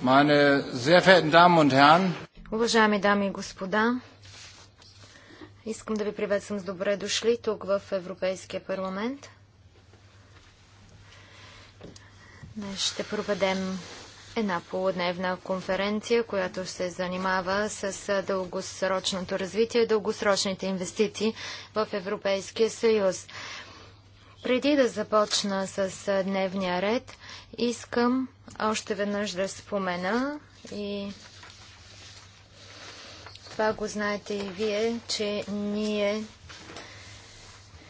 Meine sehr verehrten Damen und Herren, Уважаеми дами и господа, искам да ви приветствам с добре дошли тук в Европейския парламент. Днес ще проведем една полудневна конференция, която се занимава с дългосрочното развитие и дългосрочните инвестиции в Европейския съюз. Преди да започна с дневния ред, искам още веднъж да спомена и това го знаете и вие, че ние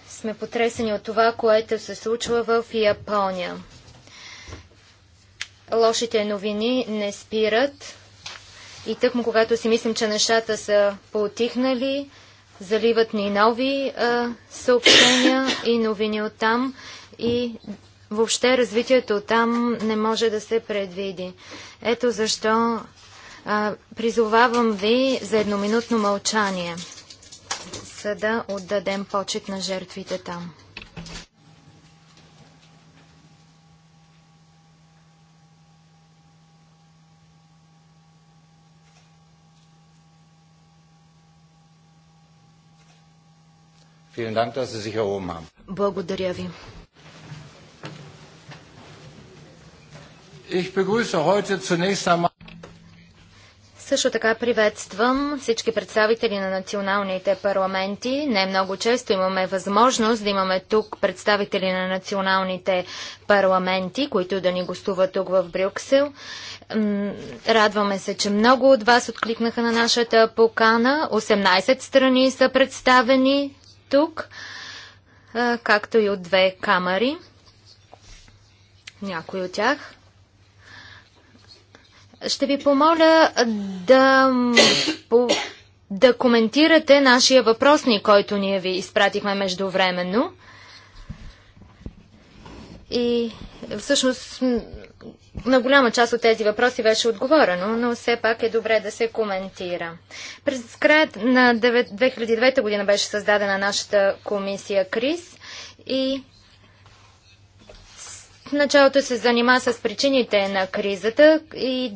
сме потресени от това, което се случва в Япония. Лошите новини не спират и тъкмо когато си мислим, че нещата са поотихнали, Заливат ни нови а, съобщения и новини от там и въобще развитието там не може да се предвиди. Ето защо а, призовавам ви за едноминутно мълчание, за да отдадем почет на жертвите там. Благодаря ви. Също така приветствам всички представители на националните парламенти. Не много често имаме възможност да имаме тук представители на националните парламенти, които да ни гостуват тук в Брюксел. Радваме се, че много от вас откликнаха на нашата покана. 18 страни са представени, тук, както и от две камери, някои от тях. Ще ви помоля да, по, да коментирате нашия въпросник, който ние ви изпратихме междувременно. И всъщност на голяма част от тези въпроси беше отговорено, но все пак е добре да се коментира. През края на 2009 година беше създадена нашата комисия КРИС и в началото се занима с причините на кризата и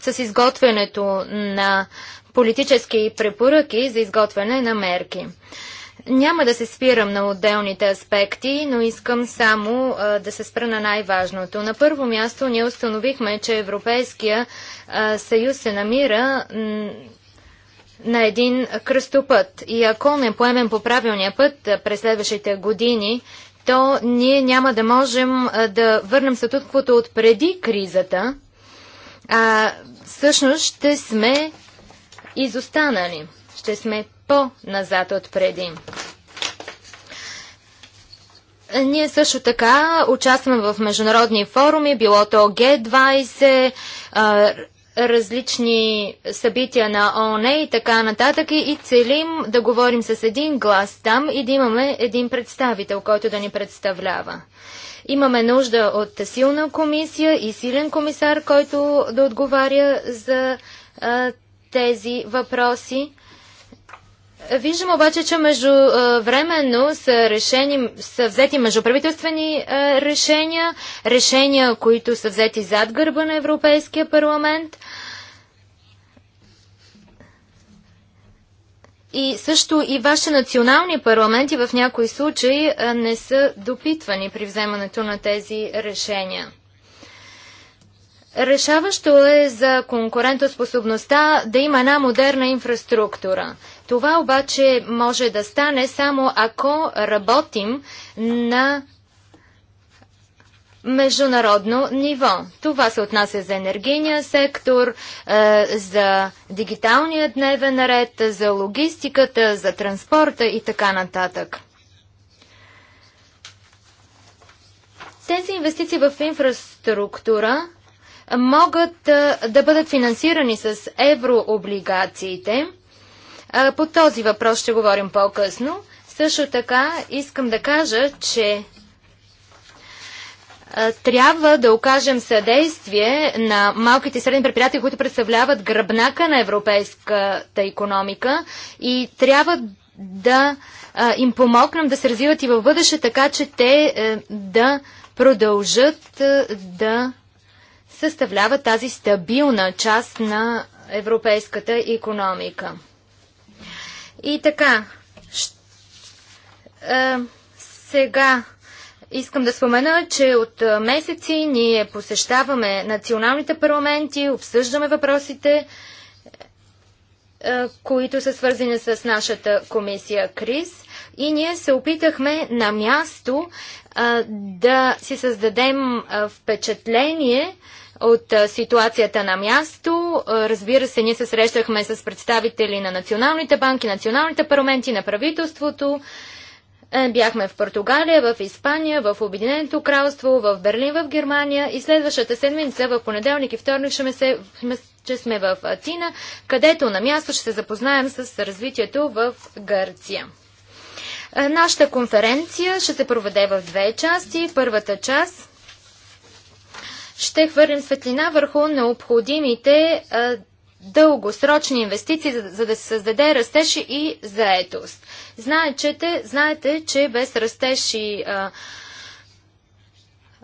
с изготвянето на политически препоръки за изготвяне на мерки. Няма да се спирам на отделните аспекти, но искам само а, да се спра на най-важното. На първо място ние установихме, че Европейския а, съюз се намира на един кръстопът. И ако не поемем по правилния път през следващите години, то ние няма да можем да върнем статутквото от преди кризата. А, всъщност ще сме изостанали. Ще сме по-назад от преди. Ние също така участваме в международни форуми, било то Г20, различни събития на ООН и така нататък и целим да говорим с един глас там и да имаме един представител, който да ни представлява. Имаме нужда от силна комисия и силен комисар, който да отговаря за а, тези въпроси. Виждам обаче, че между временно са, решени, са взети междуправителствени е, решения, решения, които са взети зад гърба на Европейския парламент. И също и ваши национални парламенти в някои случаи е, не са допитвани при вземането на тези решения. Решаващо е за конкурентоспособността да има една модерна инфраструктура. Това обаче може да стане само ако работим на международно ниво. Това се отнася за енергийния сектор, е, за дигиталния дневен ред, за логистиката, за транспорта и така нататък. Тези инвестиции в инфраструктура могат е, да бъдат финансирани с еврооблигациите – по този въпрос ще говорим по-късно. Също така искам да кажа, че трябва да окажем съдействие на малките и средни предприятия, които представляват гръбнака на европейската економика и трябва да им помогнем да се развиват и във бъдеще, така че те е, да продължат е, да съставляват тази стабилна част на европейската економика. И така, е, сега искам да спомена, че от е, месеци ние посещаваме националните парламенти, обсъждаме въпросите, е, които са свързани с нашата комисия КРИС. И ние се опитахме на място а, да си създадем а, впечатление от ситуацията на място. Разбира се, ние се срещахме с представители на националните банки, националните парламенти, на правителството. Е, бяхме в Португалия, в Испания, в Обединеното кралство, в Берлин, в Германия и следващата седмица в понеделник и вторник ще, се, ще сме в Атина, където на място ще се запознаем с развитието в Гърция. Е, нашата конференция ще се проведе в две части. Първата част ще хвърлим светлина върху необходимите а, дългосрочни инвестиции, за, за да се създаде растеж и заетост. Знаете, знаете че без растеж и а,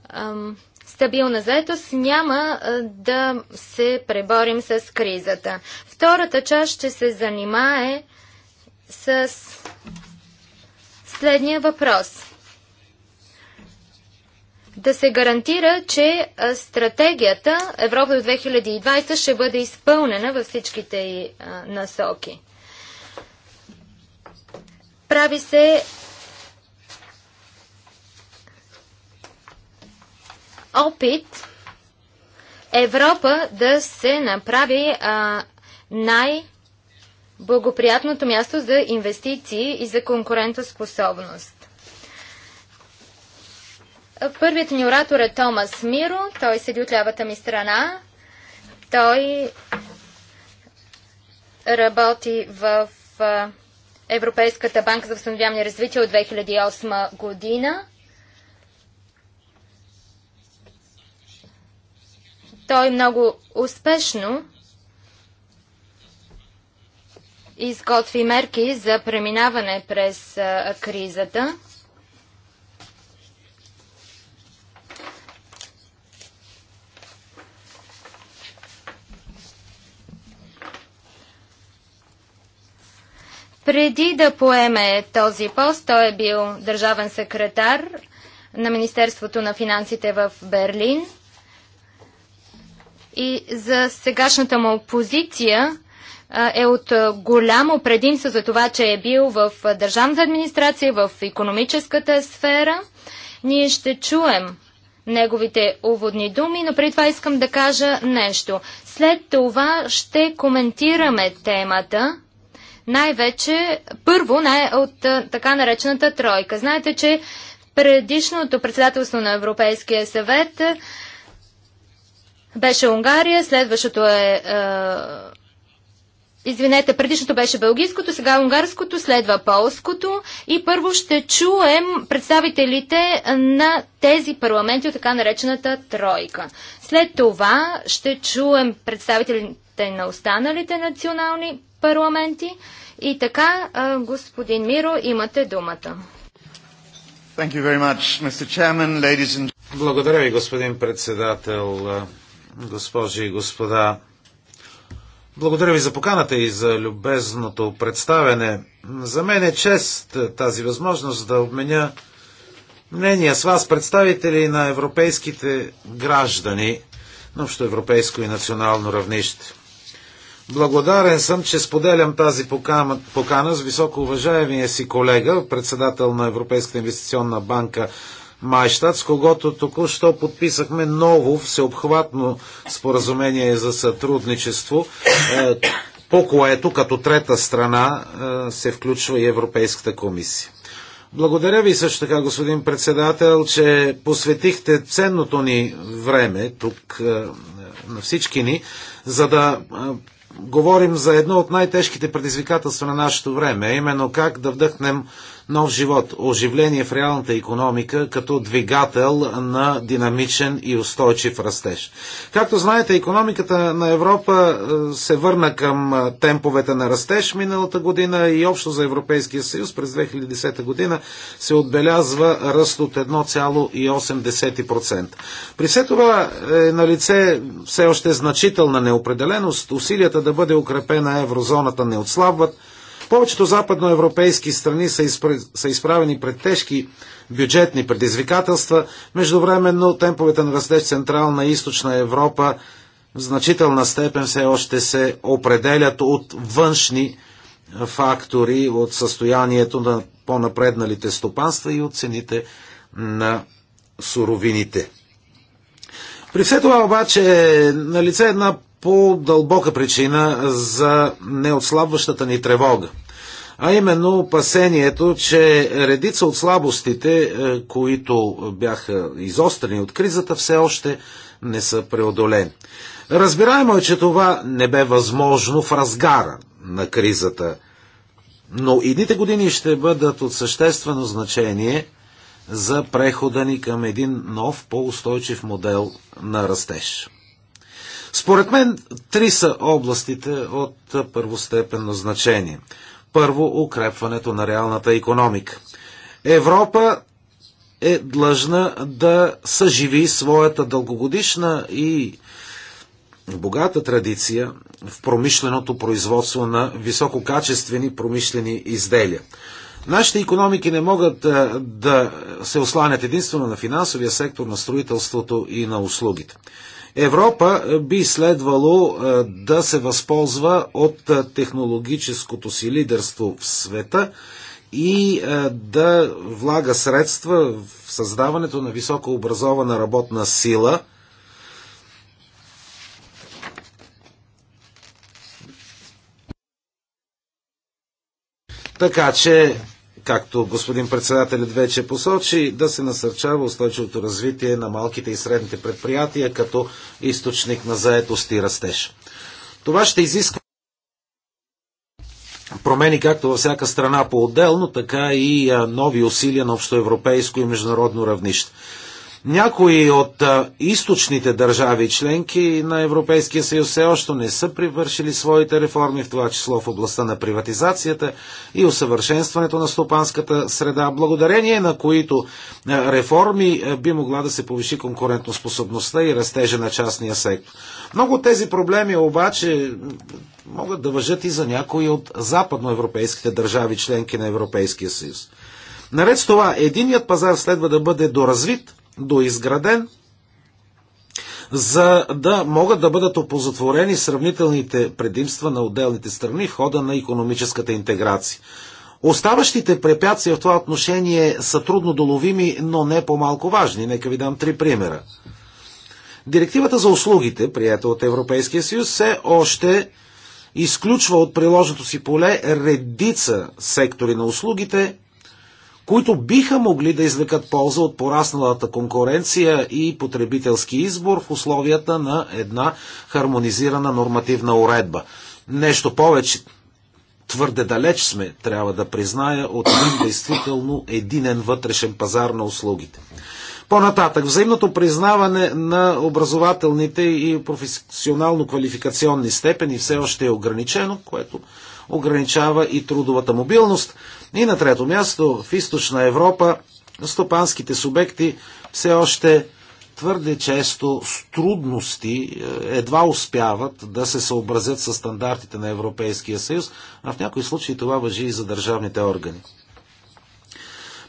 ам, стабилна заетост няма а, да се преборим с кризата. Втората част ще се занимае с следния въпрос да се гарантира, че стратегията Европа до 2020 ще бъде изпълнена във всичките й насоки. Прави се опит Европа да се направи най- благоприятното място за инвестиции и за конкурентоспособност. Първият ни оратор е Томас Миро. Той седи от лявата ми страна. Той работи в Европейската банка за възстановяване и развитие от 2008 година. Той много успешно изготви мерки за преминаване през кризата. Преди да поеме този пост, той е бил държавен секретар на Министерството на финансите в Берлин. И за сегашната му позиция е от голямо предимство за това, че е бил в държавната администрация, в економическата сфера. Ние ще чуем неговите уводни думи, но преди това искам да кажа нещо. След това ще коментираме темата най-вече, първо, най- от така наречената тройка. Знаете, че предишното председателство на Европейския съвет беше Унгария, следващото е, е Извинете, предишното беше бългийското, сега унгарското, следва полското и първо ще чуем представителите на тези парламенти от така наречената тройка. След това ще чуем представителите на останалите национални парламенти. И така, господин Миро, имате думата. Much, Chairman, and... Благодаря ви, господин председател, госпожи и господа. Благодаря ви за поканата и за любезното представене. За мен е чест тази възможност да обменя мнения с вас, представители на европейските граждани на общо, европейско и национално равнище. Благодарен съм, че споделям тази покана, покана с високо уважаемия си колега, председател на Европейската инвестиционна банка Майштат, с когото току-що подписахме ново всеобхватно споразумение за сътрудничество, е, по което като трета страна е, се включва и Европейската комисия. Благодаря ви също така, господин председател, че посветихте ценното ни време тук е, на всички ни, за да говорим за едно от най-тежките предизвикателства на нашето време, именно как да вдъхнем нов живот, оживление в реалната економика като двигател на динамичен и устойчив растеж. Както знаете, економиката на Европа е, се върна към е, темповете на растеж миналата година и общо за Европейския съюз през 2010 година се отбелязва ръст от 1,8%. При все това е на лице все още значителна неопределеност, усилията да бъде укрепена еврозоната не отслабват, повечето западноевропейски страни са, изпр... са изправени пред тежки бюджетни предизвикателства. Междувременно темповете на растеж Централна и Източна Европа в значителна степен все още се определят от външни фактори, от състоянието на по-напредналите стопанства и от цените на суровините. При все това обаче е на лице една по дълбока причина за неотслабващата ни тревога. А именно опасението, че редица от слабостите, е, които бяха изострени от кризата, все още не са преодолени. Разбираемо е, че това не бе възможно в разгара на кризата. Но идните години ще бъдат от съществено значение за прехода ни към един нов, по-устойчив модел на растеж. Според мен три са областите от първостепенно значение. Първо, укрепването на реалната економика. Европа е длъжна да съживи своята дългогодишна и богата традиция в промишленото производство на висококачествени промишлени изделия. Нашите економики не могат да, да се осланят единствено на финансовия сектор, на строителството и на услугите. Европа е, би следвало е, да се възползва от е, технологическото си лидерство в света и да влага средства в създаването на високообразована работна сила – Така че както господин председателят вече посочи, да се насърчава устойчивото развитие на малките и средните предприятия като източник на заетост и растеж. Това ще изисква промени както във всяка страна по-отделно, така и нови усилия на общоевропейско и международно равнище. Някои от източните държави членки на Европейския съюз все още не са привършили своите реформи, в това число в областта на приватизацията и усъвършенстването на стопанската среда, благодарение на които реформи би могла да се повиши конкурентоспособността и растежа на частния сектор. Много от тези проблеми обаче могат да въжат и за някои от западноевропейските държави членки на Европейския съюз. Наред с това, единият пазар следва да бъде доразвит доизграден, за да могат да бъдат опозатворени сравнителните предимства на отделните страни в хода на економическата интеграция. Оставащите препятствия в това отношение са трудно доловими, но не по-малко важни. Нека ви дам три примера. Директивата за услугите, прията от Европейския съюз, все още изключва от приложното си поле редица сектори на услугите, които биха могли да извлекат полза от порасналата конкуренция и потребителски избор в условията на една хармонизирана нормативна уредба. Нещо повече, твърде далеч сме, трябва да призная, от един действително единен вътрешен пазар на услугите. По-нататък, взаимното признаване на образователните и професионално-квалификационни степени все още е ограничено, което ограничава и трудовата мобилност. И на трето място, в източна Европа, стопанските субекти все още твърде често с трудности е, едва успяват да се съобразят с стандартите на Европейския съюз, а в някои случаи това въжи и за държавните органи.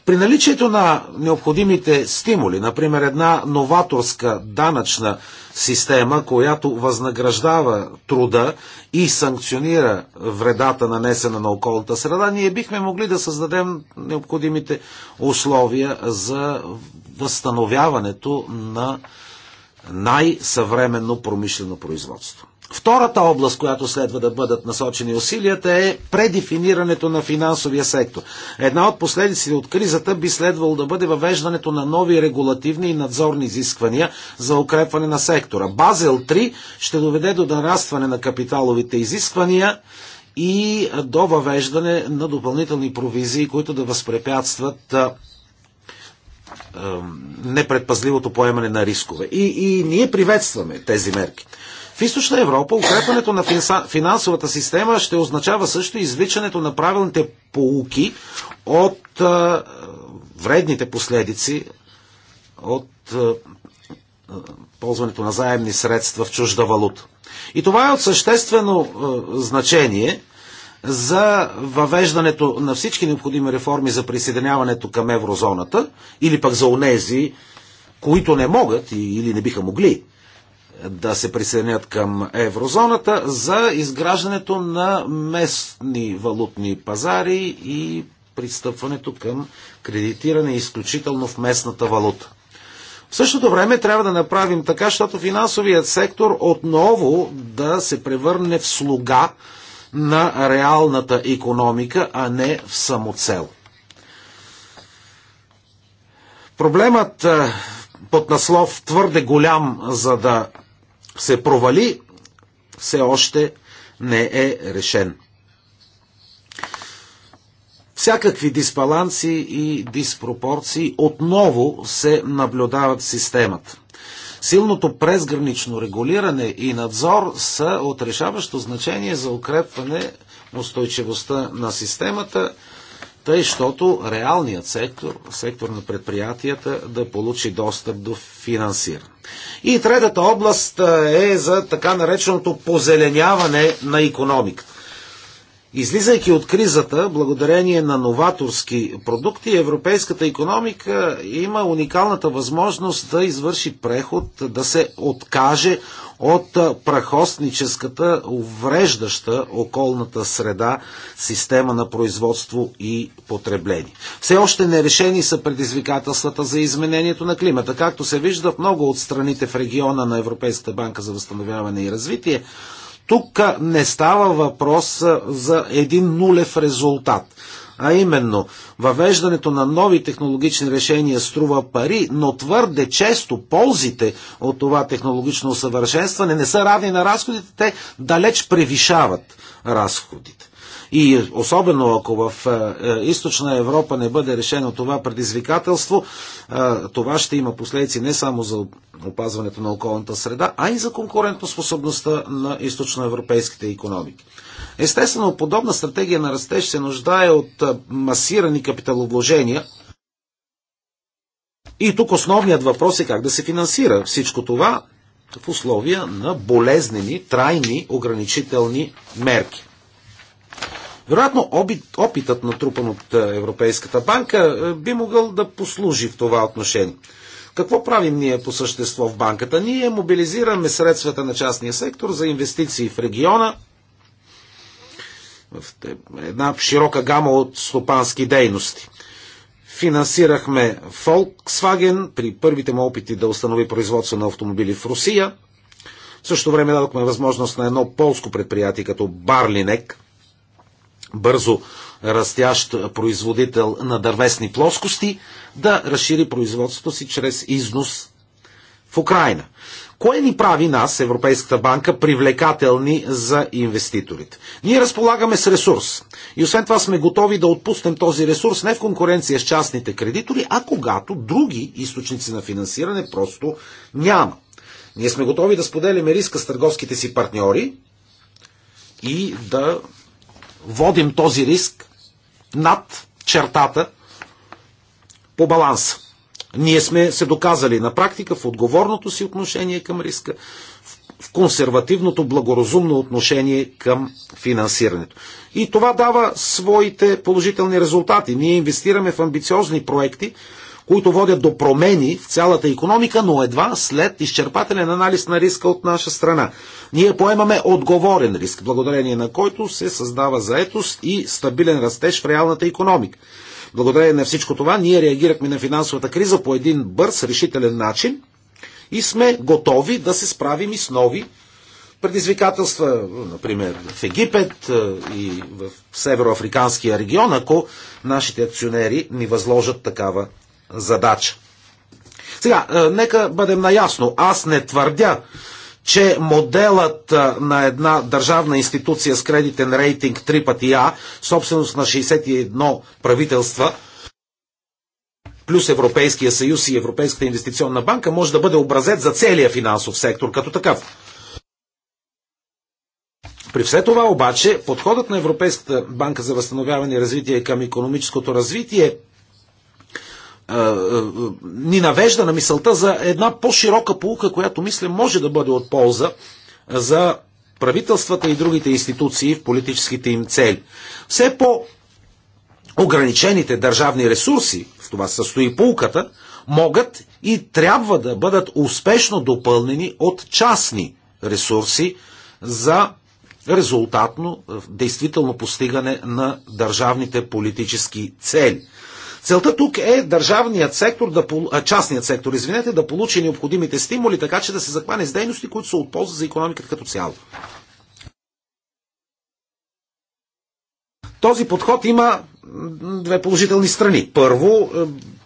При наличието на необходимите стимули, например една новаторска данъчна система, която възнаграждава труда и санкционира вредата нанесена на околната среда, ние бихме могли да създадем необходимите условия за възстановяването на най-съвременно промишлено производство. Втората област, която следва да бъдат насочени усилията е предефинирането на финансовия сектор. Една от последиците от кризата би следвало да бъде въвеждането на нови регулативни и надзорни изисквания за укрепване на сектора. Базел 3 ще доведе до нарастване на капиталовите изисквания и до въвеждане на допълнителни провизии, които да възпрепятстват непредпазливото поемане на рискове. И, и ние приветстваме тези мерки. В източна Европа укрепването на финансовата система ще означава също извличането на правилните поуки от а, вредните последици от а, ползването на заемни средства в чужда валута. И това е от съществено а, значение за въвеждането на всички необходими реформи за присъединяването към еврозоната или пък за онези, които не могат или не биха могли да се присъединят към еврозоната за изграждането на местни валутни пазари и пристъпването към кредитиране изключително в местната валута. В същото време трябва да направим така, защото финансовият сектор отново да се превърне в слуга на реалната економика, а не в самоцел. Проблемът е, под наслов твърде голям, за да се провали, все още не е решен. Всякакви дисбаланси и диспропорции отново се наблюдават в системата. Силното презгранично регулиране и надзор са от решаващо значение за укрепване устойчивостта на системата тъй, защото реалният сектор, сектор на предприятията, да получи достъп до финансиране. И третата област е за така нареченото позеленяване на економиката. Излизайки от кризата, благодарение на новаторски продукти, европейската економика има уникалната възможност да извърши преход, да се откаже от прахосническата, увреждаща околната среда система на производство и потребление. Все още нерешени са предизвикателствата за изменението на климата. Както се вижда в много от страните в региона на Европейската банка за възстановяване и развитие, тук не става въпрос за един нулев резултат. А именно, въвеждането на нови технологични решения струва пари, но твърде често ползите от това технологично усъвършенстване не са равни на разходите, те далеч превишават разходите. И особено ако в е, е, източна Европа не бъде решено това предизвикателство, е, това ще има последици не само за опазването на околната среда, а и за конкурентоспособността на източноевропейските економики. Естествено, подобна стратегия на растеж се нуждае от масирани капиталовложения, и тук основният въпрос е как да се финансира всичко това в условия на болезнени, трайни ограничителни мерки. Вероятно опитът натрупан от е, Европейската банка е, би могъл да послужи в това отношение. Какво правим ние по същество в банката? Ние мобилизираме средствата на частния сектор за инвестиции в региона, в една широка гама от стопански дейности. Финансирахме Volkswagen при първите му опити да установи производство на автомобили в Русия. В същото време дадохме възможност на едно полско предприятие като Барлинек бързо растящ производител на дървесни плоскости, да разшири производството си чрез износ в Украина. Кое ни прави нас, Европейската банка, привлекателни за инвеститорите? Ние разполагаме с ресурс. И освен това сме готови да отпуснем този ресурс не в конкуренция с частните кредитори, а когато други източници на финансиране просто няма. Ние сме готови да споделяме риска с търговските си партньори и да водим този риск над чертата по баланса. Ние сме се доказали на практика в отговорното си отношение към риска, в консервативното благоразумно отношение към финансирането. И това дава своите положителни резултати. Ние инвестираме в амбициозни проекти, които водят до промени в цялата економика, но едва след изчерпателен анализ на риска от наша страна. Ние поемаме отговорен риск, благодарение на който се създава заетост и стабилен растеж в реалната економика. Благодарение на всичко това, ние реагирахме на финансовата криза по един бърз, решителен начин и сме готови да се справим и с нови предизвикателства, например в Египет и в североафриканския регион, ако нашите акционери ни възложат такава задача. Сега, е, нека бъдем наясно. Аз не твърдя, че моделът е, на една държавна институция с кредитен рейтинг 3 пъти А, собственост на 61 правителства, плюс Европейския съюз и Европейската инвестиционна банка, може да бъде образец за целия финансов сектор като такъв. При все това обаче, подходът на Европейската банка за възстановяване и развитие към економическото развитие ни навежда на мисълта за една по-широка полука, която мисля може да бъде от полза за правителствата и другите институции в политическите им цели. Все по ограничените държавни ресурси, в това състои полуката, могат и трябва да бъдат успешно допълнени от частни ресурси за резултатно, действително постигане на държавните политически цели. Целта тук е държавният сектор, да, частният сектор, извинете, да получи необходимите стимули, така че да се захване с дейности, които са от полза за економиката като цяло. Този подход има две положителни страни. Първо, е,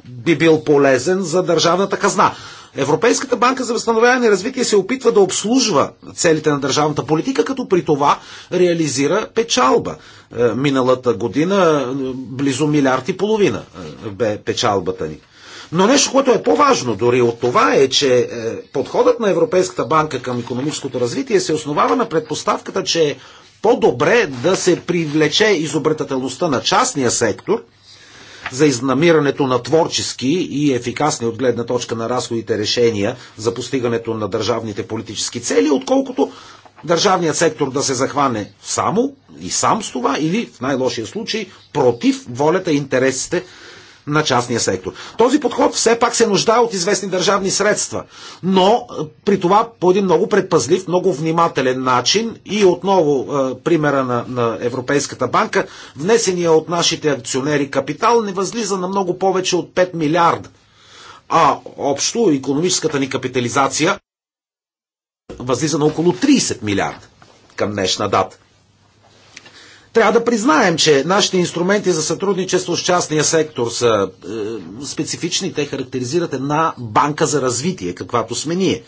би бил полезен за държавната казна. Европейската банка за възстановяване и развитие се опитва да обслужва целите на държавната политика, като при това реализира печалба. Е, миналата година е, близо милиард и половина е, бе печалбата ни. Но нещо, което е по-важно дори от това е, че подходът на Европейската банка към економическото развитие се основава на предпоставката, че е по-добре да се привлече изобретателността на частния сектор – за изнамирането на творчески и ефикасни от гледна точка на разходите решения за постигането на държавните политически цели, отколкото държавният сектор да се захване само и сам с това или в най-лошия случай против волята и интересите на частния сектор. Този подход все пак се нуждае от известни държавни средства, но е, при това по един много предпазлив, много внимателен начин и отново е, примера на, на Европейската банка, внесения от нашите акционери капитал не възлиза на много повече от 5 милиарда. А общо економическата ни капитализация възлиза на около 30 милиарда към днешна дата. Трябва да признаем, че нашите инструменти за сътрудничество с частния сектор са е, специфични. Те характеризират една банка за развитие, каквато сме ние.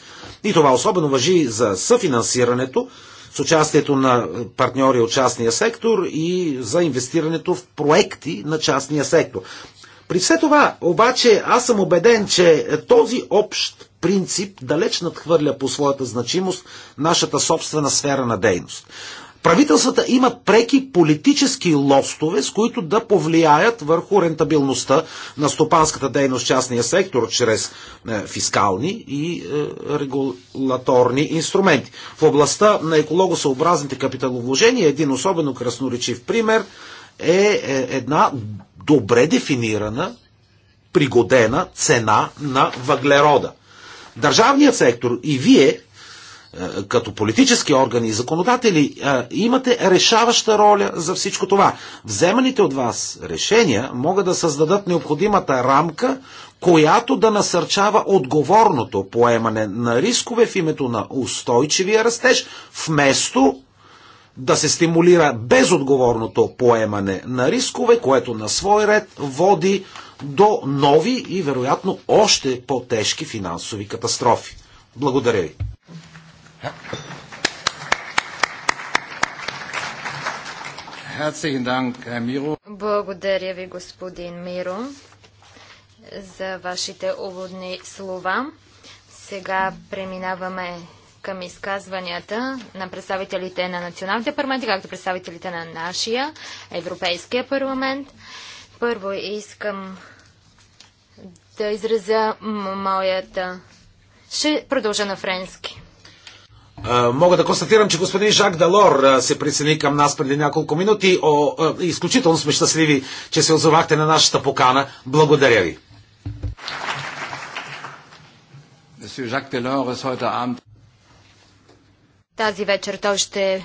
И това особено въжи за съфинансирането с участието на партньори от частния сектор и за инвестирането в проекти на частния сектор. При все това, обаче, аз съм убеден, че този общ принцип далеч надхвърля по своята значимост нашата собствена сфера на дейност. Правителствата имат преки политически лостове, с които да повлияят върху рентабилността на стопанската дейност в частния сектор чрез е, фискални и е, регулаторни инструменти. В областта на екологосъобразните капиталовложения един особено красноречив пример е, е една добре дефинирана, пригодена цена на въглерода. Държавният сектор и вие е, като политически органи и законодатели е, имате решаваща роля за всичко това. Вземаните от вас решения могат да създадат необходимата рамка, която да насърчава отговорното поемане на рискове в името на устойчивия растеж, вместо да се стимулира безотговорното поемане на рискове, което на свой ред води до нови и вероятно още по-тежки финансови катастрофи. Благодаря ви. Благодаря ви, господин Миро, за вашите уводни слова. Сега преминаваме към изказванията на представителите на националните парламенти, както представителите на нашия Европейския парламент. Първо искам да изразя моята... Ще продължа на френски. Мога да констатирам, че господин Жак Далор се присъедини към нас преди няколко минути. О, изключително сме щастливи, че се озовахте на нашата покана. Благодаря ви. Тази вечер той ще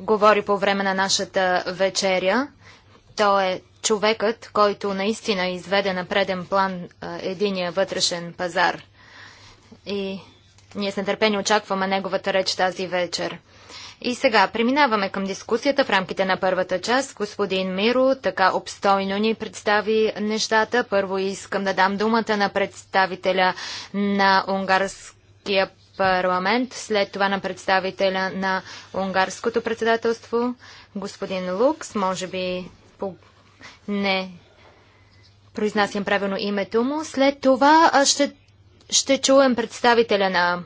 говори по време на нашата вечеря. Той е човекът, който наистина изведе на преден план единия вътрешен пазар. И ние с нетърпение очакваме неговата реч тази вечер. И сега преминаваме към дискусията в рамките на първата част. Господин Миро така обстойно ни представи нещата. Първо искам да дам думата на представителя на унгарския парламент, след това на представителя на унгарското председателство, господин Лукс. Може би по... не произнасям правилно името му. След това ще ще чуем представителя на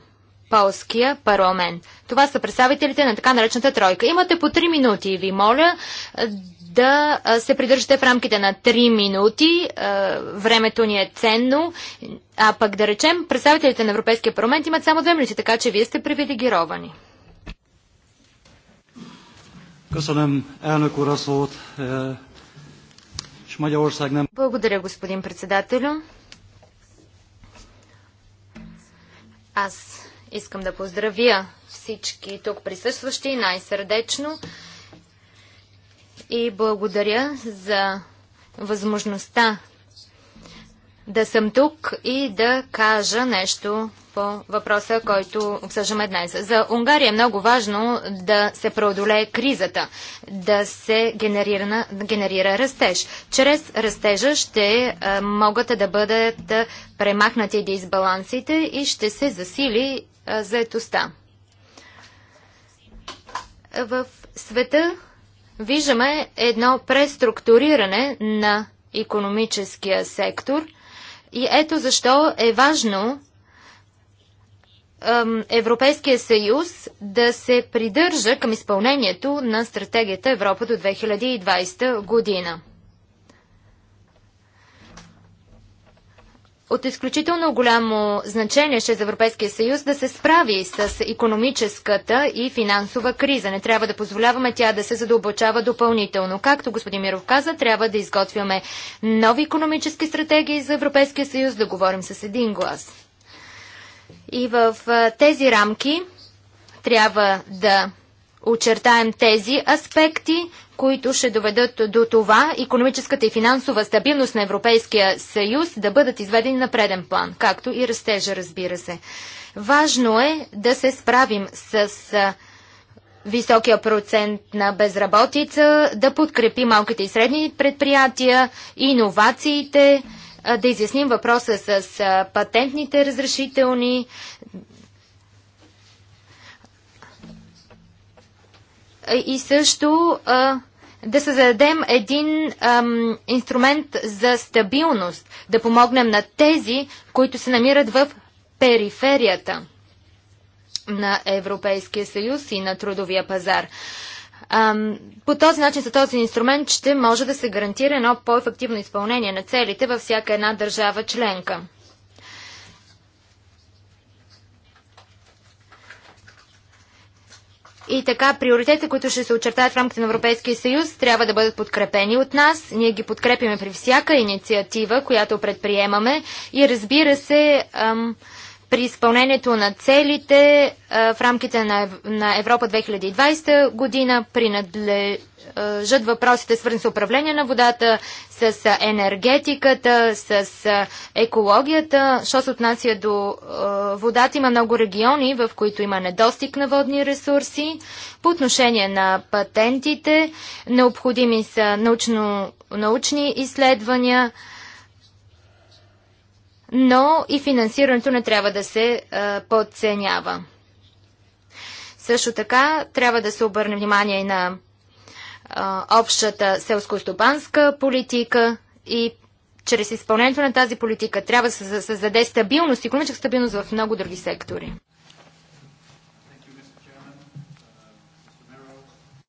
полския парламент. Това са представителите на така наречената тройка. Имате по 3 минути ви моля да се придържате в рамките на 3 минути. Времето ни е ценно. А пък да речем, представителите на Европейския парламент имат само 2 минути, така че вие сте привилегировани. Е, Благодаря, господин председателю. Аз искам да поздравя всички тук присъстващи най-сърдечно и благодаря за възможността да съм тук и да кажа нещо по въпроса, който обсъждаме днес. За Унгария е много важно да се преодолее кризата, да се генерира, генерира растеж. Чрез растежа ще е, могат да бъдат премахнати дисбалансите и ще се засили е, заетостта. В света виждаме едно преструктуриране на економическия сектор – и ето защо е важно Европейския съюз да се придържа към изпълнението на стратегията Европа до 2020 година. От изключително голямо значение ще е за Европейския съюз да се справи с економическата и финансова криза. Не трябва да позволяваме тя да се задълбочава допълнително. Както господин Миров каза, трябва да изготвяме нови економически стратегии за Европейския съюз, да говорим с един глас. И в тези рамки трябва да очертаем тези аспекти, които ще доведат до това економическата и финансова стабилност на Европейския съюз да бъдат изведени на преден план, както и растежа, разбира се. Важно е да се справим с високия процент на безработица, да подкрепи малките и средни предприятия, иновациите, да изясним въпроса с патентните разрешителни, и също да създадем един ам, инструмент за стабилност, да помогнем на тези, които се намират в периферията на Европейския съюз и на трудовия пазар. По този начин, за този инструмент ще може да се гарантира едно по-ефективно изпълнение на целите във всяка една държава членка. И така, приоритетите, които ще се очертаят в рамките на Европейския съюз, трябва да бъдат подкрепени от нас. Ние ги подкрепиме при всяка инициатива, която предприемаме. И разбира се, ам, при изпълнението на целите в рамките на Европа 2020 година принадлежат въпросите свързани с управление на водата, с енергетиката, с екологията. Що се отнася до водата, има много региони, в които има недостиг на водни ресурси. По отношение на патентите, необходими са научно, научни изследвания, но и финансирането не трябва да се а, подценява. Също така трябва да се обърне внимание и на а, общата селско-стопанска политика и чрез изпълнението на тази политика трябва да се създаде стабилност, економическа стабилност в много други сектори.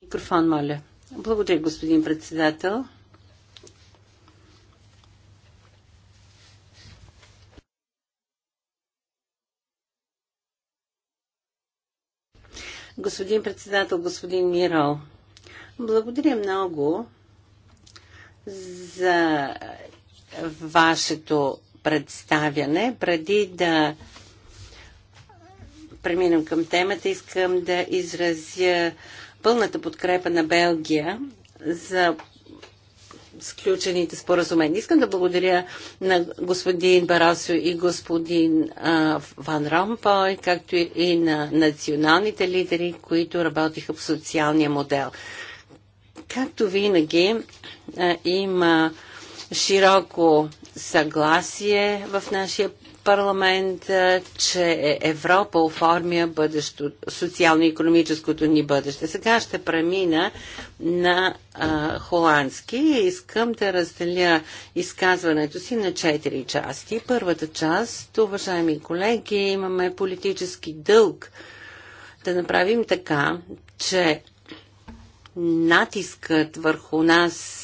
Микрофон, моля. Благодаря, господин председател. Господин председател, господин Мирал, благодаря много за вашето представяне. Преди да преминем към темата, искам да изразя пълната подкрепа на Белгия за сключените споразумения. Искам да благодаря на господин Барасо и господин а, Ван Ромпой, както и на националните лидери, които работиха по социалния модел. Както винаги, а, има широко съгласие в нашия парламента, че Европа оформя бъдещо, социално-економическото ни бъдеще. Сега ще премина на а, холандски и искам да разделя изказването си на четири части. Първата част, уважаеми колеги, имаме политически дълг да направим така, че натискът върху нас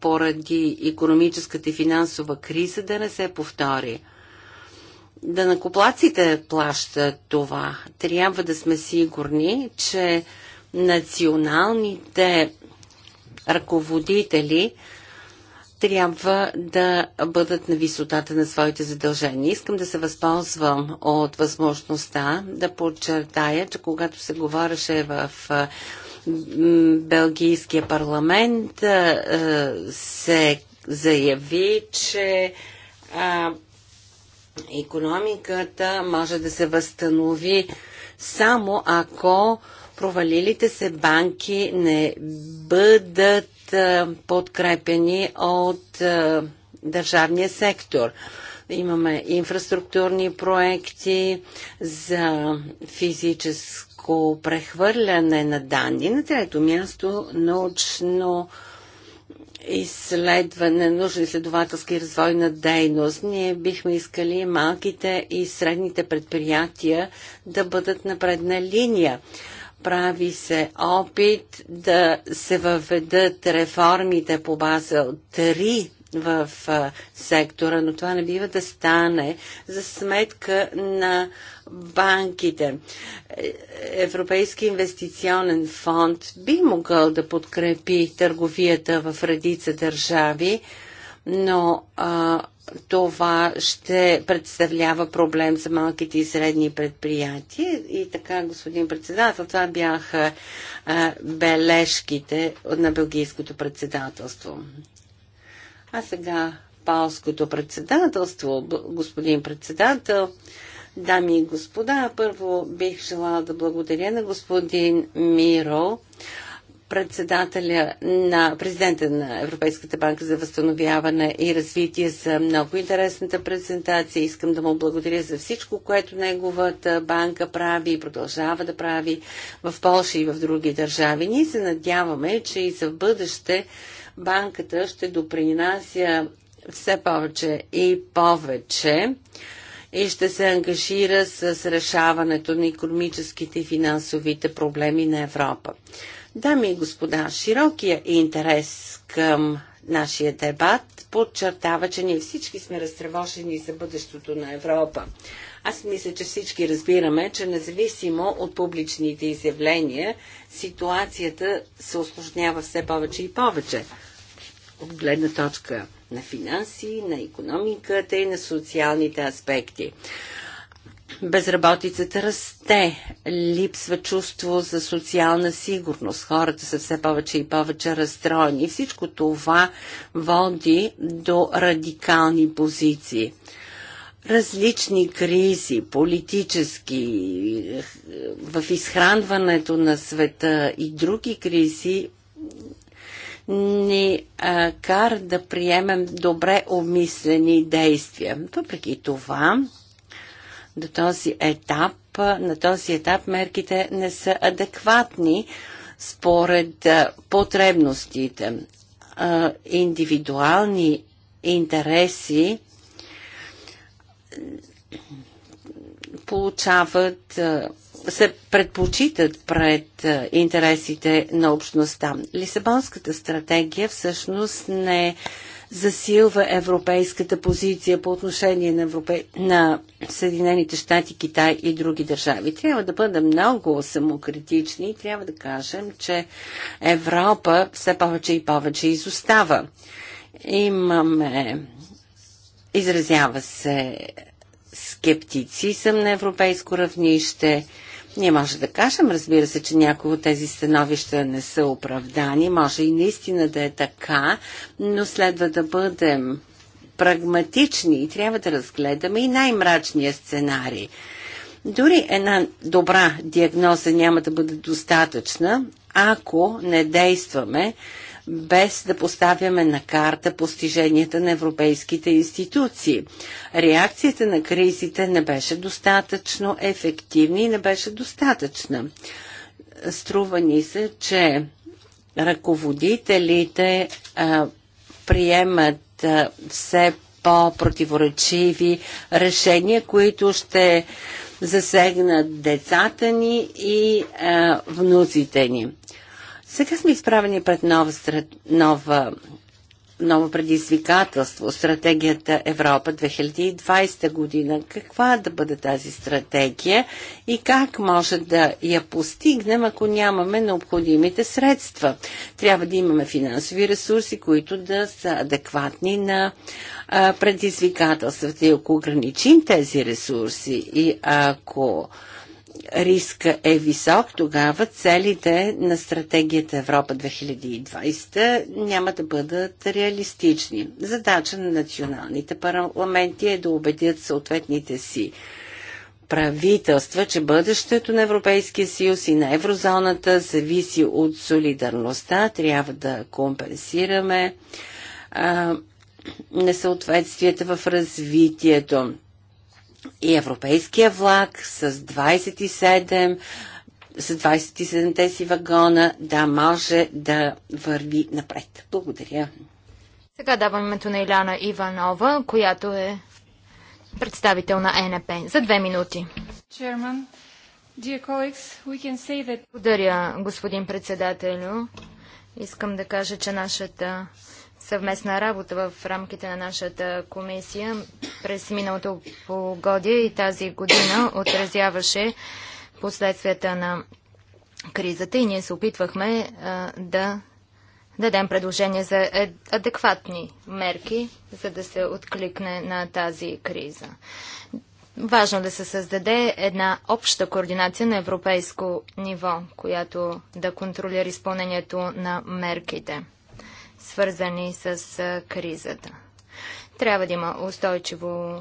поради економическата и финансова криза да не се повтори да накоплаците плащат това. Трябва да сме сигурни, че националните ръководители трябва да бъдат на висотата на своите задължения. Искам да се възползвам от възможността да подчертая, че когато се говореше в Белгийския парламент, се заяви, че Економиката може да се възстанови само ако провалилите се банки не бъдат подкрепени от държавния сектор. Имаме инфраструктурни проекти за физическо прехвърляне на данни. На трето място научно изследване, нужна изследователска и развойна дейност. Ние бихме искали малките и средните предприятия да бъдат на предна линия. Прави се опит да се въведат реформите по база от три в сектора, но това не бива да стане за сметка на банките. Е, Европейски инвестиционен фонд би могъл да подкрепи търговията в редица държави, но а, това ще представлява проблем за малките и средни предприятия. И така, господин председател, това бяха а, бележките на Белгийското председателство. А сега Палското председателство, господин председател, дами и господа, първо бих желала да благодаря на господин Миро, председателя на президента на Европейската банка за възстановяване и развитие за много интересната презентация. Искам да му благодаря за всичко, което неговата банка прави и продължава да прави в Польша и в други държави. Ние се надяваме, че и за бъдеще банката ще допринася все повече и повече и ще се ангажира с решаването на економическите и финансовите проблеми на Европа. Дами и господа, широкия интерес към нашия дебат подчертава, че ние всички сме разтревожени за бъдещето на Европа. Аз мисля, че всички разбираме, че независимо от публичните изявления, ситуацията се осложнява все повече и повече от гледна точка на финанси, на економиката и на социалните аспекти. Безработицата расте, липсва чувство за социална сигурност, хората са все повече и повече разстроени. Всичко това води до радикални позиции. Различни кризи, политически, в изхранването на света и други кризи ни а, кар да приемем добре обмислени действия. Въпреки това, до този етап, на този етап мерките не са адекватни според потребностите. А, индивидуални интереси получават а, се предпочитат пред интересите на общността. Лисабонската стратегия всъщност не засилва европейската позиция по отношение на, Европе... на Съединените щати, Китай и други държави. Трябва да бъдем много самокритични и трябва да кажем, че Европа все повече и повече изостава. Имаме. Изразява се скептицизъм на европейско равнище ние може да кажем, разбира се, че някои от тези становища не са оправдани, може и наистина да е така, но следва да бъдем прагматични и трябва да разгледаме и най-мрачния сценарий. Дори една добра диагноза няма да бъде достатъчна, ако не действаме без да поставяме на карта постиженията на европейските институции. Реакцията на кризите не беше достатъчно ефективна и не беше достатъчна. Струва ни се, че ръководителите а, приемат а, все по-противоречиви решения, които ще засегнат децата ни и а, внуците ни. Сега сме изправени пред нов, нова, ново предизвикателство стратегията Европа 2020 година. Каква да бъде тази стратегия и как може да я постигнем, ако нямаме необходимите средства? Трябва да имаме финансови ресурси, които да са адекватни на предизвикателствата. И ако ограничим тези ресурси и ако риска е висок, тогава целите на стратегията Европа 2020 няма да бъдат реалистични. Задача на националните парламенти е да убедят съответните си правителства, че бъдещето на Европейския съюз и на еврозоната зависи от солидарността. Трябва да компенсираме а, несъответствията в развитието и европейския влак с 27 с 27-те си вагона да може да върви напред. Благодаря. Сега давам името на Иляна Иванова, която е представител на ЕНП. За две минути. Черман, that... Благодаря, господин председателю. Искам да кажа, че нашата съвместна работа в рамките на нашата комисия през миналото полугодие и тази година отразяваше последствията на кризата и ние се опитвахме а, да дадем предложение за адекватни мерки, за да се откликне на тази криза. Важно да се създаде една обща координация на европейско ниво, която да контролира изпълнението на мерките свързани с кризата. Трябва да има устойчиво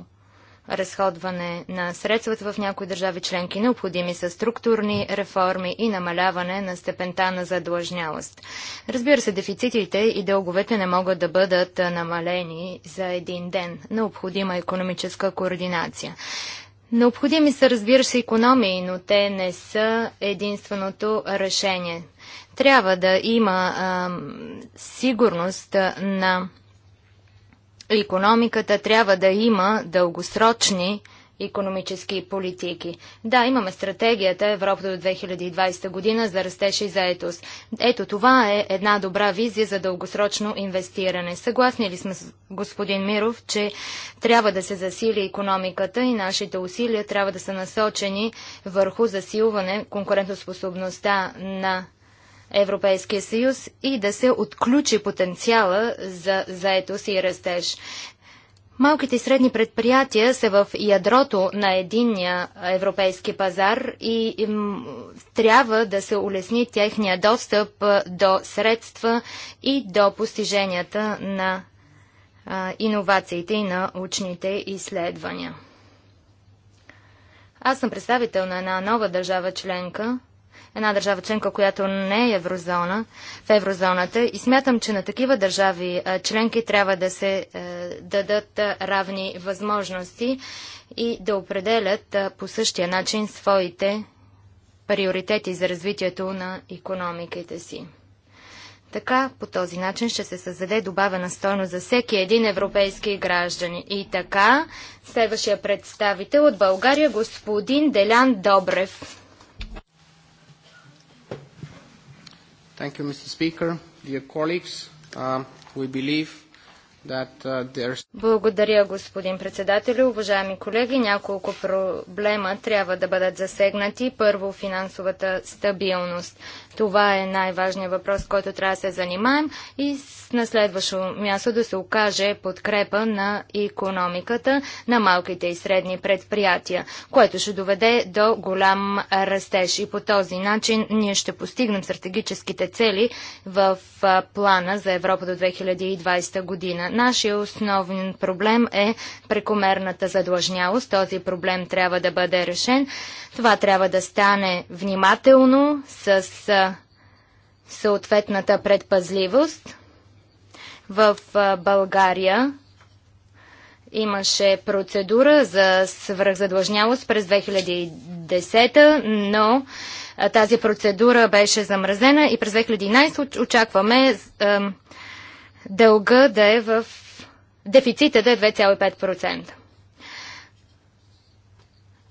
разходване на средствата в някои държави членки. Необходими са структурни реформи и намаляване на степента на задлъжнялост. Разбира се, дефицитите и дълговете не могат да бъдат намалени за един ден. Необходима е економическа координация. Необходими са, разбира се, економии, но те не са единственото решение. Трябва да има а, сигурност на економиката, трябва да има дългосрочни економически политики. Да, имаме стратегията Европа до 2020 година за растеж и заетост. Ето това е една добра визия за дългосрочно инвестиране. Съгласни ли сме с господин Миров, че трябва да се засили економиката и нашите усилия трябва да са насочени върху засилване конкурентоспособността на Европейския съюз и да се отключи потенциала за заетост и растеж. Малките и средни предприятия са в ядрото на единния европейски пазар и им трябва да се улесни техния достъп до средства и до постиженията на а, иновациите и на учните изследвания. Аз съм представител на една нова държава членка, една държава членка, която не е еврозона, в еврозоната и смятам, че на такива държави членки трябва да се дадат равни възможности и да определят по същия начин своите приоритети за развитието на економиките си. Така, по този начин ще се създаде добавена стойност за всеки един европейски граждани. И така, следващия представител от България, господин Делян Добрев. Thank you, Mr. Speaker. Dear colleagues, uh, we believe Uh, Благодаря, господин председател. Уважаеми колеги, няколко проблема трябва да бъдат засегнати. Първо, финансовата стабилност. Това е най-важният въпрос, който трябва да се занимаем и на следващо място да се окаже подкрепа на економиката на малките и средни предприятия, което ще доведе до голям растеж. И по този начин ние ще постигнем стратегическите цели в плана за Европа до 2020 година. Нашия основен проблем е прекомерната задлъжнялост. Този проблем трябва да бъде решен. Това трябва да стане внимателно с съответната предпазливост. В България имаше процедура за свръхзадлъжнялост през 2010, но тази процедура беше замразена и през 2011 очакваме дълга да е в дефицита да е 2,5%.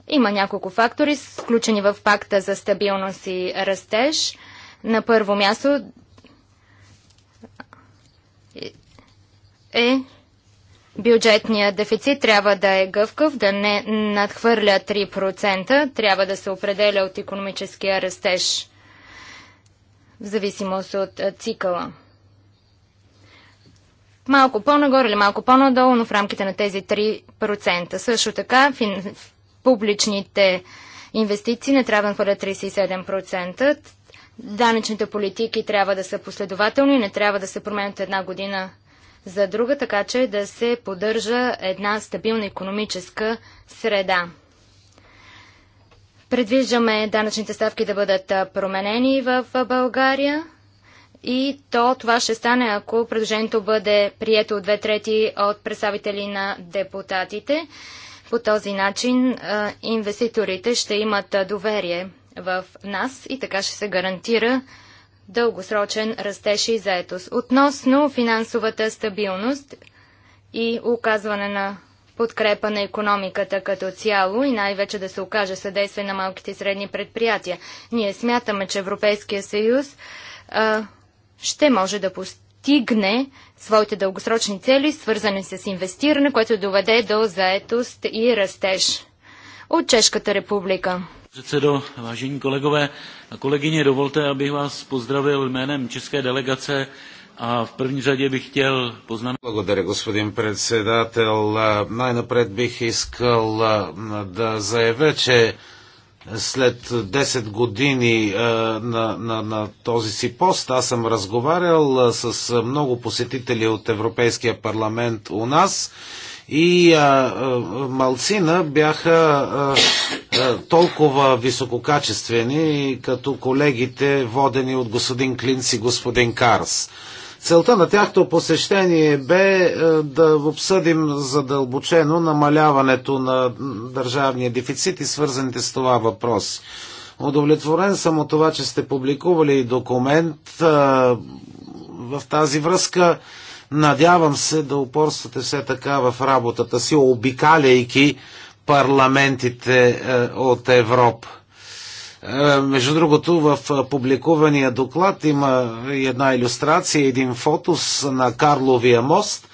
Има няколко фактори, включени в пакта за стабилност и растеж. На първо място е бюджетният дефицит трябва да е гъвкав, да не надхвърля 3%, трябва да се определя от економическия растеж в зависимост от цикъла малко по-нагоре или малко по-надолу, но в рамките на тези 3%. Също така, фин... публичните инвестиции не трябва да хвърлят 37%. Данъчните политики трябва да са последователни, не трябва да се променят една година за друга, така че да се поддържа една стабилна економическа среда. Предвиждаме данъчните ставки да бъдат променени в България и то това ще стане, ако предложението бъде прието от две трети от представители на депутатите. По този начин инвеститорите ще имат доверие в нас и така ще се гарантира дългосрочен растеж и заетост. Относно финансовата стабилност и оказване на подкрепа на економиката като цяло и най-вече да се окаже съдействие на малките и средни предприятия. Ние смятаме, че Европейския съюз а, ще може да постигне своите дългосрочни цели, свързани с инвестиране, което доведе до заетост и растеж. От Чешката република. Předsedo, vážení kolegové a kolegyně, dovolte, abych vás pozdravil jménem České delegace а в първи řadě bych chtěl познам... Благодаря, господин председател. Най-напред бих искал да заявя, че след 10 години а, на, на, на този си пост. Аз съм разговарял с много посетители от Европейския парламент у нас и а, а, малцина бяха а, а, толкова висококачествени, като колегите водени от господин Клинц и господин Карс. Целта на тяхто посещение бе е, да обсъдим задълбочено намаляването на държавния дефицит и свързаните с това въпроси. Удовлетворен съм от това, че сте публикували документ е, в тази връзка. Надявам се да упорствате все така в работата си, обикаляйки парламентите е, от Европа. Е, между другото, в публикувания доклад има една иллюстрация, един фотос на Карловия мост.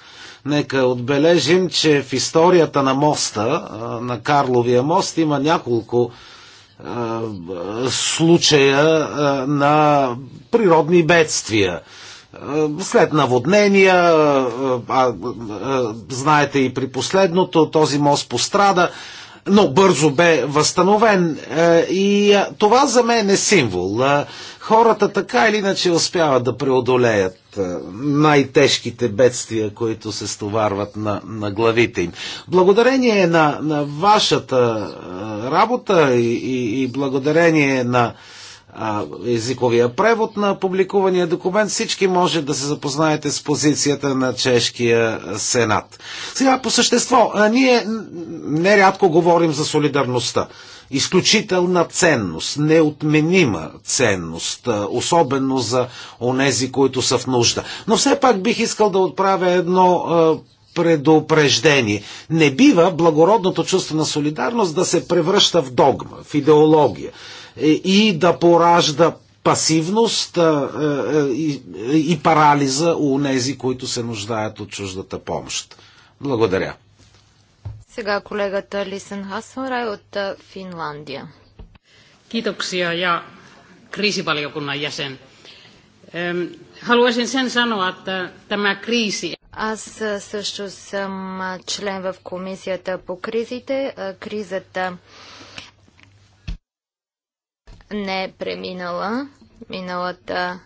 Нека отбележим, че в историята на моста, на Карловия мост, има няколко случая на природни бедствия след наводнения, а, а, а, знаете и при последното, този мост пострада но бързо бе възстановен. Е, и е, това за мен е символ. Е, хората така или иначе успяват да преодолеят най-тежките бедствия, които се стоварват на, на главите им. Благодарение на, на вашата работа и, и, и благодарение на езиковия превод на публикувания документ. Всички може да се запознаете с позицията на чешкия сенат. Сега по същество, а ние нерядко говорим за солидарността. Изключителна ценност, неотменима ценност, особено за онези, които са в нужда. Но все пак бих искал да отправя едно предупреждение. Не бива благородното чувство на солидарност да се превръща в догма, в идеология е, и да поражда пасивност и парализа у нези, които се нуждаят от чуждата помощ. Благодаря. Сега колегата Лисен Хасмарай от Финландия. Kiitoksia ja kriisivaliokunnan ясен. Haluaisin sen sanoa, että tämä kriisi... Аз също съм член в комисията по кризите. Кризата не е преминала. Миналата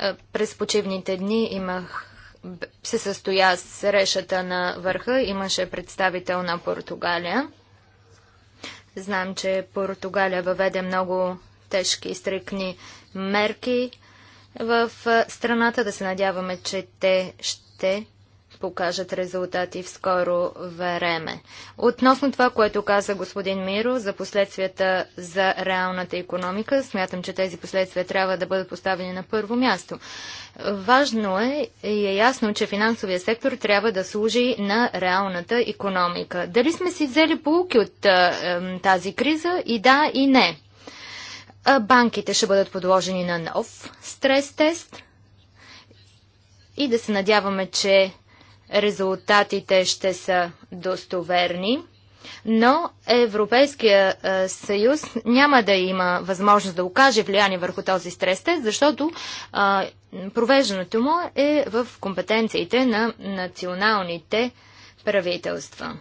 е, през почивните дни имах се състоя срещата на върха. Имаше представител на Португалия. Знам, че Португалия въведе много тежки и стрикни мерки в е, страната. Да се надяваме, че те ще покажат резултати в скоро време. Относно това, което каза господин Миро за последствията за реалната економика, смятам, че тези последствия трябва да бъдат поставени на първо място. Важно е и е ясно, че финансовия сектор трябва да служи на реалната економика. Дали сме си взели полуки от е, тази криза? И да, и не. Банките ще бъдат подложени на нов стрес-тест и да се надяваме, че резултатите ще са достоверни, но Европейския е, съюз няма да има възможност да окаже влияние върху този стрес тест, защото е, провеждането му е в компетенциите на националните правителства.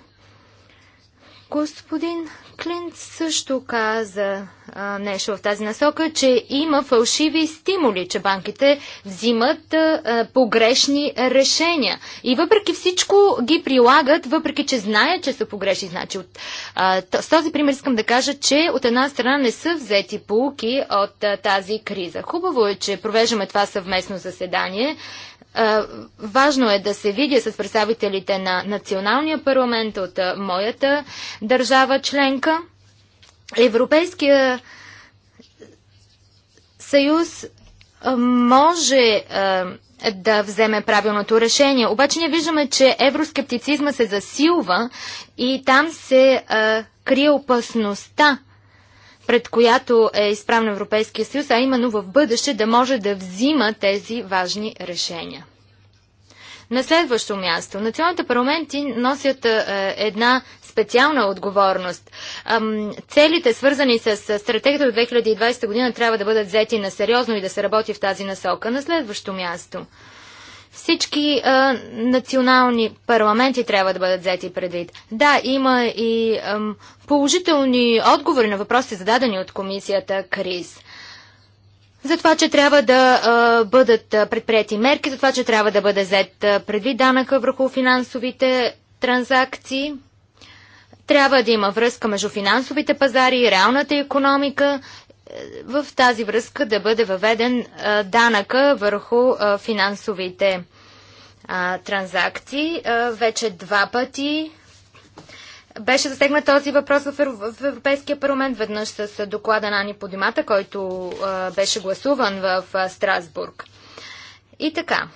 Господин Клинт също каза а, нещо в тази насока, че има фалшиви стимули, че банките взимат а, погрешни решения. И въпреки всичко ги прилагат, въпреки че знаят, че са погрешни. Значи, от, а, с този пример искам да кажа, че от една страна не са взети полуки от а, тази криза. Хубаво е, че провеждаме това съвместно заседание Важно е да се видя с представителите на националния парламент от моята държава членка. Европейския съюз може да вземе правилното решение. Обаче ние виждаме, че евроскептицизма се засилва и там се крие опасността пред която е изправен Европейския съюз, а именно в бъдеще да може да взима тези важни решения. На следващо място, националните парламенти носят е, една специална отговорност. Целите, свързани с стратегията от 2020 година, трябва да бъдат взети на сериозно и да се работи в тази насока. На следващо място – всички а, национални парламенти трябва да бъдат взети предвид. Да, има и ам, положителни отговори на въпроси, зададени от комисията КРИС. За това, че трябва да а, бъдат предприяти мерки, за това, че трябва да бъде взет предвид данъка върху финансовите транзакции. Трябва да има връзка между финансовите пазари и реалната економика в тази връзка да бъде въведен данъка върху финансовите транзакции. Вече два пъти беше засегнат този въпрос в Европейския парламент, веднъж с доклада на Ани Подимата, който беше гласуван в Страсбург. И така,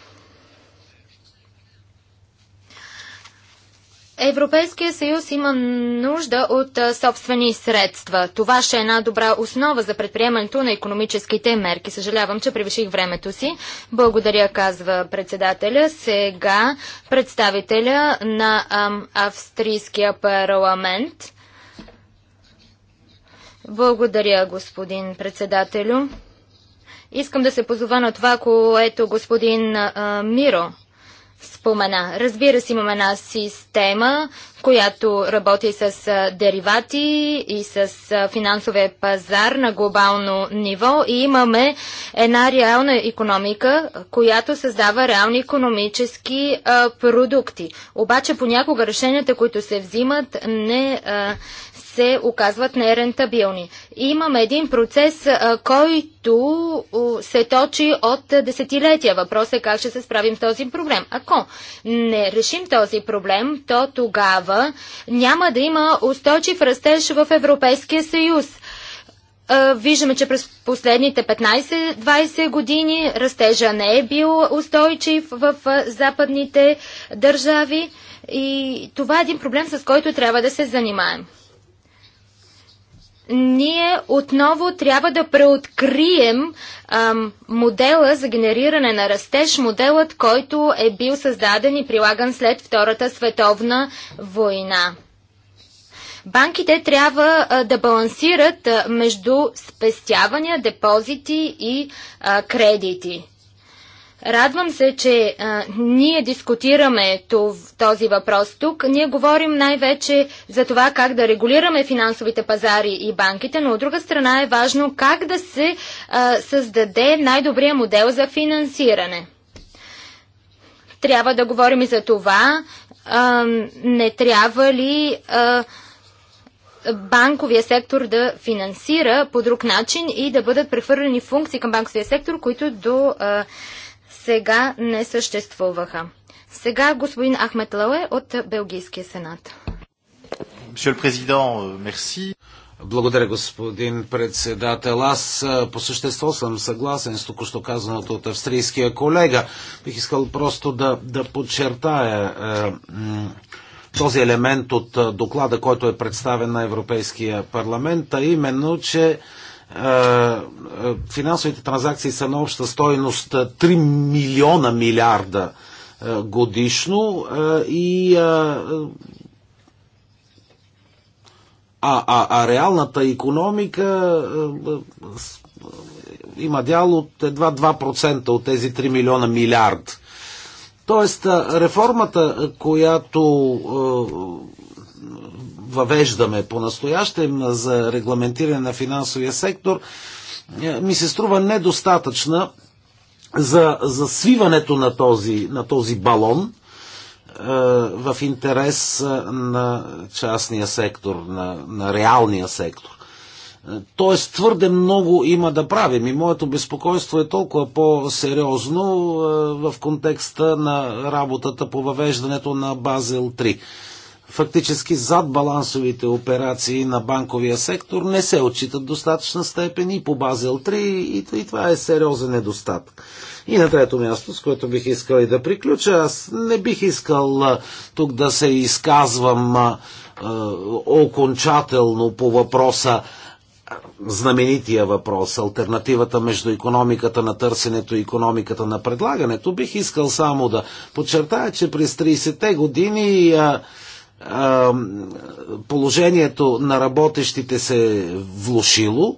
Европейския съюз има нужда от собствени средства. Това ще е една добра основа за предприемането на економическите мерки. Съжалявам, че превиших времето си. Благодаря, казва председателя. Сега представителя на ам, австрийския парламент. Благодаря, господин председателю. Искам да се позова на това, което господин а, Миро спомена. Разбира се, имаме една система, която работи с деривати и с финансовия пазар на глобално ниво и имаме една реална економика, която създава реални економически продукти. Обаче понякога решенията, които се взимат, не а, се оказват нерентабилни. Имаме един процес, който се точи от десетилетия. Въпрос е как ще се справим този проблем. Ако не решим този проблем, то тогава няма да има устойчив растеж в Европейския съюз. Виждаме, че през последните 15-20 години растежа не е бил устойчив в западните държави и това е един проблем, с който трябва да се занимаем ние отново трябва да преоткрием ам, модела за генериране на растеж, моделът, който е бил създаден и прилаган след Втората световна война. Банките трябва а, да балансират а, между спестявания, депозити и а, кредити. Радвам се, че а, ние дискутираме тов, този въпрос тук. Ние говорим най-вече за това как да регулираме финансовите пазари и банките, но от друга страна е важно как да се а, създаде най-добрия модел за финансиране. Трябва да говорим и за това, а, не трябва ли а, банковия сектор да финансира по друг начин и да бъдат прехвърлени функции към банковия сектор, които до а, сега не съществуваха. Сега господин Ахмет Лауе от Белгийския сенат. Euh, Благодаря, господин председател. Аз по същество съм съгласен с току-що казаното от австрийския колега. Бих искал просто да, да подчертая е, този елемент от доклада, който е представен на Европейския парламент, а именно, че е, е, финансовите транзакции са на обща стоеност 3 е, милиона милиарда годишно и а, а, а реалната економика има дял от едва 2% от тези 3 милиона милиард. Тоест, реформата, която въвеждаме по-настоящем за регламентиране на финансовия сектор, е, ми се струва недостатъчна за, за свиването на този, на този балон е, в интерес е, на частния сектор, на, на реалния сектор. Тоест твърде много има да правим и моето безпокойство е толкова по-сериозно в контекста на работата по въвеждането на Базел 3 фактически зад балансовите операции на банковия сектор не се отчитат достатъчна степен и по Базел 3 и, и това е сериозен недостатък. И на трето място, с което бих искал и да приключа, аз не бих искал тук да се изказвам а, а, окончателно по въпроса знаменития въпрос, альтернативата между економиката на търсенето и економиката на предлагането, бих искал само да подчертая, че през 30-те години а, положението на работещите се е влушило,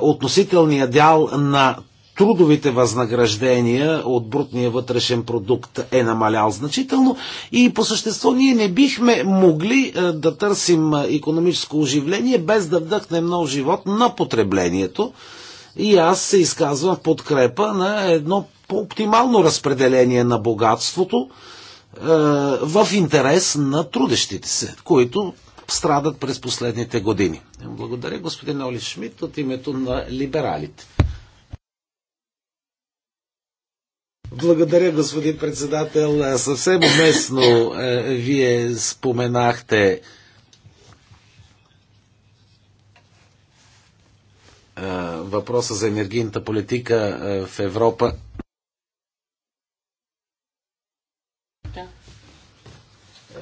относителният дял на трудовите възнаграждения от брутния вътрешен продукт е намалял значително и по същество ние не бихме могли да търсим економическо оживление без да вдъхнем нов живот на потреблението. И аз се изказвам в подкрепа на едно по-оптимално разпределение на богатството, е, в интерес на трудещите се, които страдат през последните години. Благодаря господин Оли Шмидт от името на либералите. Благодаря, господин председател. Е, съвсем уместно е, вие споменахте е, въпроса за енергийната политика е, в Европа.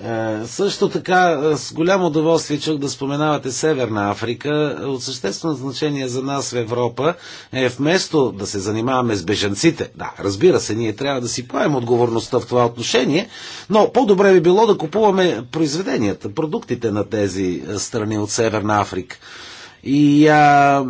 Е, също така, е, с голямо удоволствие чух да споменавате Северна Африка. От съществено значение за нас в Европа е вместо да се занимаваме с бежанците, да, разбира се, ние трябва да си поем отговорността в това отношение, но по-добре би било да купуваме произведенията, продуктите на тези е, страни от Северна Африка. И а,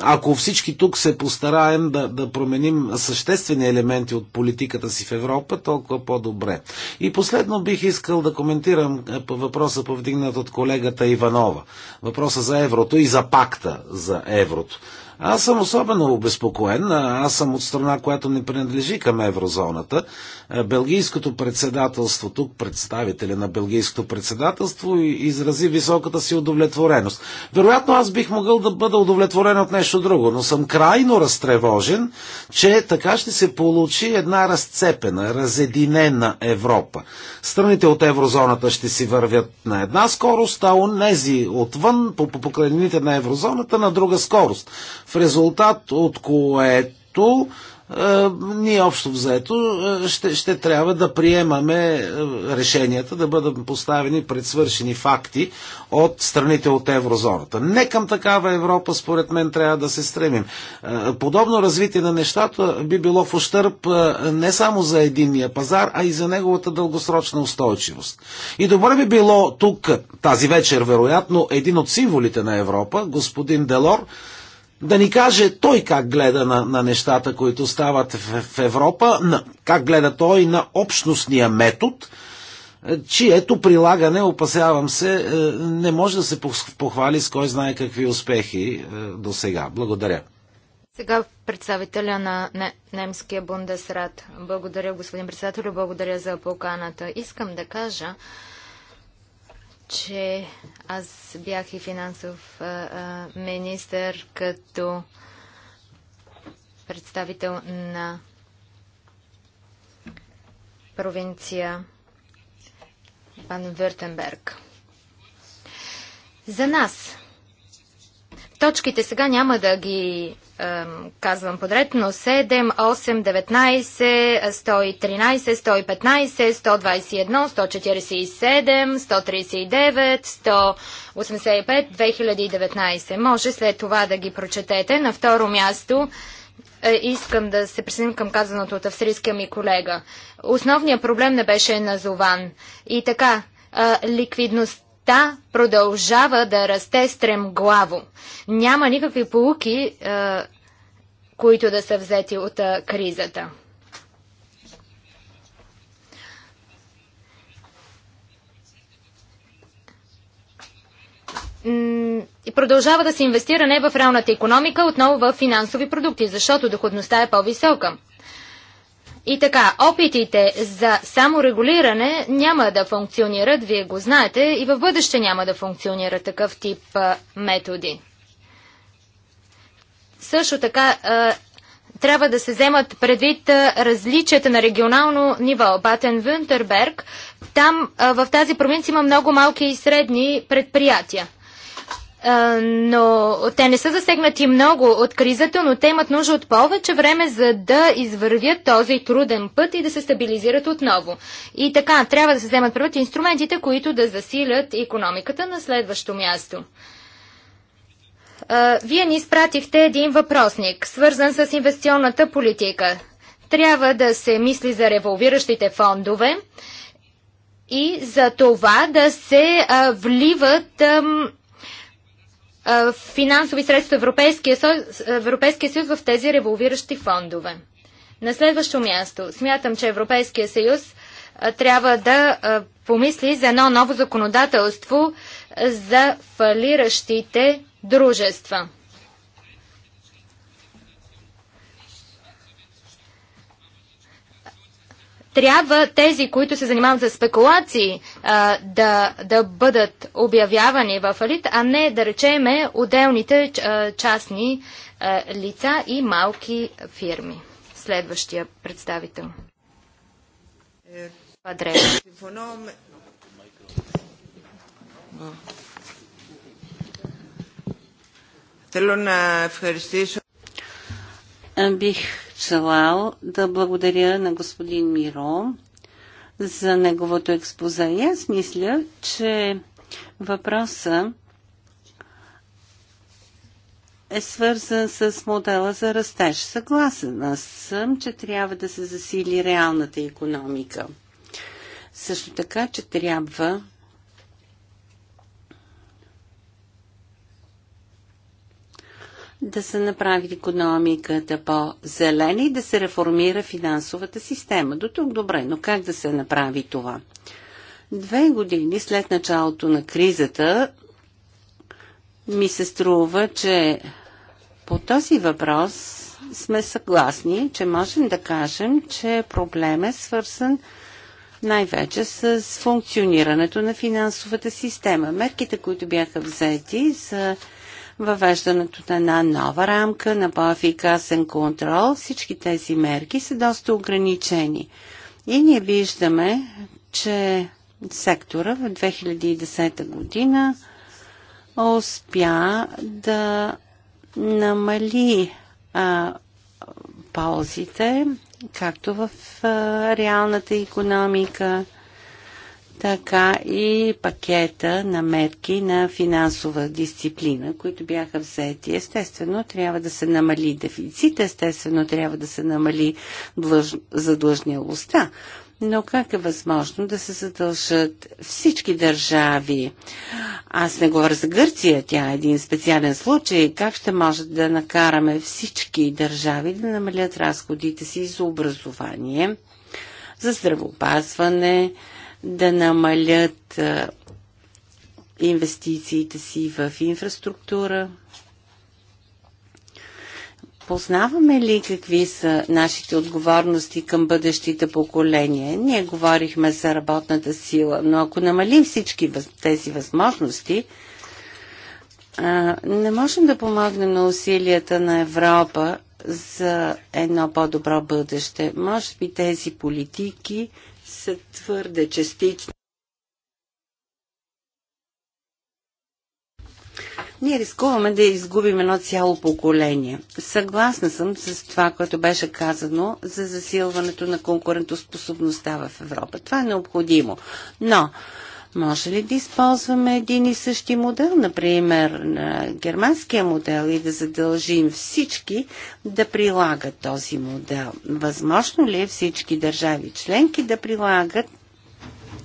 ако всички тук се постараем да, да променим съществени елементи от политиката си в Европа, толкова по-добре. И последно бих искал да коментирам въпроса повдигнат от колегата Иванова. Въпроса за еврото и за пакта за еврото. Аз съм особено обезпокоен. Аз съм от страна, която не принадлежи към еврозоната. Белгийското председателство, тук представителя на Белгийското председателство изрази високата си удовлетвореност. Вероятно аз бих могъл да бъда удовлетворен от нещо друго, но съм крайно разтревожен, че така ще се получи една разцепена, разединена Европа. Страните от еврозоната ще си вървят на една скорост, а онези отвън, по, по покрайнините на еврозоната, на друга скорост в резултат от което е, ние общо взето е, ще, ще трябва да приемаме е, решенията да бъдат поставени пред свършени факти от страните от еврозоната. Не към такава Европа, според мен, трябва да се стремим. Подобно развитие на нещата би било в е, не само за единния пазар, а и за неговата дългосрочна устойчивост. И добре би било тук, тази вечер, вероятно, един от символите на Европа, господин Делор, да ни каже той как гледа на, на нещата, които стават в, в Европа, на, как гледа той на общностния метод, е, чието прилагане, опасявам се, е, не може да се похвали с кой знае какви успехи е, до сега. Благодаря. Сега представителя на немския Бундесрат. Благодаря, господин председател, благодаря за поканата. Искам да кажа, че аз бях и финансов министр като представител на провинция пан Въртенберг. За нас точките сега няма да ги казвам подред, но 7, 8, 19, 113, 115, 121, 147, 139, 185, 2019. Може след това да ги прочетете. На второ място е, искам да се присъединим към казаното от австрийския ми колега. Основният проблем не беше назован. И така, ликвидност та продължава да расте стремглаво. Няма никакви полуки, е, които да са взети от е, кризата. и продължава да се инвестира не в реалната економика, отново в финансови продукти, защото доходността е по-висока. И така, опитите за саморегулиране няма да функционират, вие го знаете, и в бъдеще няма да функционира такъв тип а, методи. Също така, а, трябва да се вземат предвид различията на регионално ниво. Батен-Вюнтерберг, там а, в тази провинция има много малки и средни предприятия но те не са засегнати много от кризата, но те имат нужда от повече време, за да извървят този труден път и да се стабилизират отново. И така, трябва да се вземат първат инструментите, които да засилят економиката на следващо място. Вие ни изпратихте един въпросник, свързан с инвестиционната политика. Трябва да се мисли за револвиращите фондове и за това да се вливат финансови средства Европейския съюз, Европейския съюз в тези револвиращи фондове. На следващо място, смятам, че Европейския съюз трябва да помисли за едно ново законодателство за фалиращите дружества. трябва тези, които се занимават за спекулации, а, да, да бъдат обявявани в алит, а не да речеме отделните а, частни а, лица и малки фирми. Следващия представител. Падре. Е, Бих желал да благодаря на господин Миро за неговото експозе. И аз мисля, че въпроса е свързан с модела за растеж. Съгласен съм, че трябва да се засили реалната економика. Също така, че трябва да се направи економиката по-зелена и да се реформира финансовата система. До тук добре, но как да се направи това? Две години след началото на кризата ми се струва, че по този въпрос сме съгласни, че можем да кажем, че проблем е свързан най-вече с функционирането на финансовата система. Мерките, които бяха взети, са въвеждането на една нова рамка, на по-ефикасен контрол. Всички тези мерки са доста ограничени. И ние виждаме, че сектора в 2010 година успя да намали а, ползите, както в а, реалната економика, така и пакета на мерки на финансова дисциплина, които бяха взети. Естествено, трябва да се намали дефицит, естествено, трябва да се намали длъж... задлъжнялостта. Но как е възможно да се задължат всички държави? Аз не говоря за Гърция, тя е един специален случай. Как ще може да накараме всички държави да намалят разходите си за образование, за здравеопазване, да намалят инвестициите си в инфраструктура. Познаваме ли какви са нашите отговорности към бъдещите поколения? Ние говорихме за работната сила, но ако намалим всички тези възможности, не можем да помогнем на усилията на Европа за едно по-добро бъдеще. Може би тези политики са твърде частични. Ние рискуваме да изгубим едно цяло поколение. Съгласна съм с това, което беше казано за засилването на конкурентоспособността в Европа. Това е необходимо. Но може ли да използваме един и същи модел, например на германския модел и да задължим всички да прилагат този модел? Възможно ли е всички държави членки да прилагат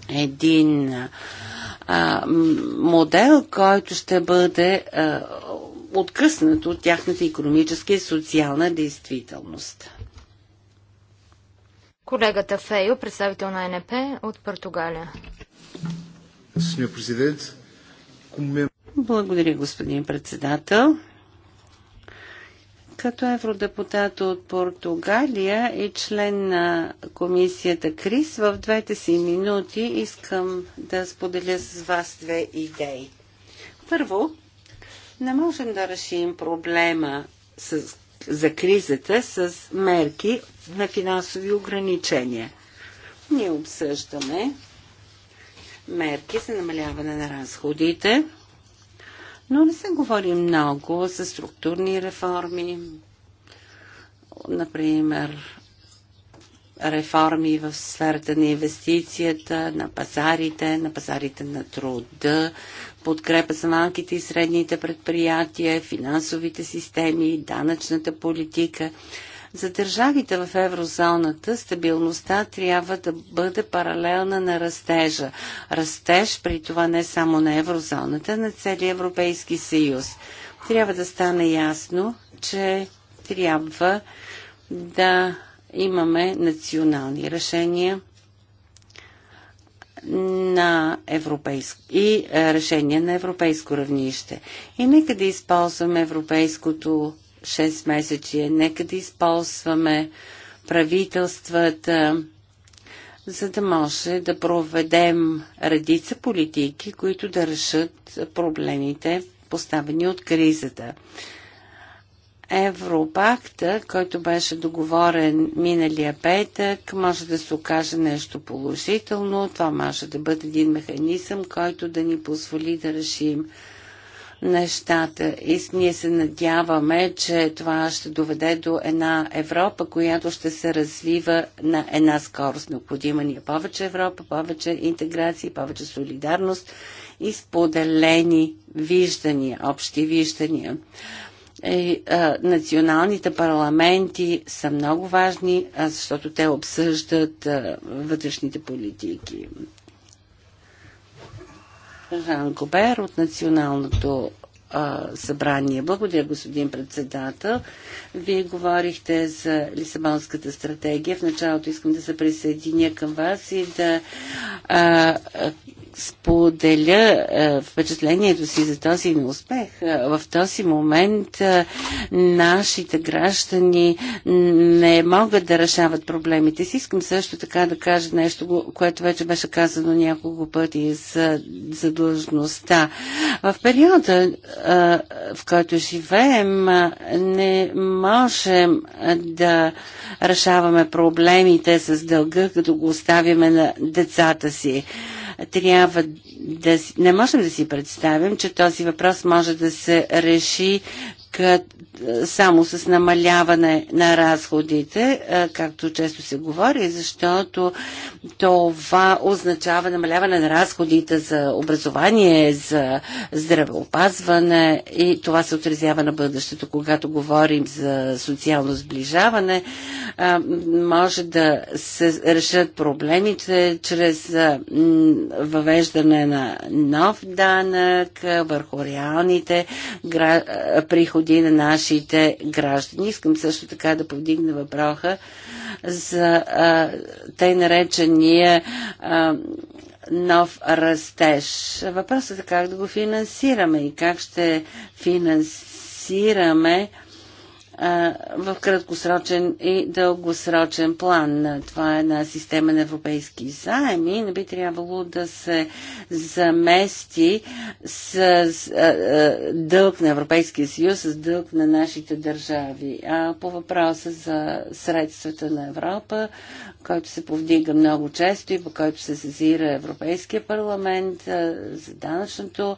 един а, модел, който ще бъде а, откъснат от тяхната економическа и социална действителност? Колегата Фейо, представител на НП от Португалия. Благодаря, господин председател. Като евродепутат от Португалия и член на комисията КРИС, в двете си минути искам да споделя с вас две идеи. Първо, не можем да решим проблема с, за кризата с мерки на финансови ограничения. Ние обсъждаме мерки за намаляване на разходите, но не се говори много за структурни реформи, например реформи в сферата на инвестицията, на пазарите, на пазарите на труда, подкрепа за малките и средните предприятия, финансовите системи, данъчната политика. За държавите в еврозоната стабилността трябва да бъде паралелна на растежа. Растеж при това не само на еврозоната, на целия Европейски съюз. Трябва да стане ясно, че трябва да имаме национални решения на европейско и е, решение на европейско равнище. И нека да използваме европейското 6 месечие. Нека да използваме правителствата, за да може да проведем редица политики, които да решат проблемите, поставени от кризата. Европакта, който беше договорен миналия петък, може да се окаже нещо положително. Това може да бъде един механизъм, който да ни позволи да решим нещата. И ние се надяваме, че това ще доведе до една Европа, която ще се развива на една скорост. Необходима ни е повече Европа, повече интеграция, повече солидарност и споделени виждания, общи виждания. И, а, националните парламенти са много важни, а, защото те обсъждат а, вътрешните политики. Хан Гобер от Националното а, събрание. Благодаря, господин председател. Вие говорихте за Лисабонската стратегия. В началото искам да се присъединя към вас и да а, споделя е, впечатлението си за този неуспех. Е, в този момент е, нашите граждани не могат да решават проблемите си. Искам също така да кажа нещо, което вече беше казано няколко пъти за, за длъжността. В периода, в който живеем, не можем да решаваме проблемите с дълга, като го оставяме на децата си трябва да... Не можем да си представим, че този въпрос може да се реши кът, е, само с намаляване на разходите, е, както често се говори, защото това означава намаляване на разходите за образование, за здравеопазване и това се отразява на бъдещето. Когато говорим за социално сближаване, е, може да се решат проблемите чрез въвеждане на нов данък върху реалните приходи доходи на нашите граждани. Искам също така да повдигна въпроса за а, тъй наречения а, нов растеж. Въпросът е как да го финансираме и как ще финансираме в краткосрочен и дългосрочен план. Това е една система на европейски заеми. Не би трябвало да се замести с, дълг на Европейския съюз, с дълг на нашите държави. А по въпроса за средствата на Европа, който се повдига много често и по който се сезира Европейския парламент за данъчното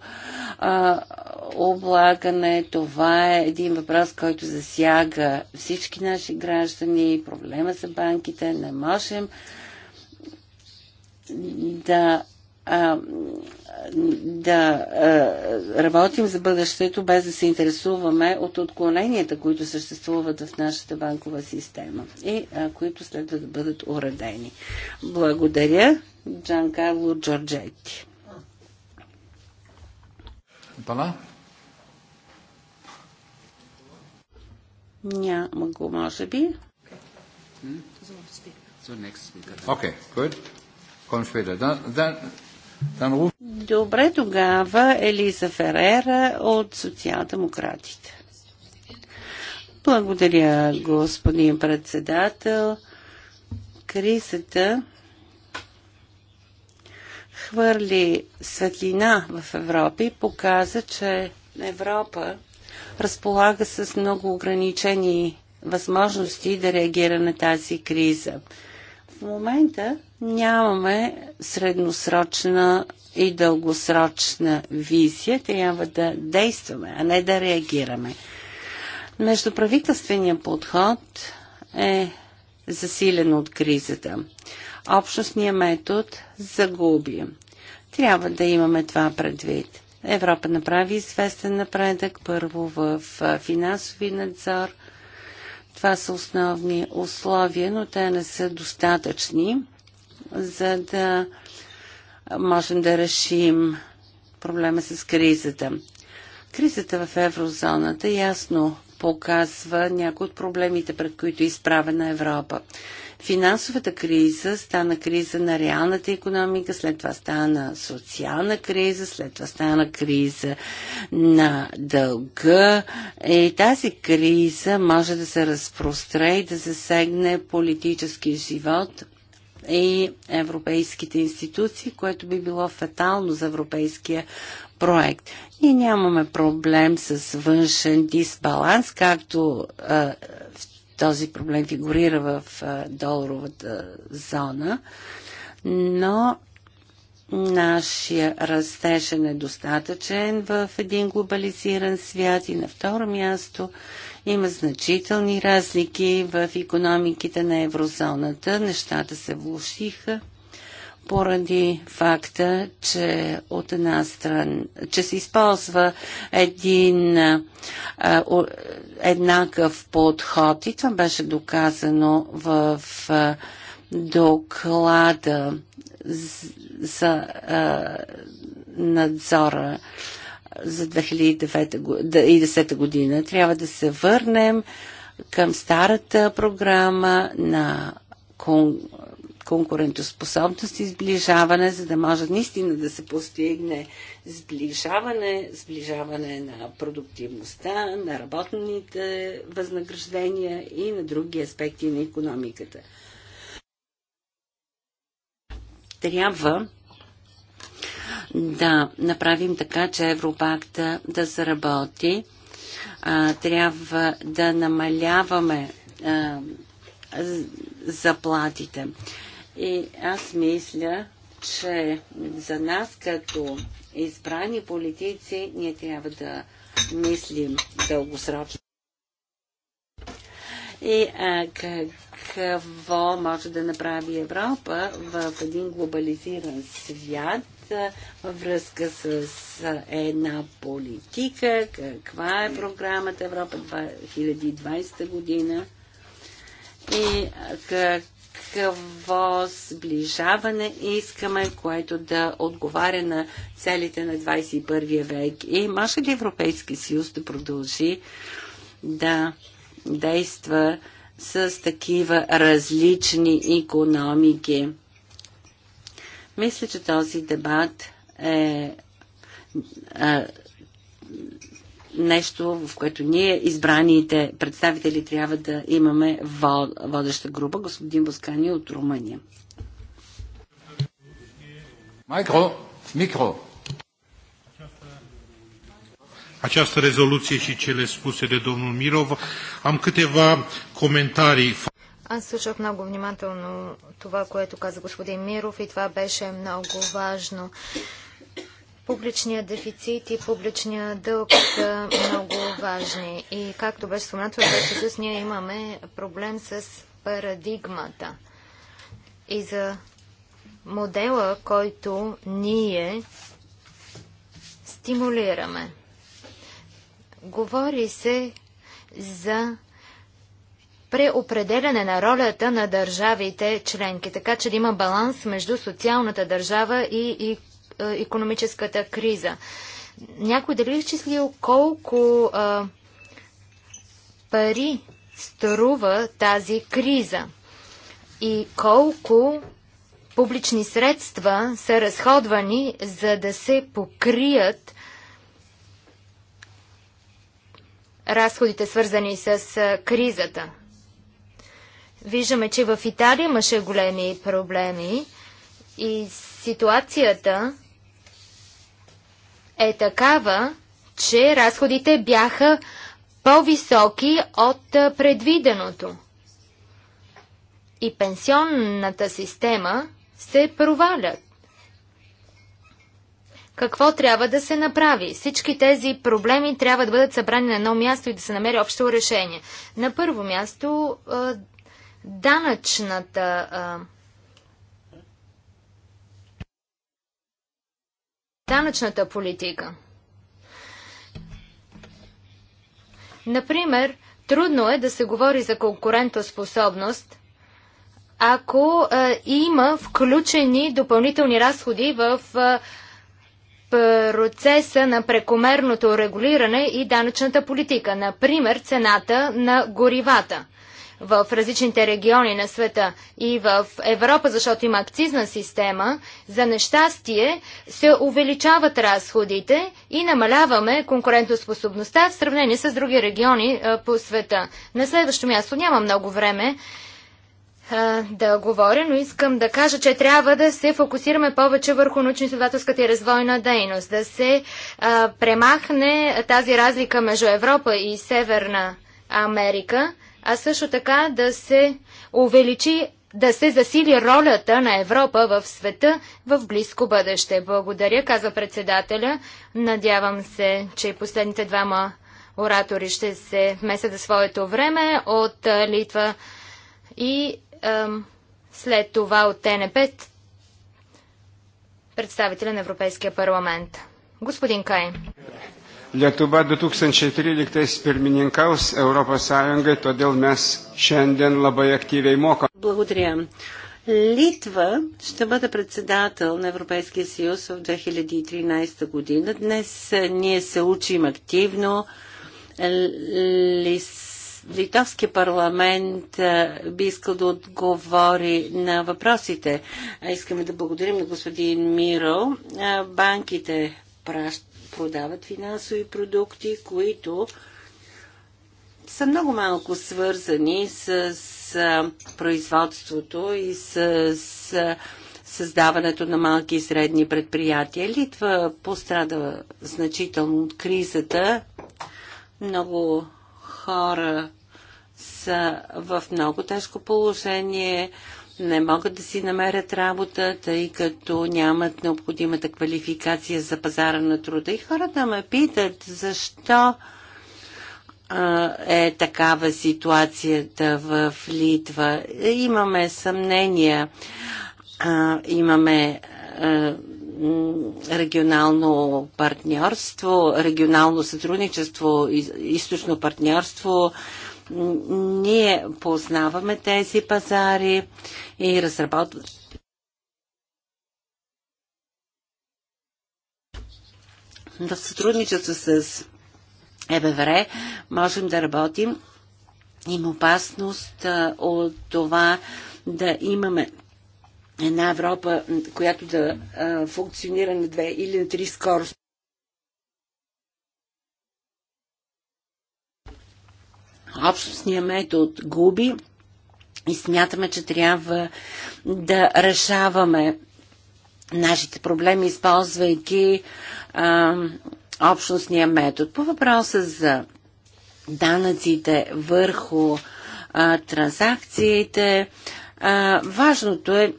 облагане, това е един въпрос, който засяга засяга всички наши граждани, проблема за банките, не можем да а, да а, работим за бъдещето, без да се интересуваме от отклоненията, които съществуват в нашата банкова система и а, които следва да бъдат уредени. Благодаря, Джан Карло Джорджети. Пана? Няма го, може би. Добре, тогава Елиза Ферера от социал-демократите. Благодаря, господин председател. Кризата хвърли светлина в Европа и показа, че Европа разполага с много ограничени възможности да реагира на тази криза. В момента нямаме средносрочна и дългосрочна визия. Трябва да действаме, а не да реагираме. Междуправителственият подход е засилен от кризата. Общностният метод загуби. Трябва да имаме това предвид. Европа направи известен напредък, първо в финансови надзор. Това са основни условия, но те не са достатъчни, за да можем да решим проблема с кризата. Кризата в еврозоната ясно показва някои от проблемите, пред които е изправена Европа. Финансовата криза стана криза на реалната економика, след това стана социална криза, след това стана криза на дълга. И тази криза може да се разпростре и да засегне политическия живот и европейските институции, което би било фатално за европейския проект. Ние нямаме проблем с външен дисбаланс, както а, този проблем фигурира в доларовата зона, но нашия растеж е недостатъчен в един глобализиран свят и на второ място има значителни разлики в економиките на еврозоната. Нещата се влушиха поради факта, че от една страна, че се използва един а, о, еднакъв подход и това беше доказано в а, доклада за а, надзора за 2010 година. Трябва да се върнем към старата програма на конкурентоспособност и сближаване, за да може наистина да се постигне сближаване, сближаване на продуктивността, на работните възнаграждения и на други аспекти на економиката. Трябва да направим така, че Европакта да заработи. трябва да намаляваме заплатите. И аз мисля, че за нас като избрани политици ние трябва да мислим дългосрочно. И а, какво може да направи Европа в един глобализиран свят във връзка с една политика? Каква е програмата Европа 2020 година? И как някакво сближаване искаме, което да отговаря на целите на 21 век. И може ли Европейски съюз да продължи да действа с такива различни економики? Мисля, че този дебат е нещо, в което ние, избраните представители, трябва да имаме водеща група. Господин Боскани от Румъния. Майкро, микро. Această rezoluție și cele spuse de domnul Mirov, am câteva comentarii. Аз слушах много внимателно това, което каза господин Миров и това беше много важно. Публичният дефицит и публичният дълг са много важни. И както беше споменато, в с ние имаме проблем с парадигмата и за модела, който ние стимулираме. Говори се за преопределяне на ролята на държавите членки, така че да има баланс между социалната държава и е, економическата криза. Някой дали е изчислил колко а, е, пари струва тази криза и колко публични средства са разходвани, за да се покрият разходите, свързани с кризата. Виждаме, че в Италия имаше големи проблеми и ситуацията е такава, че разходите бяха по-високи от предвиденото. И пенсионната система се провалят. Какво трябва да се направи? Всички тези проблеми трябва да бъдат събрани на едно място и да се намери общо решение. На първо място данъчната данъчната политика. Например, трудно е да се говори за конкурентоспособност, ако а, има включени допълнителни разходи в а, процеса на прекомерното регулиране и данъчната политика, например цената на горивата в различните региони на света и в Европа, защото има акцизна система, за нещастие се увеличават разходите и намаляваме конкурентоспособността в сравнение с други региони по света. На следващо място няма много време да говоря, но искам да кажа, че трябва да се фокусираме повече върху научно-изследователската и развойна дейност, да се а, премахне тази разлика между Европа и Северна Америка а също така да се увеличи, да се засили ролята на Европа в света в близко бъдеще. Благодаря, каза председателя. Надявам се, че последните двама оратори ще се вмесят за своето време от Литва и ем, след това от ТНП представителя на Европейския парламент. Господин Кай. Lietuva 2013 pirmininkaus Europos Sąjungai, todėl mes šiandien labai aktyviai mokame. Благодаря. Литва ще бъде председател на Европейския съюз в 2013 година. Днес ние се учим активно. Литовския парламент би искал да отговори на въпросите. Искаме да благодарим на господин Миро. Банките пращат продават финансови продукти, които са много малко свързани с, производството и с, с създаването на малки и средни предприятия. Литва пострада значително от кризата. Много хора са в много тежко положение не могат да си намерят работа, тъй като нямат необходимата квалификация за пазара на труда. И хората ме питат защо е такава ситуацията в Литва. Имаме съмнения, имаме регионално партньорство, регионално сътрудничество, източно партньорство, ние познаваме тези пазари и разработваме в сътрудничество с ЕБВР можем да работим. Има опасност от това да имаме една Европа, която да функционира на две или на три скорости. общностния метод губи и смятаме, че трябва да решаваме нашите проблеми, използвайки а, общностния метод. По въпроса за данъците върху а, транзакциите, а, важното е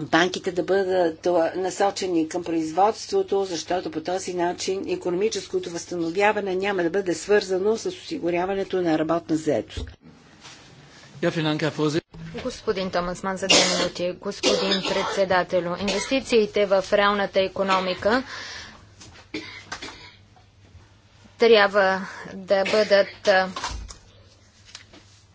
банките да бъдат насочени към производството, защото по този начин економическото възстановяване няма да бъде свързано с осигуряването на работна заетост. Господин Томасман, за две минути. Господин председател, инвестициите в реалната економика трябва да бъдат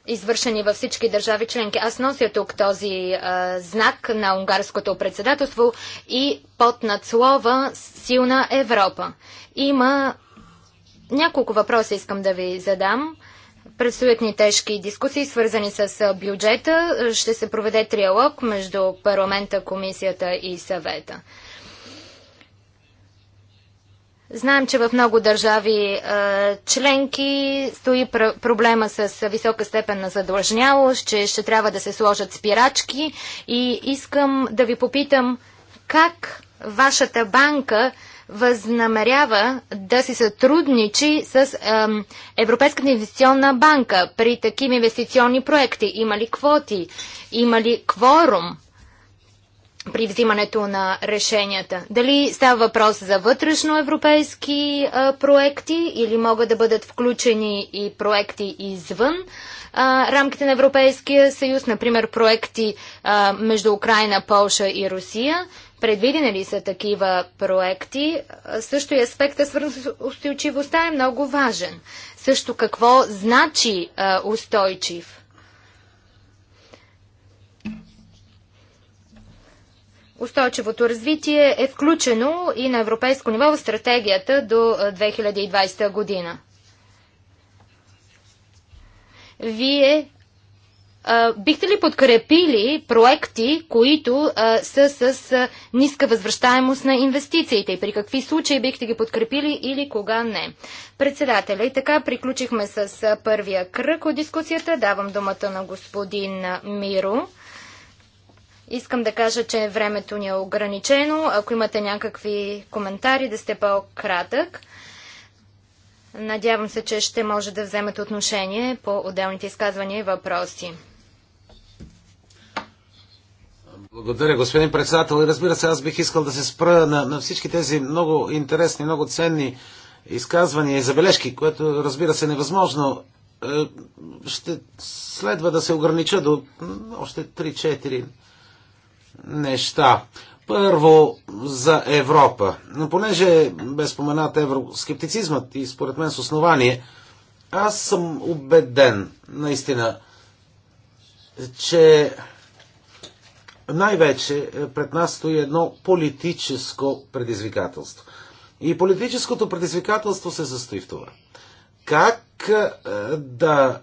извършени във всички държави членки. Аз нося тук този а, знак на унгарското председателство и под надслова Силна Европа. Има няколко въпроса искам да ви задам. Предстоят ни тежки дискусии, свързани с бюджета. Ще се проведе триалог между парламента, комисията и съвета. Знаем, че в много държави е, членки стои проблема с висока степен на задлъжнялост, че ще трябва да се сложат спирачки и искам да ви попитам как вашата банка възнамерява да си сътрудничи с Европейската инвестиционна банка при такива инвестиционни проекти? Има ли квоти? Има ли кворум? при взимането на решенията. Дали става въпрос за вътрешноевропейски а, проекти или могат да бъдат включени и проекти извън а, рамките на Европейския съюз, например проекти а, между Украина, Полша и Русия. Предвидени ли са такива проекти? Също и аспекта свързан с устойчивостта е много важен. Също какво значи а, устойчив? Устойчивото развитие е включено и на европейско ниво в стратегията до 2020 година. Вие бихте ли подкрепили проекти, които са с ниска възвръщаемост на инвестициите и при какви случаи бихте ги подкрепили или кога не? Председателя и така приключихме с първия кръг от дискусията. Давам думата на господин Миро. Искам да кажа, че времето ни е ограничено. Ако имате някакви коментари, да сте по-кратък. Надявам се, че ще може да вземете отношение по отделните изказвания и въпроси. Благодаря, господин председател. И разбира се, аз бих искал да се спра на, на всички тези много интересни, много ценни изказвания и забележки, което разбира се невъзможно. Е, ще следва да се огранича до още 3-4 неща. Първо за Европа. Но понеже бе споменат евроскептицизмът и според мен с основание, аз съм убеден, наистина, че най-вече пред нас стои едно политическо предизвикателство. И политическото предизвикателство се състои в това. Как е, да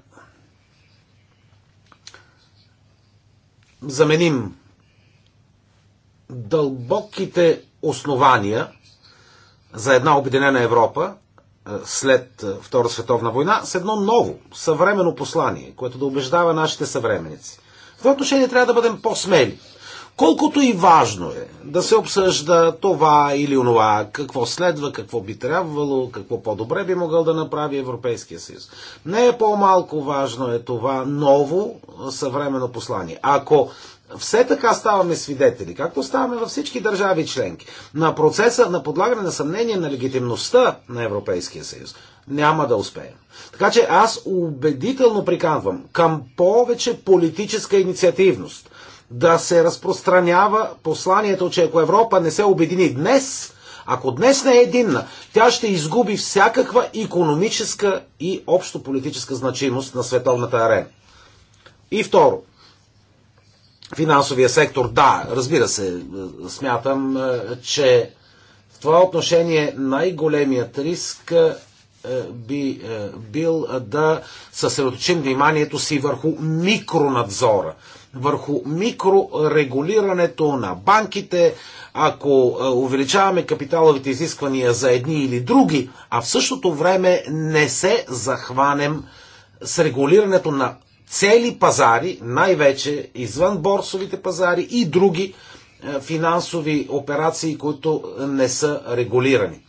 заменим дълбоките основания за една обединена Европа е, след е, Втора световна война с едно ново, съвременно послание, което да убеждава нашите съвременици. В това отношение трябва да бъдем по-смели. Колкото и важно е да се обсъжда това или онова, какво следва, какво би трябвало, какво по-добре би могъл да направи Европейския съюз. Не е по-малко важно е това ново е, съвременно послание. Ако все така ставаме свидетели, както ставаме във всички държави членки, на процеса на подлагане на съмнение на легитимността на Европейския съюз, няма да успеем. Така че аз убедително приканвам към повече политическа инициативност да се разпространява посланието, че ако Европа не се обедини днес, ако днес не е единна, тя ще изгуби всякаква економическа и общо политическа значимост на световната арена. И второ, финансовия сектор. Да, разбира се, е, смятам, е, че в това отношение най-големият риск е, би бил да съсредоточим вниманието си върху микронадзора, върху микрорегулирането на банките, ако увеличаваме капиталовите изисквания за едни или други, а в същото време не се захванем с регулирането на цели пазари, най-вече извън борсовите пазари и други е, финансови операции, които не са регулирани.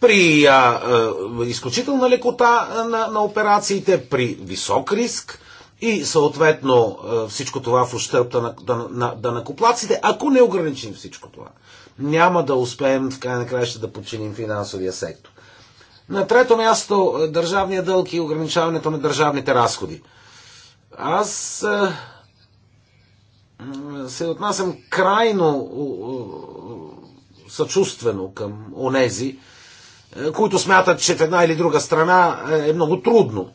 При а, а, е, изключителна лекота е, на, на операциите, при висок риск и съответно а, всичко това в ущърпта на, на, на, на накоплаците, ако не ограничим всичко това, няма да успеем в край на краища да подчиним финансовия сектор. На трето място е, държавния дълг и ограничаването на държавните разходи. Аз е, се отнасям крайно съчувствено към онези, е, които смятат, че в една или друга страна е много трудно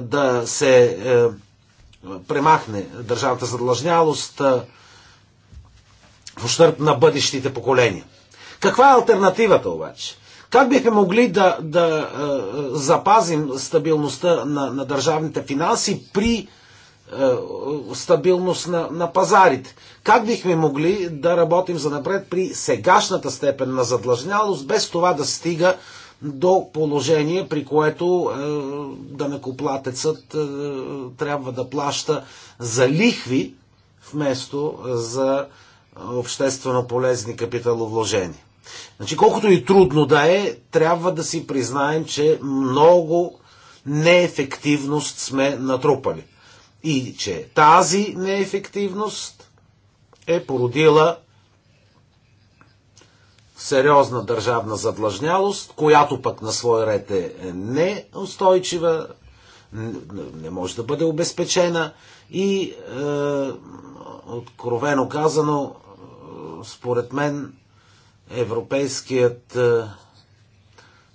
да се премахне държавната задлъжнялост в ущърп на бъдещите поколения. Каква е альтернативата обаче? Как бихме могли да, да е, запазим стабилността на, на държавните финанси при е, стабилност на, на пазарите. Как бихме могли да работим за напред при сегашната степен на задлъжнялост, без това да стига до положение, при което е, данъкоплатецът е, трябва да плаща за лихви, вместо за е, обществено полезни капиталовложения. Значи, колкото и трудно да е, трябва да си признаем, че много неефективност сме натрупали. И че тази неефективност е породила сериозна държавна задлъжнялост, която пък на свой ред е неустойчива, не може да бъде обезпечена и е, откровено казано, според мен, Европейският е,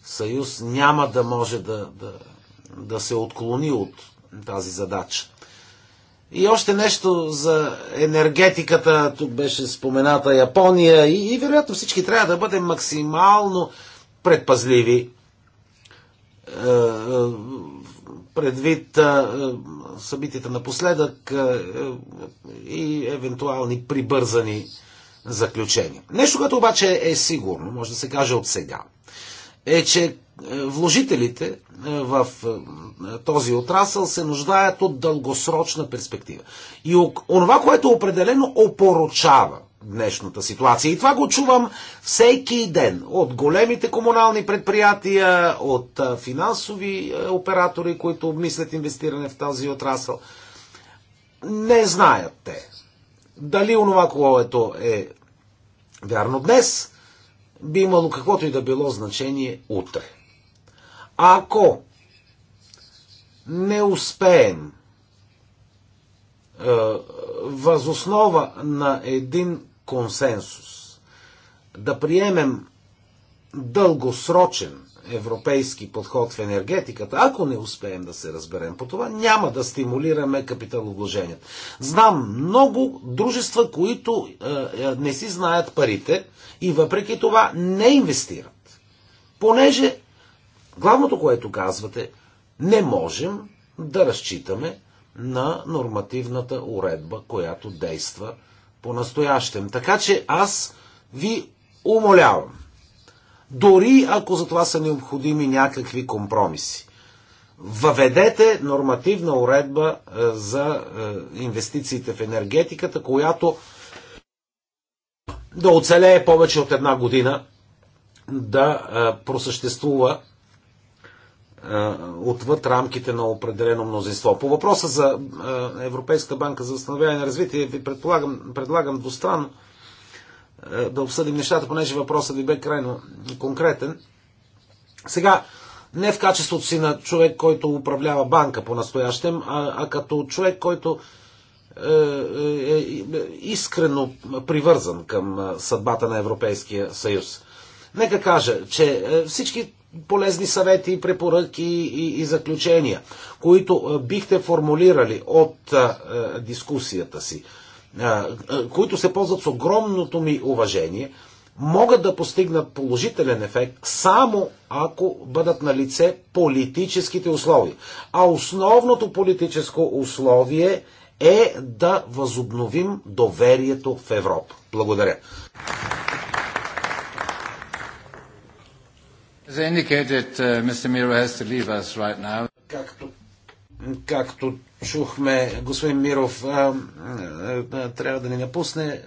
съюз няма да може да, да, да се отклони от тази задача. И още нещо за енергетиката, тук беше спомената Япония и, и вероятно всички трябва да бъдем максимално предпазливи е, е, предвид събитията напоследък и евентуални прибързани заключение. Нещо, което обаче е сигурно, може да се каже от сега, е, че е, вложителите е, в е, този отрасъл се нуждаят от дългосрочна перспектива. И онова, което определено опоручава днешната ситуация. И това го чувам всеки ден от големите комунални предприятия, от финансови оператори, които обмислят инвестиране в този отрасъл. Не знаят те дали онова, което е вярно днес, би имало каквото и да било значение утре. А ако не успеем е, възоснова на един консенсус да приемем дългосрочен европейски подход в енергетиката, ако не успеем да се разберем по това, няма да стимулираме капиталовложението. Знам много дружества, които е, е, не си знаят парите и въпреки това не инвестират. Понеже главното, което казвате, не можем да разчитаме на нормативната уредба, която действа по-настоящем. Така че аз ви умолявам дори ако за това са необходими някакви компромиси. Въведете нормативна уредба е, за е, инвестициите в енергетиката, която да оцелее повече от една година, да е, просъществува отвъд рамките на определено мнозинство. По въпроса за Европейска банка за възстановяване и развитие ви предлагам двустранно е, да обсъдим нещата, понеже въпросът ви бе крайно конкретен. Сега, не в качеството си на човек, който управлява банка по-настоящем, а, а като човек, който е, е, е искрено привързан към съдбата на Европейския съюз. Нека кажа, че всички полезни съвети, препоръки и, и заключения, които бихте формулирали от дискусията си, които се ползват с огромното ми уважение, могат да постигнат положителен ефект само ако бъдат на лице политическите условия. А основното политическо условие е да възобновим доверието в Европа. Благодаря. Uh, Както както чухме господин Миров, трябва да ни напусне.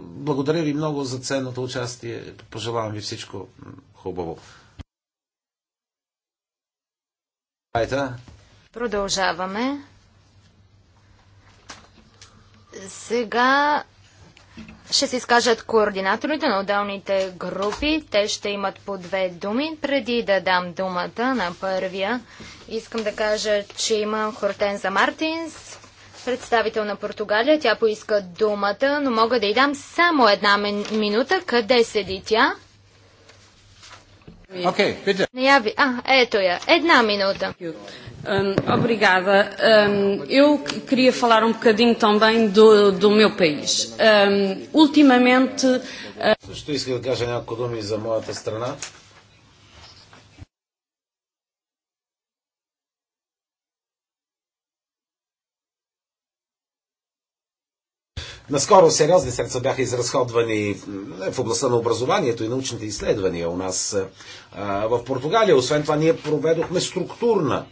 Благодаря ви много за ценното участие. Пожелавам ви всичко хубаво. Продължаваме. Сега ще се изкажат координаторите на отделните групи. Те ще имат по две думи. Преди да дам думата на първия, искам да кажа, че има Хортенза Мартинс, представител на Португалия. Тя поиска думата, но мога да й дам само една минута. Къде седи тя? Окей, okay, ви... А, ето я. Една минута. Um, obrigada. Um, eu queria falar um bocadinho também do, do meu país. Um, ultimamente. да кажа няколко думи за моята страна. Наскоро сериозни средства бяха изразходвани в областта на образованието и научните изследвания у нас в Португалия. Освен това, ние проведохме структурна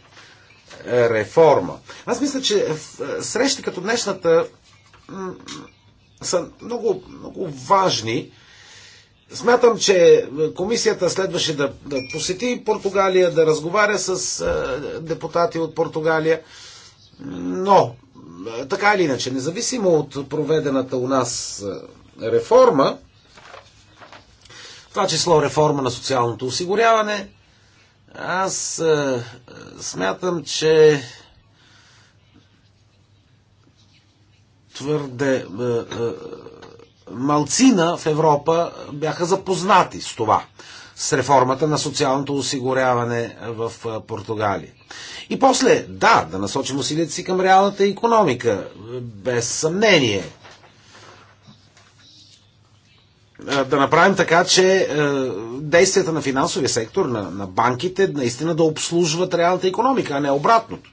реформа. Аз мисля, че е, срещи като днешната са много, много важни. Смятам, че комисията следваше да, да посети Португалия, да разговаря с е, депутати от Португалия, но е, така или иначе, независимо от проведената у нас реформа, това число реформа на социалното осигуряване, аз а, е, смятам, че твърде а, е, а, е, малцина в Европа бяха запознати с това, с реформата на социалното осигуряване в Португалия. И после, да, да насочим усилията си към реалната економика, без съмнение – да направим така, че е, действията на финансовия сектор, на, на банките, наистина да обслужват реалната економика, а не обратното.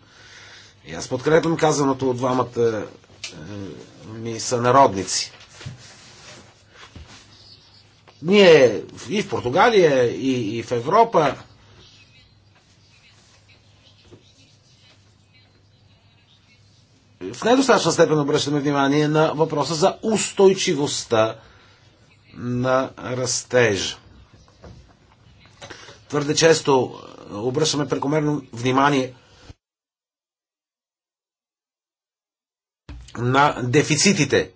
И аз подкрепям казаното от двамата е, ми сънародници. Ние и в Португалия, и, и в Европа в недостатъчна степен обръщаме внимание на въпроса за устойчивостта на растежа. Твърде често е, обръщаме прекомерно внимание на дефицитите.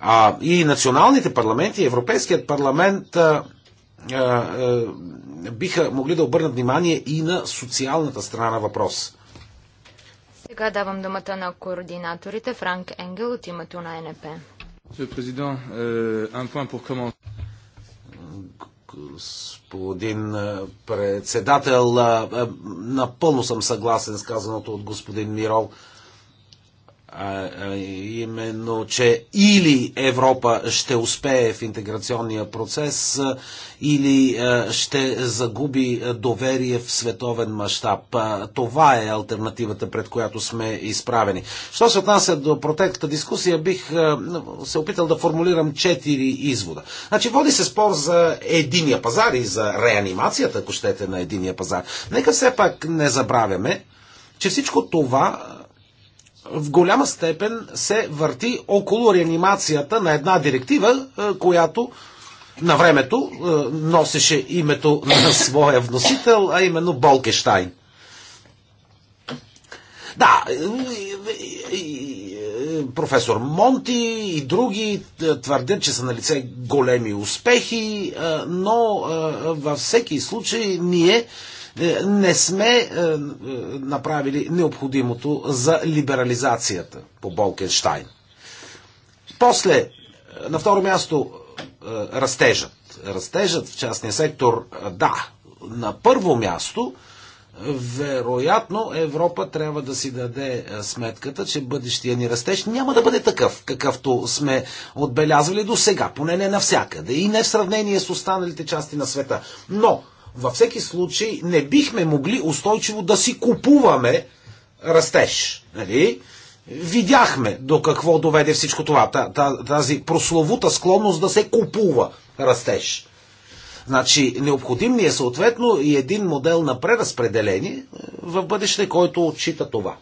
А и националните парламенти, и Европейският парламент а, а, а, биха могли да обърнат внимание и на социалната страна на въпрос. Сега давам думата на координаторите Франк Енгел от името на НП. Господин председател, напълно съм съгласен с казаното от господин Мирол а, а именно, че или Европа ще успее в интеграционния процес, или а, ще загуби доверие в световен мащаб. Това е альтернативата, пред която сме изправени. Що се отнася до протекта дискусия, бих а, се опитал да формулирам четири извода. Значи, води се спор за единия пазар и за реанимацията, ако щете, на единия пазар. Нека все пак не забравяме, че всичко това в голяма степен се върти около реанимацията на една директива, е, която на времето е, носеше името на своя вносител, а именно Болкештайн. Да, е, професор Монти и други твърдят, че са на лице големи успехи, но във всеки случай ние е, не сме е, е, направили необходимото за либерализацията по Болкенштайн. После, на второ място, растежът. Растежът в частния сектор, да, на първо място, вероятно Европа трябва да си даде сметката, че бъдещия ни растеж няма да бъде такъв, какъвто сме отбелязвали до сега, поне не навсякъде и не в сравнение с останалите части на света. Но във всеки случай не бихме могли устойчиво да си купуваме растеж. Нали? Видяхме до какво доведе всичко това. Тази прословута склонност да се купува растеж. Значи, необходим ни е съответно и един модел на преразпределение в бъдеще, който отчита това.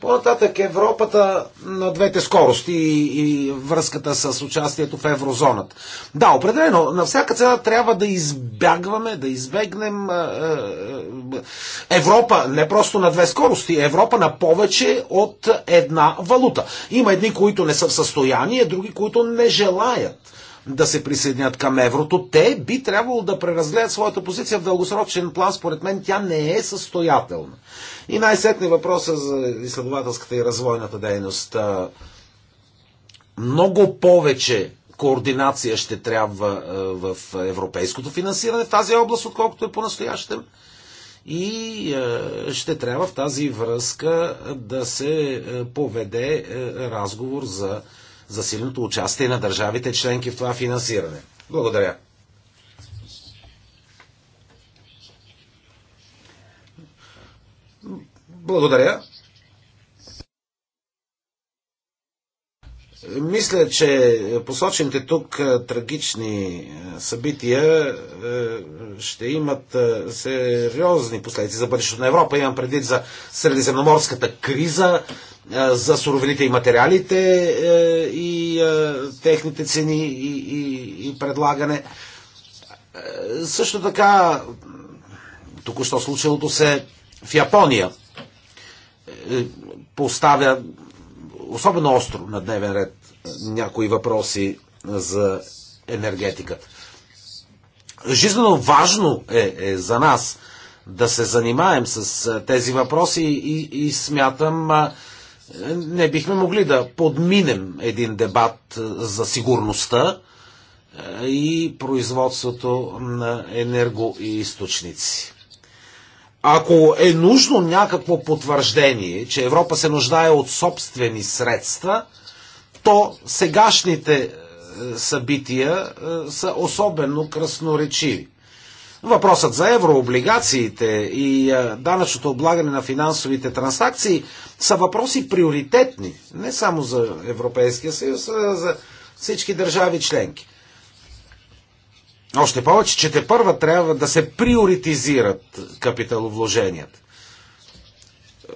По-нататък Европата на двете скорости и, и връзката с участието в еврозоната. Да, определено, на всяка цена трябва да избягваме, да избегнем е, е, Европа не просто на две скорости, Европа на повече от една валута. Има едни, които не са в състояние, други, които не желаят да се присъединят към еврото, те би трябвало да преразгледат своята позиция в дългосрочен план. Според мен тя не е състоятелна. И най-сетни въпроса за изследователската и развойната дейност. Много повече координация ще трябва в европейското финансиране в тази област, отколкото е по-настоящем. И ще трябва в тази връзка да се поведе разговор за за силното участие на държавите членки в това финансиране. Благодаря. Благодаря. Мисля, че посочените тук е, трагични е, събития е, ще имат сериозни последици за бъдещето на Европа. Имам предвид за средиземноморската криза, за суровините и материалите е, и е, техните цени и, предлагане. Е, също така, току-що случилото се в Япония поставя особено остро на дневен ред някои въпроси за енергетиката. Жизненно важно е, е за нас да се занимаем с тези въпроси и, и смятам, не бихме могли да подминем един дебат е, за сигурността е, и производството на енергоисточници. Ако е нужно някакво потвърждение, че Европа се нуждае от собствени средства, то сегашните е, събития са особено красноречиви. Въпросът за еврооблигациите и е, данъчното облагане на финансовите транзакции са въпроси приоритетни, не само за Европейския съюз, а за всички държави членки. Още повече, че те първа трябва да се приоритизират капиталовложенията. Е,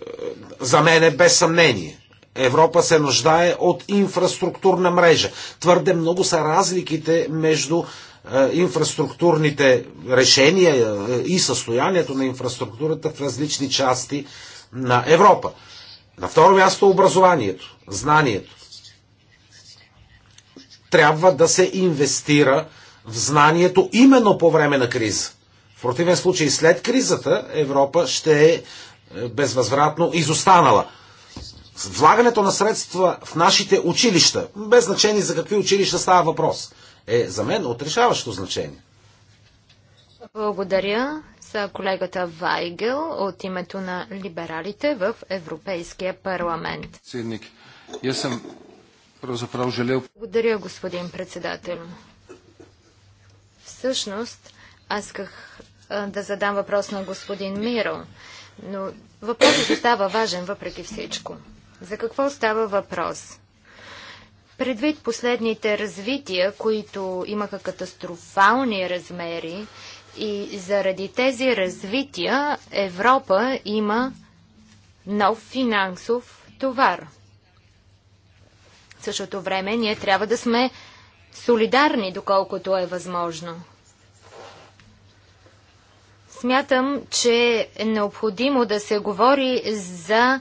за мен е без съмнение. Европа се нуждае от инфраструктурна мрежа. Твърде много са разликите между е, инфраструктурните решения е, и състоянието на инфраструктурата в различни части на Европа. На второ място образованието, знанието. Трябва да се инвестира в знанието именно по време на криза. В противен случай след кризата Европа ще е, е безвъзвратно изостанала. Влагането на средства в нашите училища, без значение за какви училища става въпрос – е за мен отрешаващо значение. Благодаря за колегата Вайгел от името на либералите в Европейския парламент. Седник, я съм правзаправо желел. Благодаря, господин председател. Всъщност, аз исках да задам въпрос на господин Миро, но въпросът става важен въпреки всичко. За какво става въпрос? Предвид последните развития, които имаха катастрофални размери и заради тези развития Европа има нов финансов товар. В същото време ние трябва да сме солидарни, доколкото е възможно. Смятам, че е необходимо да се говори за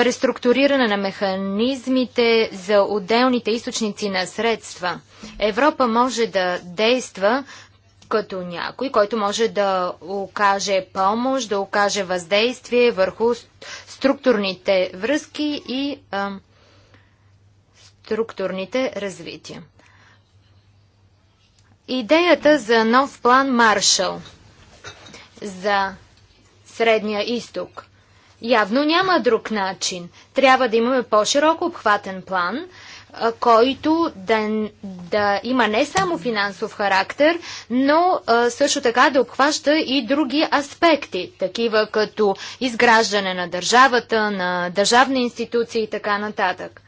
преструктуриране на механизмите за отделните източници на средства. Европа може да действа като някой, който може да окаже помощ, да окаже въздействие върху структурните връзки и а, структурните развития. Идеята за нов план Маршал за Средния изток – Явно няма друг начин. Трябва да имаме по-широко обхватен план, който да, да има не само финансов характер, но също така да обхваща и други аспекти, такива като изграждане на държавата, на държавни институции и така нататък.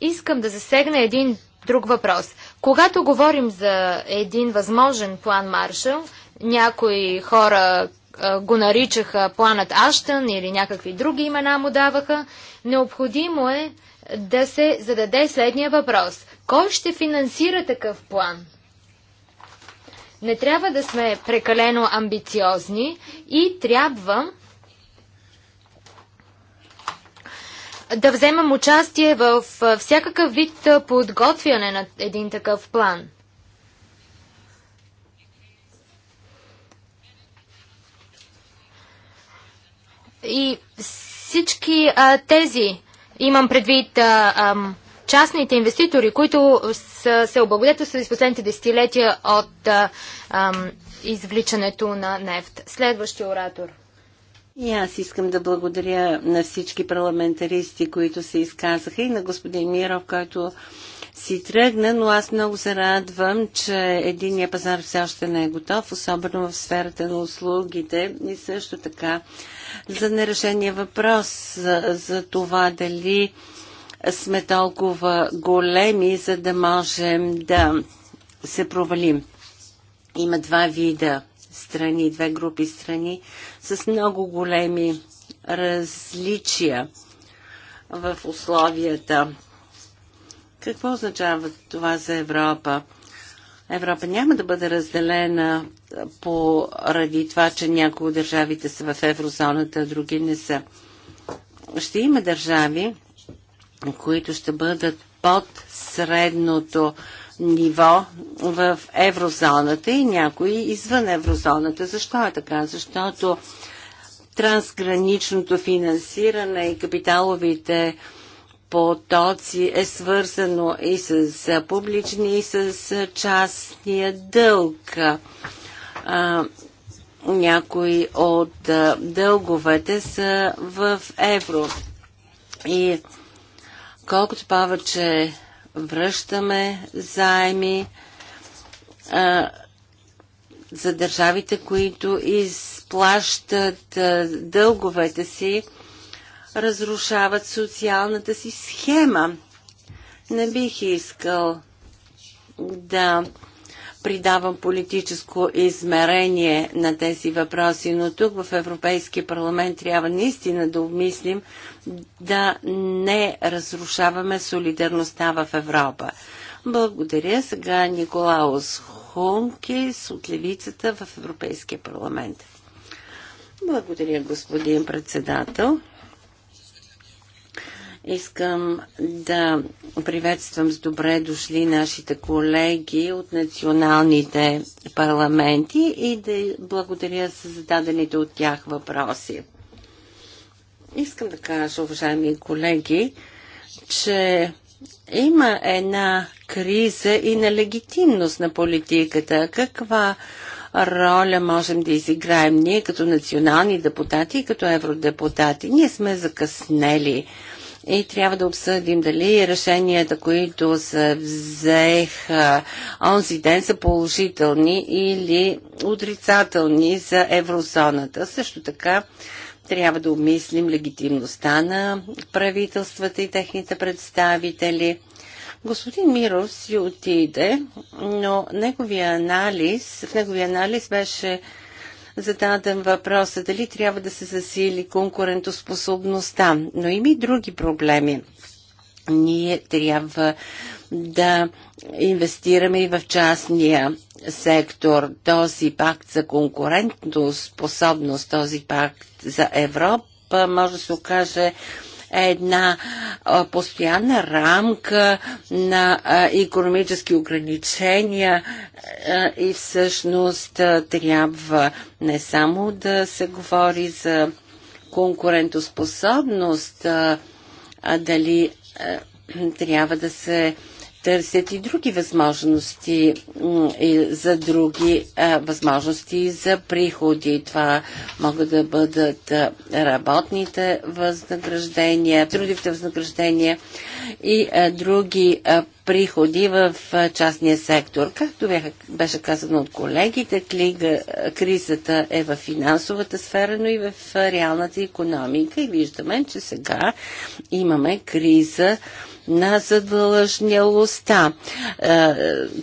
Искам да засегна един друг въпрос. Когато говорим за един възможен план Маршал, някои хора го наричаха планът Аштън или някакви други имена му даваха, необходимо е да се зададе следния въпрос. Кой ще финансира такъв план? Не трябва да сме прекалено амбициозни и трябва да вземам участие в всякакъв вид подготвяне на един такъв план – И всички а, тези, имам предвид а, а, частните инвеститори, които са, се облагодетелствали с последните десетилетия от а, а, извличането на нефт. Следващия оратор. И аз искам да благодаря на всички парламентаристи, които се изказаха и на господин Миров, който си тръгна, но аз много се радвам, че единния пазар все още не е готов, особено в сферата на услугите и също така за нерешения въпрос за, за това дали сме толкова големи, за да можем да се провалим. Има два вида страни, две групи страни с много големи различия в условията. Какво означава това за Европа? Европа няма да бъде разделена поради това, че някои от държавите са в еврозоната, а други не са. Ще има държави, които ще бъдат под средното ниво в еврозоната и някои извън еврозоната. Защо е така? Защото трансграничното финансиране и капиталовите потоци е свързано и с публични, и с частния дълг. А, някои от а, дълговете са в евро. И колкото повече връщаме заеми а, за държавите, които изплащат дълговете си, разрушават социалната си схема. Не бих искал да придавам политическо измерение на тези въпроси, но тук в Европейския парламент трябва наистина да обмислим да не разрушаваме солидарността в Европа. Благодаря. Сега Николаус Хункис от Левицата в Европейския парламент. Благодаря, господин председател. Искам да приветствам с добре дошли нашите колеги от националните парламенти и да благодаря за зададените от тях въпроси. Искам да кажа, уважаеми колеги, че има една криза и на легитимност на политиката. Каква роля можем да изиграем ние като национални депутати и като евродепутати? Ние сме закъснели и трябва да обсъдим дали решенията, които се взеха онзи ден са положителни или отрицателни за еврозоната. Също така трябва да обмислим легитимността на правителствата и техните представители. Господин Миров си отиде, но неговия анализ, в неговия анализ беше зададен въпроса дали трябва да се засили конкурентоспособността, но има и други проблеми. Ние трябва да инвестираме и в частния сектор. Този пакт за конкурентоспособност, този пакт за Европа може да се окаже една постоянна рамка на економически ограничения и всъщност трябва не само да се говори за конкурентоспособност, а дали трябва да се търсят и други възможности и за други а, възможности за приходи. Това могат да бъдат работните възнаграждения, трудовите възнаграждения и а, други а, приходи в частния сектор. Както бяха, беше казано от колегите, клига, кризата е в финансовата сфера, но и в реалната економика и виждаме, че сега имаме криза на задължнялостта. Е,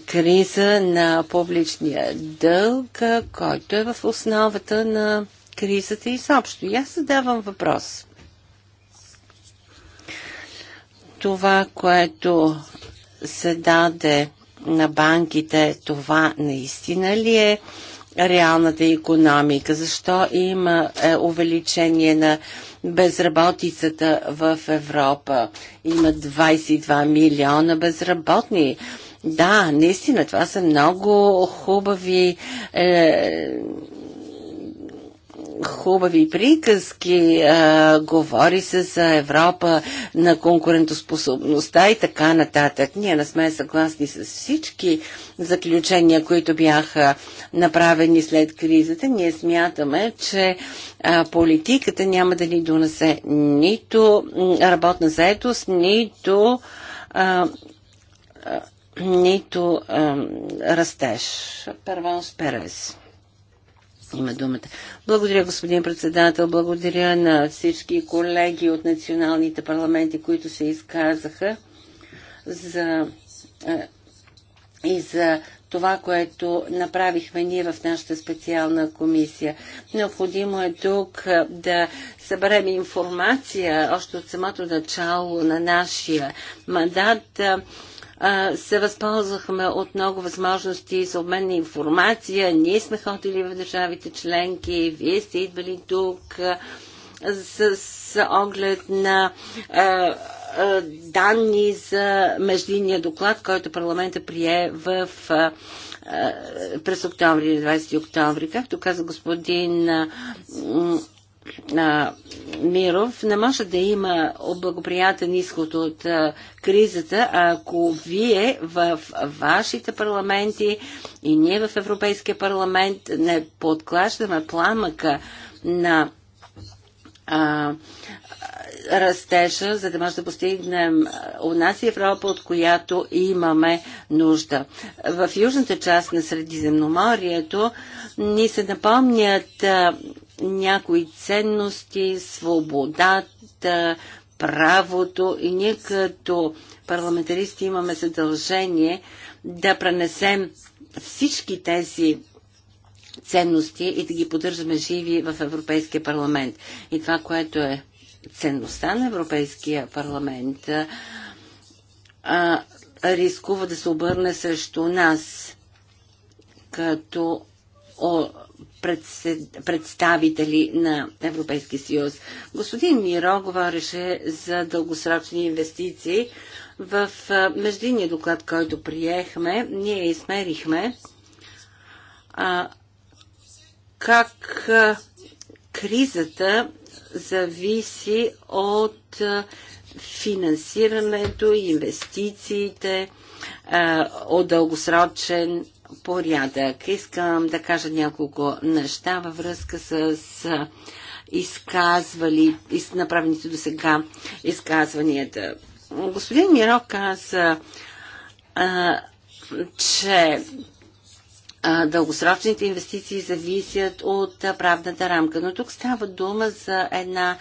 криза на публичния дълг, е, който е в основата на кризата изобщо. И аз задавам въпрос. Това, което се даде на банките, това наистина ли е реалната економика? Защо има е, увеличение на безработицата в Европа. Има 22 милиона безработни. Да, наистина, това са много хубави е, хубави приказки, а, говори се за Европа на конкурентоспособността и така нататък. Ние не сме съгласни с всички заключения, които бяха направени след кризата. Ние смятаме, че а, политиката няма да ни донесе нито работна заетост, нито а, нито а, растеж. Първо, Перес има думата. Благодаря, господин председател. Благодаря на всички колеги от националните парламенти, които се изказаха за, и за това, което направихме ние в нашата специална комисия. Необходимо е тук да съберем информация още от самото начало на нашия мандат се възползвахме от много възможности за обмен на информация. Ние сме ходили в държавите членки, вие сте идвали тук с, с оглед на а, а, данни за междинния доклад, който парламента прие в а, през октомври, 20 октомври, както каза господин а, Миров, не може да има благоприятен изход от а, кризата, ако вие в вашите парламенти и ние в Европейския парламент не подклаждаме пламъка на а, растежа, за да може да постигнем у нас Европа, от която имаме нужда. В южната част на Средиземноморието ни се напомнят някои ценности, свободата, правото и ние като парламентаристи имаме задължение да пренесем всички тези ценности и да ги поддържаме живи в Европейския парламент. И това, което е ценността на Европейския парламент, а, рискува да се обърне срещу нас като представители на Европейския съюз. Господин Миро говореше за дългосрочни инвестиции. В междинния доклад, който приехме, ние измерихме а, как а, кризата зависи от а, финансирането, инвестициите а, от дългосрочен порядък. Искам да кажа няколко неща във връзка с изказвали, из направените до сега изказванията. Господин Миро каза, а, че а, дългосрочните инвестиции зависят от а, правната рамка. Но тук става дума за една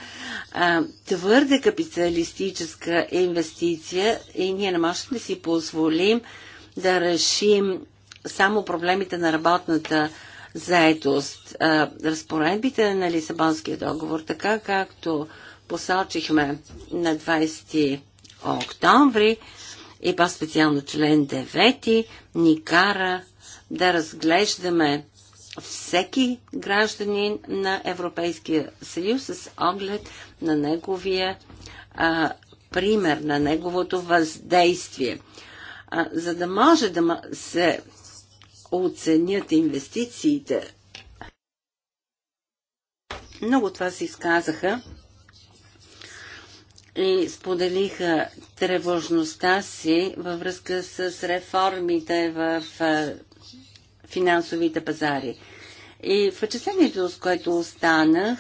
а, твърде капиталистическа инвестиция и ние не можем да си позволим да решим само проблемите на работната заетост. Разпоредбите на Лисабонския договор, така както посочихме на 20 октомври и по-специално член 9, ни кара да разглеждаме всеки гражданин на Европейския съюз с оглед на неговия а, пример, на неговото въздействие. А, за да може да се оценят инвестициите. Много от вас изказаха и споделиха тревожността си във връзка с реформите в финансовите пазари. И в отчислението, с което останах,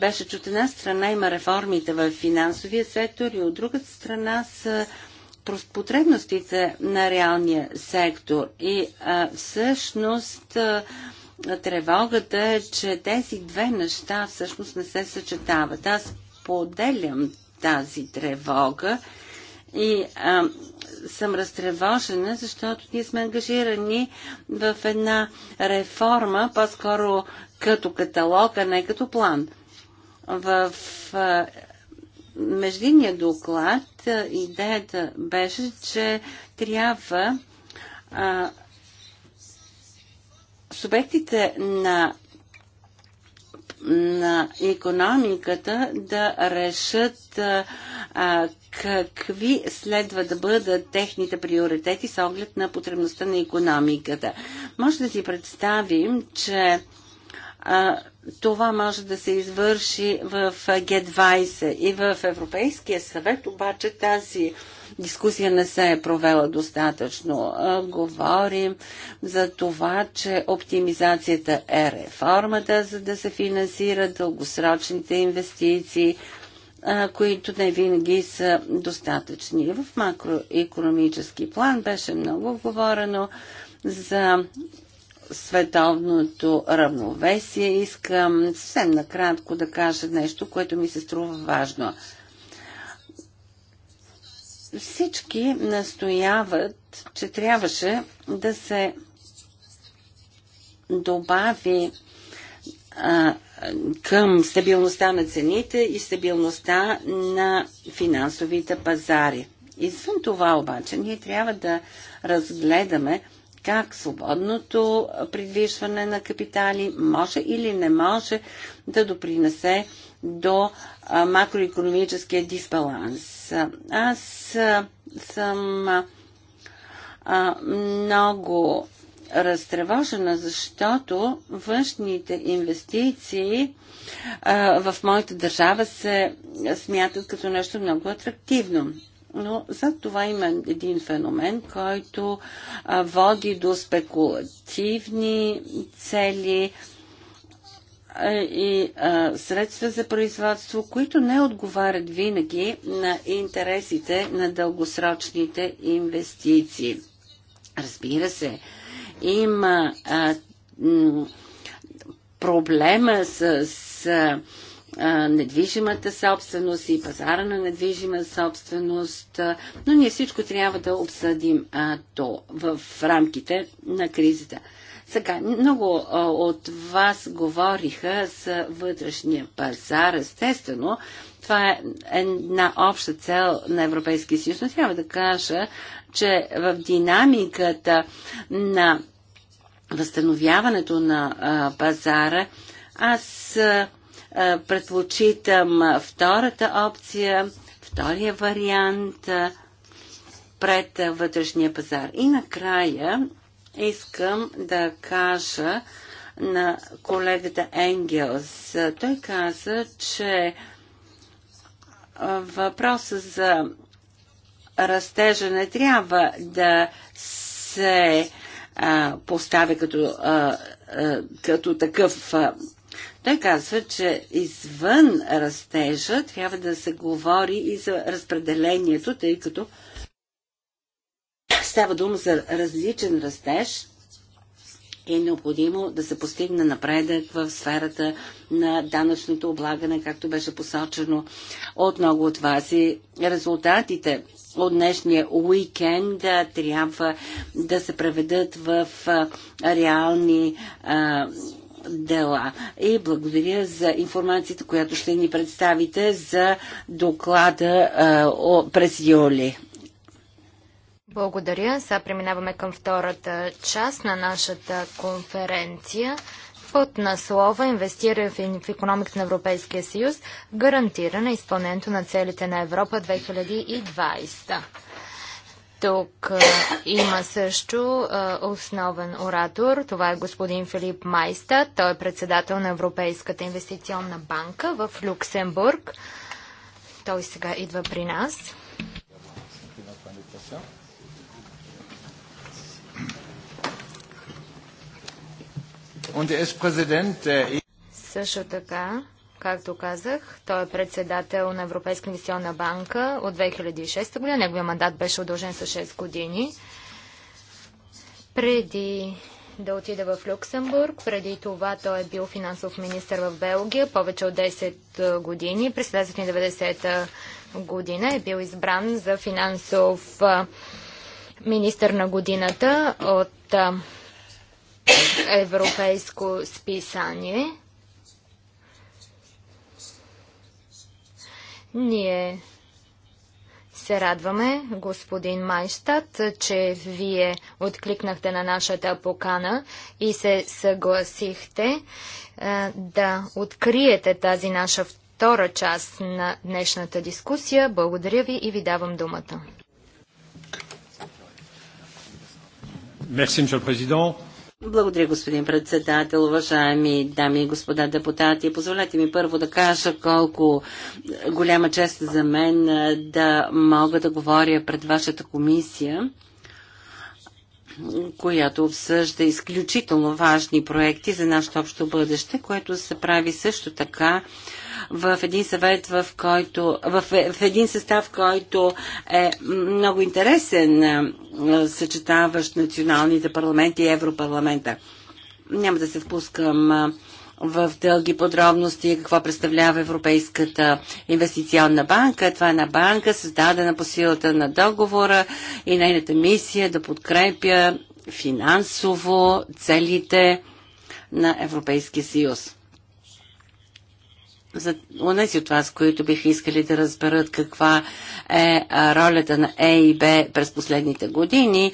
беше, че от една страна има реформите в финансовия сектор и от друга страна са потребностите на реалния сектор. И а, всъщност а, тревогата е, че тези две неща всъщност не се съчетават. Аз поделям тази тревога и а, съм разтревожена, защото ние сме ангажирани в една реформа, по-скоро като каталог, а не като план. В а, междинния доклад идеята беше, че трябва а, субектите на на економиката да решат а, какви следва да бъдат техните приоритети с оглед на потребността на економиката. Може да си представим, че а, това може да се извърши в Г20 и в Европейския съвет, обаче тази дискусия не се е провела достатъчно. Говорим за това, че оптимизацията е реформата, за да се финансират дългосрочните инвестиции, които не винаги са достатъчни. В макроекономически план беше много говорено за световното равновесие. Искам съвсем накратко да кажа нещо, което ми се струва важно. Всички настояват, че трябваше да се добави а, към стабилността на цените и стабилността на финансовите пазари. Извън това обаче, ние трябва да разгледаме как свободното придвижване на капитали може или не може да допринесе до макроекономическия дисбаланс. Аз съм много разтревожена, защото външните инвестиции а, в моята държава се смятат като нещо много атрактивно но зад това има един феномен, който води до спекулативни цели и средства за производство, които не отговарят винаги на интересите на дългосрочните инвестиции. Разбира се, има проблема с, с недвижимата собственост и пазара на недвижима собственост, но ние всичко трябва да обсъдим а, то в рамките на кризата. Сега, много а, от вас говориха за вътрешния пазар. Естествено, това е една обща цел на Европейския съюз, но трябва да кажа, че в динамиката на възстановяването на а, пазара аз а, е, предпочитам е, втората опция, втория вариант е, пред вътрешния пазар. И накрая искам да кажа на колегата Енгелс. Той каза, че въпросът за растежа не трябва да се а, поставя като, а, а, като такъв а, той казва, че извън растежа трябва да се говори и за разпределението, тъй като става дума за различен растеж е необходимо да се постигне напредък в сферата на данъчното облагане, както беше посочено от много от вас. И резултатите от днешния уикенд трябва да се преведат в реални дела. И благодаря за информацията, която ще ни представите за доклада а, през юли. Благодаря. Сега преминаваме към втората част на нашата конференция под наслова Инвестира в, в економиката на Европейския съюз, гарантиране изпълнението на целите на Европа 2020. Тук има също основен оратор. Това е господин Филип Майста. Той е председател на Европейската инвестиционна банка в Люксембург. Той сега идва при нас. Er äh, също така както казах, той е председател на Европейска инвестиционна банка от 2006 година. Неговия мандат беше удължен с 6 години. Преди да отида в Люксембург. Преди това той е бил финансов министр в Белгия повече от 10 години. През 1990 година е бил избран за финансов министър на годината от европейско списание. Ние се радваме, господин Майштад, че вие откликнахте на нашата покана и се съгласихте е, да откриете тази наша втора част на днешната дискусия. Благодаря ви и ви давам думата. президент. Благодаря, господин председател, уважаеми дами и господа депутати. Позволете ми първо да кажа колко голяма чест за мен да мога да говоря пред вашата комисия която обсъжда изключително важни проекти за нашето общо бъдеще, което се прави също така в един съвет, в който, в, в един състав, който е много интересен, съчетаващ националните парламенти и Европарламента. Няма да се впускам в дълги подробности какво представлява Европейската инвестиционна банка. Това е една банка, създадена по силата на договора и нейната мисия да подкрепя финансово целите на Европейския съюз за унези от вас, които бих искали да разберат каква е ролята на Е и Б през последните години,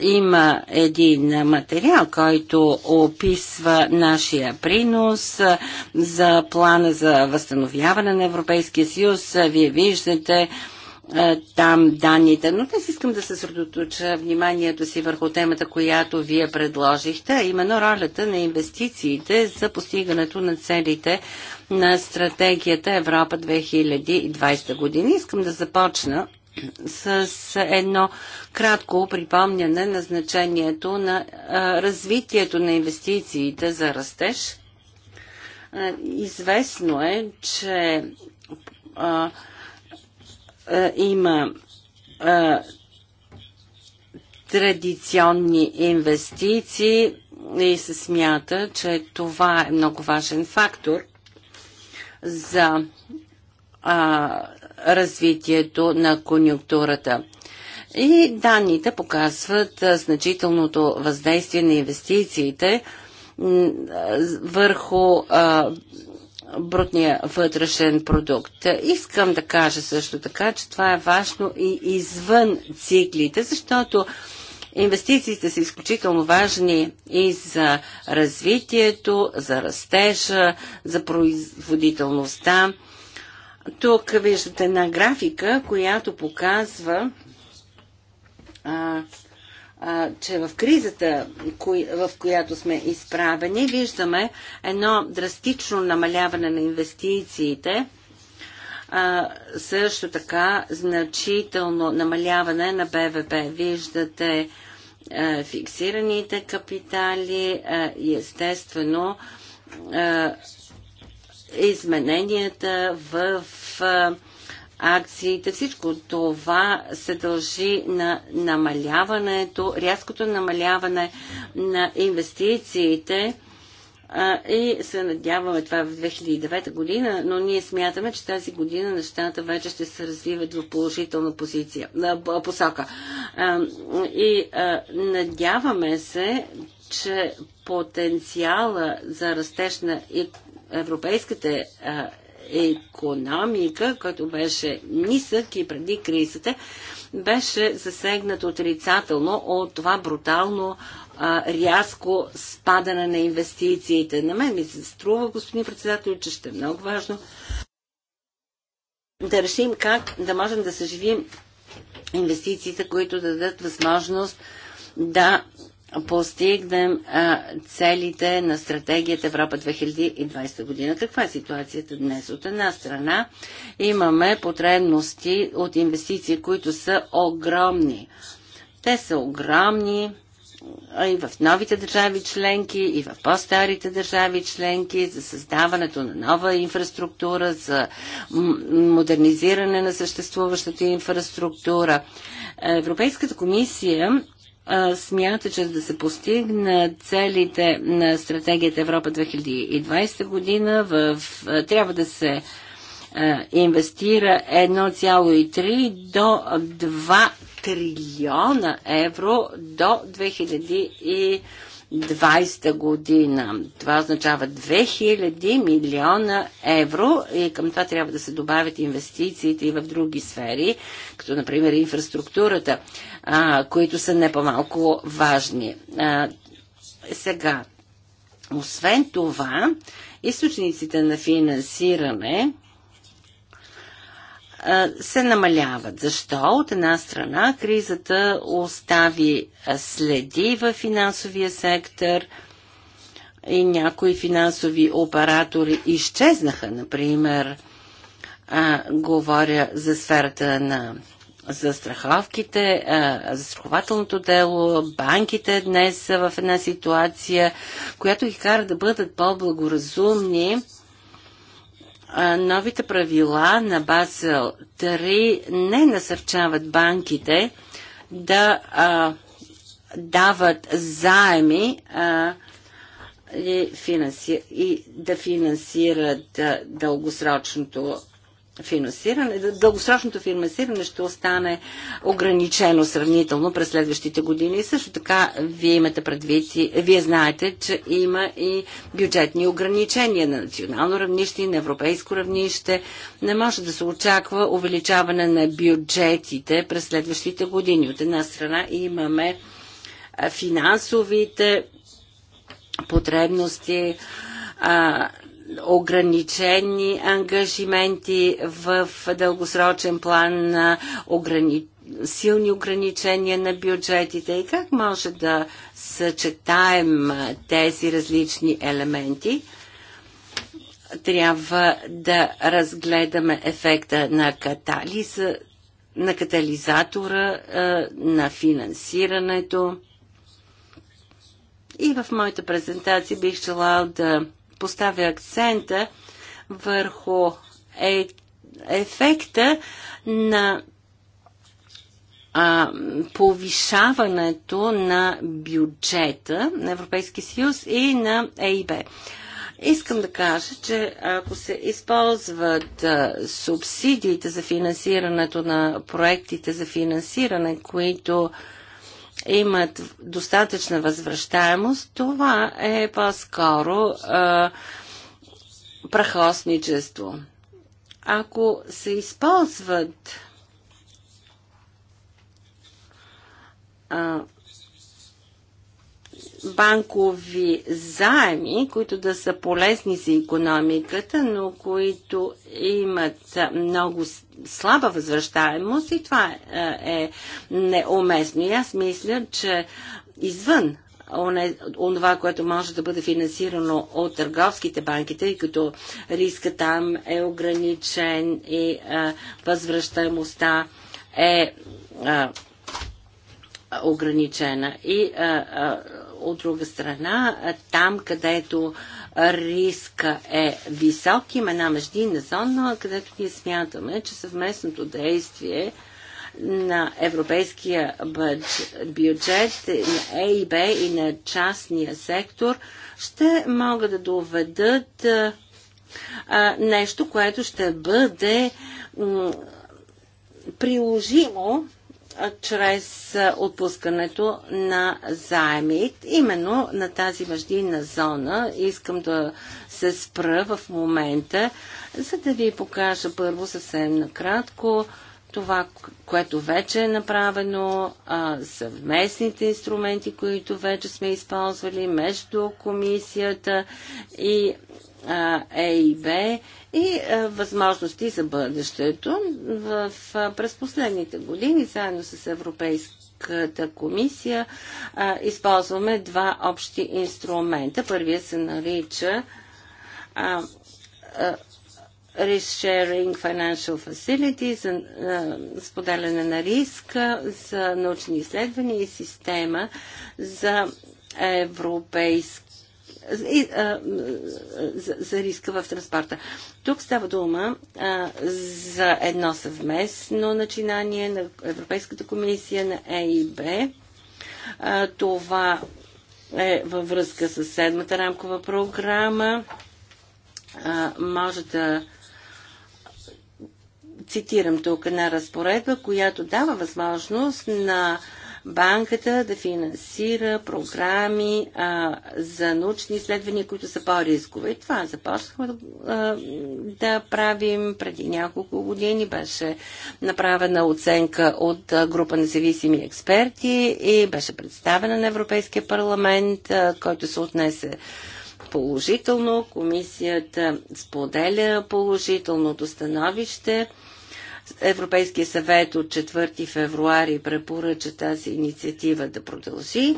има един материал, който описва нашия принос за плана за възстановяване на Европейския съюз. Вие виждате там данните, но днес искам да се съсредоточа вниманието си върху темата, която вие предложихте, именно ролята на инвестициите за постигането на целите на стратегията Европа 2020 година. Искам да започна с едно кратко припомняне на значението на развитието на инвестициите за растеж. известно е, че има традиционни инвестиции и се смята, че това е много важен фактор – за а, развитието на конюнктурата. И данните показват значителното въздействие на инвестициите върху а, брутния вътрешен продукт. Искам да кажа също така, че това е важно и извън циклите, защото Инвестициите са изключително важни и за развитието, за растежа, за производителността. Тук виждате една графика, която показва, а, а, че в кризата, кои, в която сме изправени, виждаме едно драстично намаляване на инвестициите а, също така значително намаляване на БВП. Виждате фиксираните капитали, естествено измененията в акциите. Всичко това се дължи на намаляването, рязкото намаляване на инвестициите и се надяваме това в 2009 година, но ние смятаме, че тази година нещата вече ще се развиват в положителна позиция, на посока. И надяваме се, че потенциала за растеж на европейската економика, който беше нисък и преди кризата, беше засегнат отрицателно от това брутално а, рязко спадане на инвестициите. На мен ми се струва, господин председател, че ще е много важно да решим как да можем да съживим инвестициите, които да дадат възможност да постигнем а, целите на стратегията Европа 2020 година. Каква е ситуацията днес? От една страна имаме потребности от инвестиции, които са огромни. Те са огромни, и в новите държави членки, и в по-старите държави членки, за създаването на нова инфраструктура, за модернизиране на съществуващата инфраструктура. Европейската комисия смята, че да се постигна целите на стратегията Европа 2020 година, в, трябва да се инвестира 1,3 до 2 трилиона евро до 2020 година. Това означава 2000 милиона евро и към това трябва да се добавят инвестициите и в други сфери, като например инфраструктурата, а, които са не по-малко важни. А, сега, освен това, източниците на финансиране се намаляват. Защо? От една страна кризата остави следи в финансовия сектор и някои финансови оператори изчезнаха, например, а, говоря за сферата на застраховките, застрахователното дело, банките днес са в една ситуация, която ги кара да бъдат по-благоразумни новите правила на Базел 3 не насърчават банките да а, дават заеми а, и, финанси... и да финансират а, дългосрочното финансиране, дългосрочното финансиране ще остане ограничено сравнително през следващите години. И също така, вие имате предвид, вие знаете, че има и бюджетни ограничения на национално равнище и на европейско равнище. Не може да се очаква увеличаване на бюджетите през следващите години. От една страна имаме финансовите потребности, а, ограничени ангажименти в дългосрочен план на ограни... силни ограничения на бюджетите и как може да съчетаем тези различни елементи трябва да разгледаме ефекта на катализа, на катализатора, на финансирането. И в моята презентация бих желал да поставя акцента върху е, ефекта на а, повишаването на бюджета на Европейския съюз и на ЕИБ. Искам да кажа, че ако се използват субсидиите за финансирането на проектите за финансиране, които имат достатъчна възвръщаемост, това е по-скоро прахосничество. Ако се използват а, банкови заеми, които да са полезни за економиката, но които имат много слаба възвръщаемост и това е, е, неуместно. И аз мисля, че извън онова, което може да бъде финансирано от търговските банки, тъй като риска там е ограничен и е, възвръщаемостта е, е, ограничена. И от друга страна, там където риска е висок. Има една междинна зона, където ние смятаме, че съвместното действие на европейския бюджет, на ЕИБ и на частния сектор ще могат да доведат а, нещо, което ще бъде приложимо чрез отпускането на заеми. Именно на тази междинна зона искам да се спра в момента, за да ви покажа първо съвсем накратко това, което вече е направено, съвместните инструменти, които вече сме използвали между комисията и а, ЕИБ и е, възможности за бъдещето. В, е, през последните години, заедно с Европейската комисия, е, използваме два общи инструмента. Първият се нарича Risk-Sharing Financial Facility за споделяне на риска за научни изследвания и система за европейски и, а, за, за риска в транспорта. Тук става дума а, за едно съвместно начинание на Европейската комисия на ЕИБ. А, това е във връзка с седмата рамкова програма. А, може да цитирам тук една разпоредба, която дава възможност на банката да финансира програми а, за научни изследвания, които са по-рискови. Това започнахме да, да правим преди няколко години. Беше направена оценка от група независими експерти и беше представена на Европейския парламент, а, който се отнесе положително. Комисията споделя положителното становище Европейския съвет от 4 февруари препоръча тази инициатива да продължи.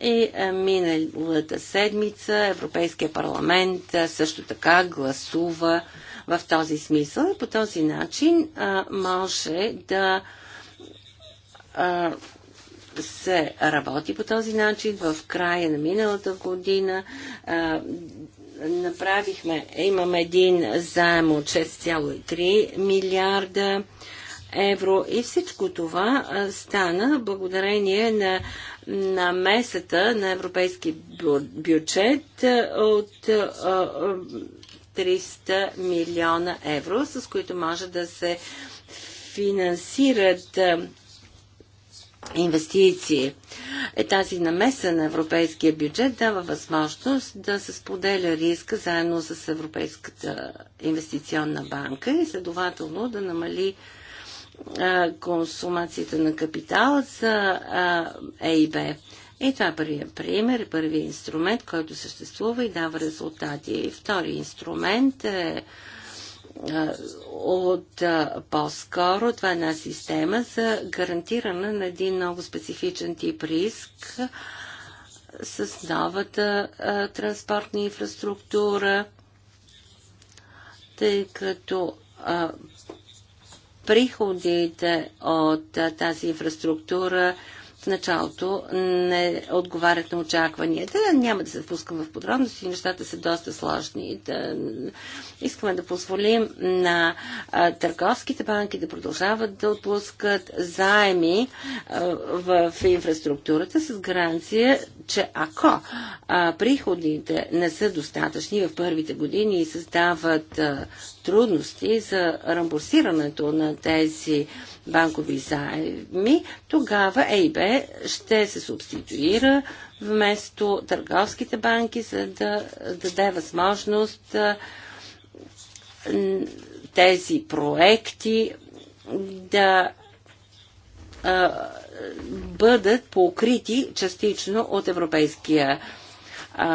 И е, миналата седмица Европейския парламент е, също така гласува в този смисъл и по този начин е, може да се работи по този начин. В края на миналата година направихме, имаме един заем от 6,3 милиарда евро и всичко това стана благодарение на на месата на европейски бюджет от 300 милиона евро, с които може да се финансират инвестиции. Е тази намеса на европейския бюджет дава възможност да се споделя риска заедно с Европейската инвестиционна банка и следователно да намали а, консумацията на капитал за ЕИБ. И това е първият пример, първият инструмент, който съществува и дава резултати. И втори инструмент е от по-скоро това е една система за гарантиране на един много специфичен тип риск с новата а, транспортна инфраструктура, тъй като а, приходите от а, тази инфраструктура в началото не отговарят на очакванията. Няма да се впускам в подробности, нещата са доста сложни. Да, искаме да позволим на а, търговските банки да продължават да отпускат заеми а, в инфраструктурата с гаранция, че ако а, приходите не са достатъчни в първите години и създават а, трудности за рамбурсирането на тези банкови заеми, тогава ЕИБ ще се субституира вместо търговските банки, за да, даде възможност тези проекти да бъдат покрити частично от Европейския съюз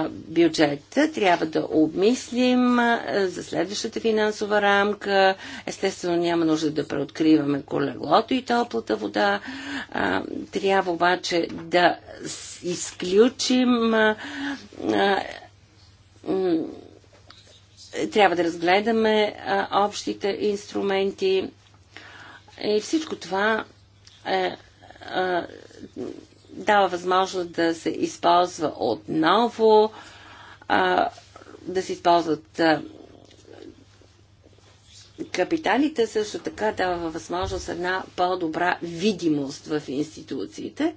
бюджета. Трябва да обмислим за следващата финансова рамка. Естествено, няма нужда да преоткриваме колеглото и топлата вода. Трябва обаче да изключим трябва да разгледаме общите инструменти и всичко това е, дава възможност да се използва отново, а, да се използват а, капиталите, също така дава възможност една по-добра видимост в институциите.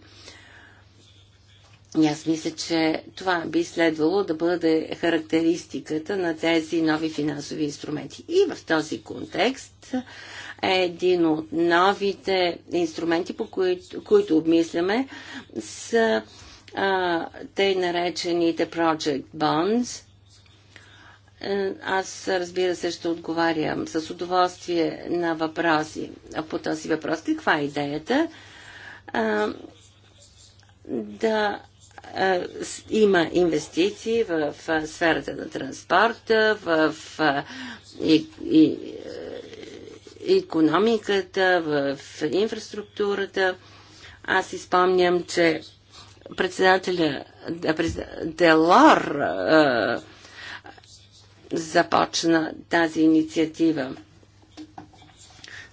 И аз мисля, че това би следвало да бъде характеристиката на тези нови финансови инструменти. И в този контекст е един от новите инструменти, по които, които обмисляме, с а, тъй наречените Project Bonds. Е, аз, разбира се, ще отговарям с удоволствие на въпроси по този въпрос. Каква е идеята? А, да има инвестиции в сферата на транспорта, в и, и, економиката, в инфраструктурата. Аз изпомням, че председателя Делор е, започна тази инициатива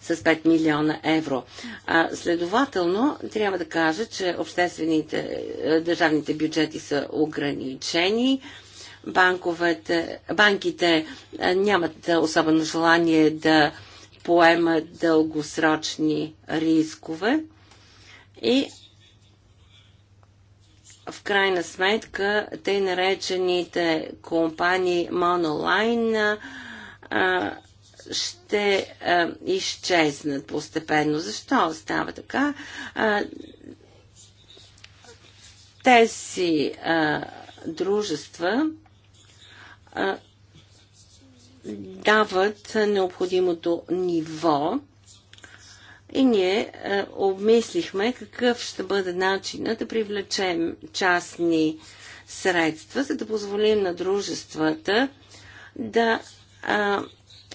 с 5 милиона евро. А, следователно, трябва да кажа, че обществените държавните бюджети са ограничени. Банковете, банките нямат особено желание да поемат дългосрочни рискове и в крайна сметка те наречените компании монолайн ще а, изчезнат постепенно. Защо става така? А, тези а, дружества дават необходимото ниво и ние е, обмислихме какъв ще бъде начинът да привлечем частни средства, за да позволим на дружествата да а,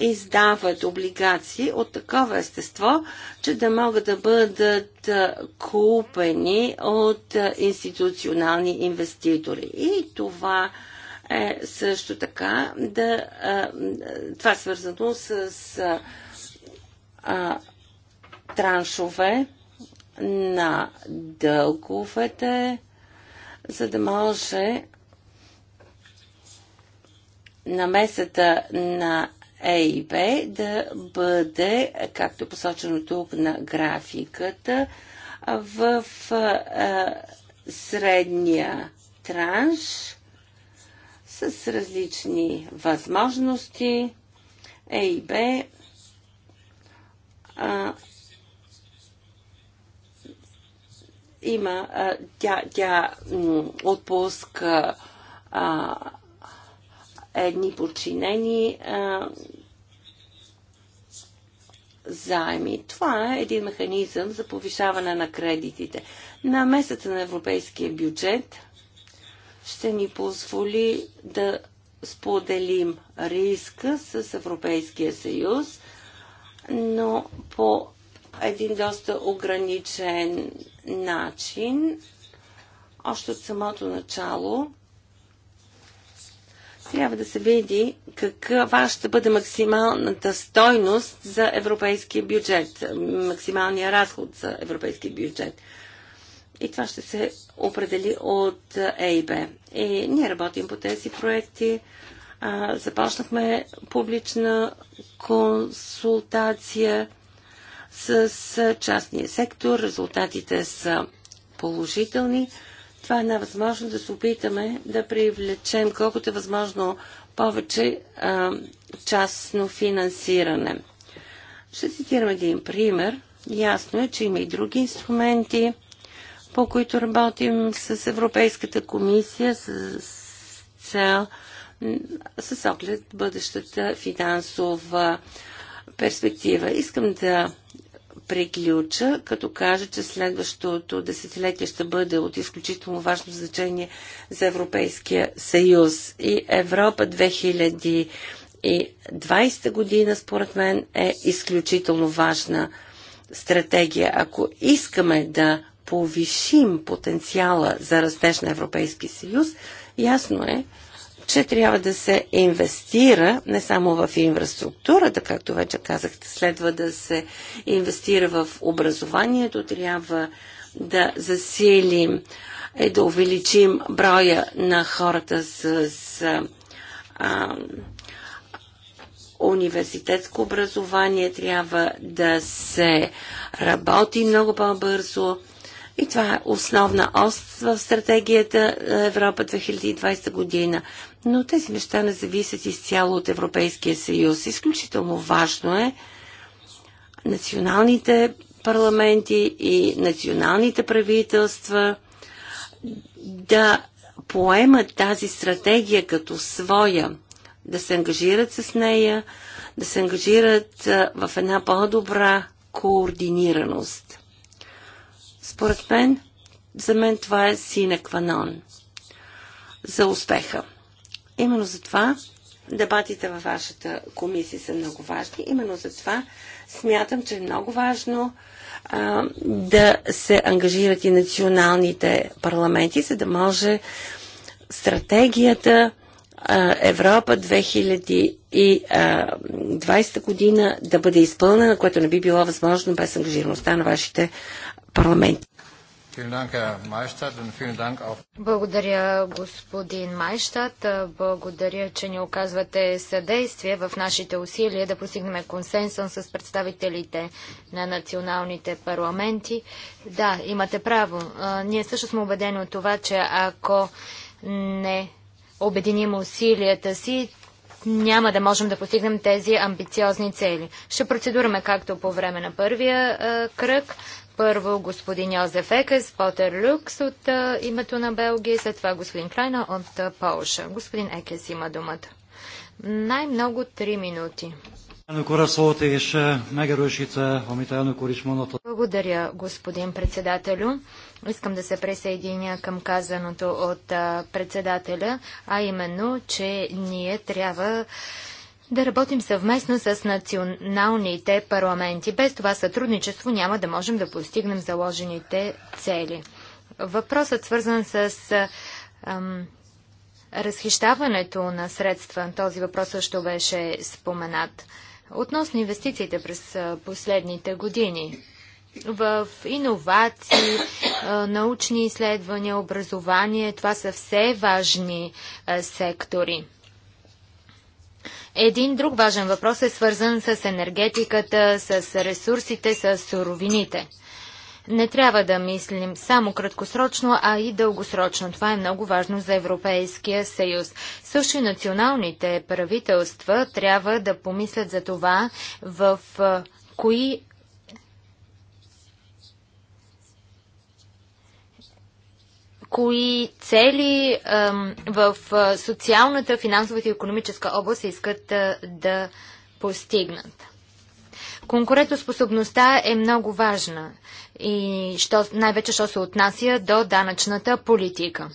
издават облигации от такова естество, че да могат да бъдат купени от институционални инвеститори. И това е също така да. А, това е свързано с, а, траншове на дълговете, за да може намесата на A и B да бъде, както е посочено тук на графиката, в а, средния транш с различни възможности. A е и B. а, има, а, тя, тя отпуска а, едни подчинени а, заеми. Това е един механизъм за повишаване на кредитите. На месеца на европейския бюджет – ще ни позволи да споделим риска с Европейския съюз, но по един доста ограничен начин. Още от самото начало трябва да се види каква ще бъде максималната стойност за европейския бюджет, максималния разход за европейския бюджет. И това ще се определи от ЕИБ. И ние работим по тези проекти. А, започнахме публична консултация с, с частния сектор. Резултатите са положителни. Това е една възможност да се опитаме да привлечем колкото е възможно повече а, частно финансиране. Ще цитирам един пример. Ясно е, че има и други инструменти по които работим с Европейската комисия с цел с оглед бъдещата финансова перспектива. Искам да приключа, като кажа, че следващото десетилетие ще бъде от изключително важно значение за Европейския съюз. И Европа 2020 година, според мен, е изключително важна стратегия. Ако искаме да повишим потенциала за растеж на Европейски съюз, ясно е, че трябва да се инвестира не само в инфраструктурата, както вече казахте, следва да се инвестира в образованието, трябва да засилим и да увеличим броя на хората с, с а, университетско образование, трябва да се работи много по-бързо и това е основна ост в стратегията е, Европа 2020 година. Но тези неща не зависят изцяло от Европейския съюз. Изключително важно е националните парламенти и националните правителства да поемат тази стратегия като своя, да се ангажират с нея, да се ангажират е, в една по-добра координираност. Според мен, за мен това е сина кванон за успеха. Именно за това дебатите във вашата комисия са много важни. Именно за това смятам, че е много важно а, да се ангажират и националните парламенти, за да може стратегията а, Европа 2020 година да бъде изпълнена, което не би било възможно без ангажираността на вашите парламенти. Благодаря, господин Майштад. Благодаря, че ни оказвате съдействие в нашите усилия да постигнем консенсус с представителите на националните парламенти. Да, имате право. Ние също сме убедени от това, че ако не обединим усилията си, няма да можем да постигнем тези амбициозни цели. Ще процедураме както по време на първия кръг. Първо господин Йозеф Екес, Потер Люкс от а, името на Белгия след това господин Крайна от а, Полша. Господин Екес има думата. Най-много три минути. Благодаря, господин председателю. Искам да се присъединя към казаното от председателя, а именно, че ние трябва да работим съвместно с националните парламенти. Без това сътрудничество няма да можем да постигнем заложените цели. Въпросът свързан с ам, разхищаването на средства, този въпрос също беше споменат. Относно инвестициите през последните години в иновации, научни изследвания, образование, това са все важни сектори. Един друг важен въпрос е свързан с енергетиката, с ресурсите, с суровините. Не трябва да мислим само краткосрочно, а и дългосрочно. Това е много важно за Европейския съюз. Също и националните правителства трябва да помислят за това в кои кои цели в социалната, финансовата и економическа област искат да постигнат. Конкурентоспособността е много важна и що, най-вече, що се отнася до данъчната политика.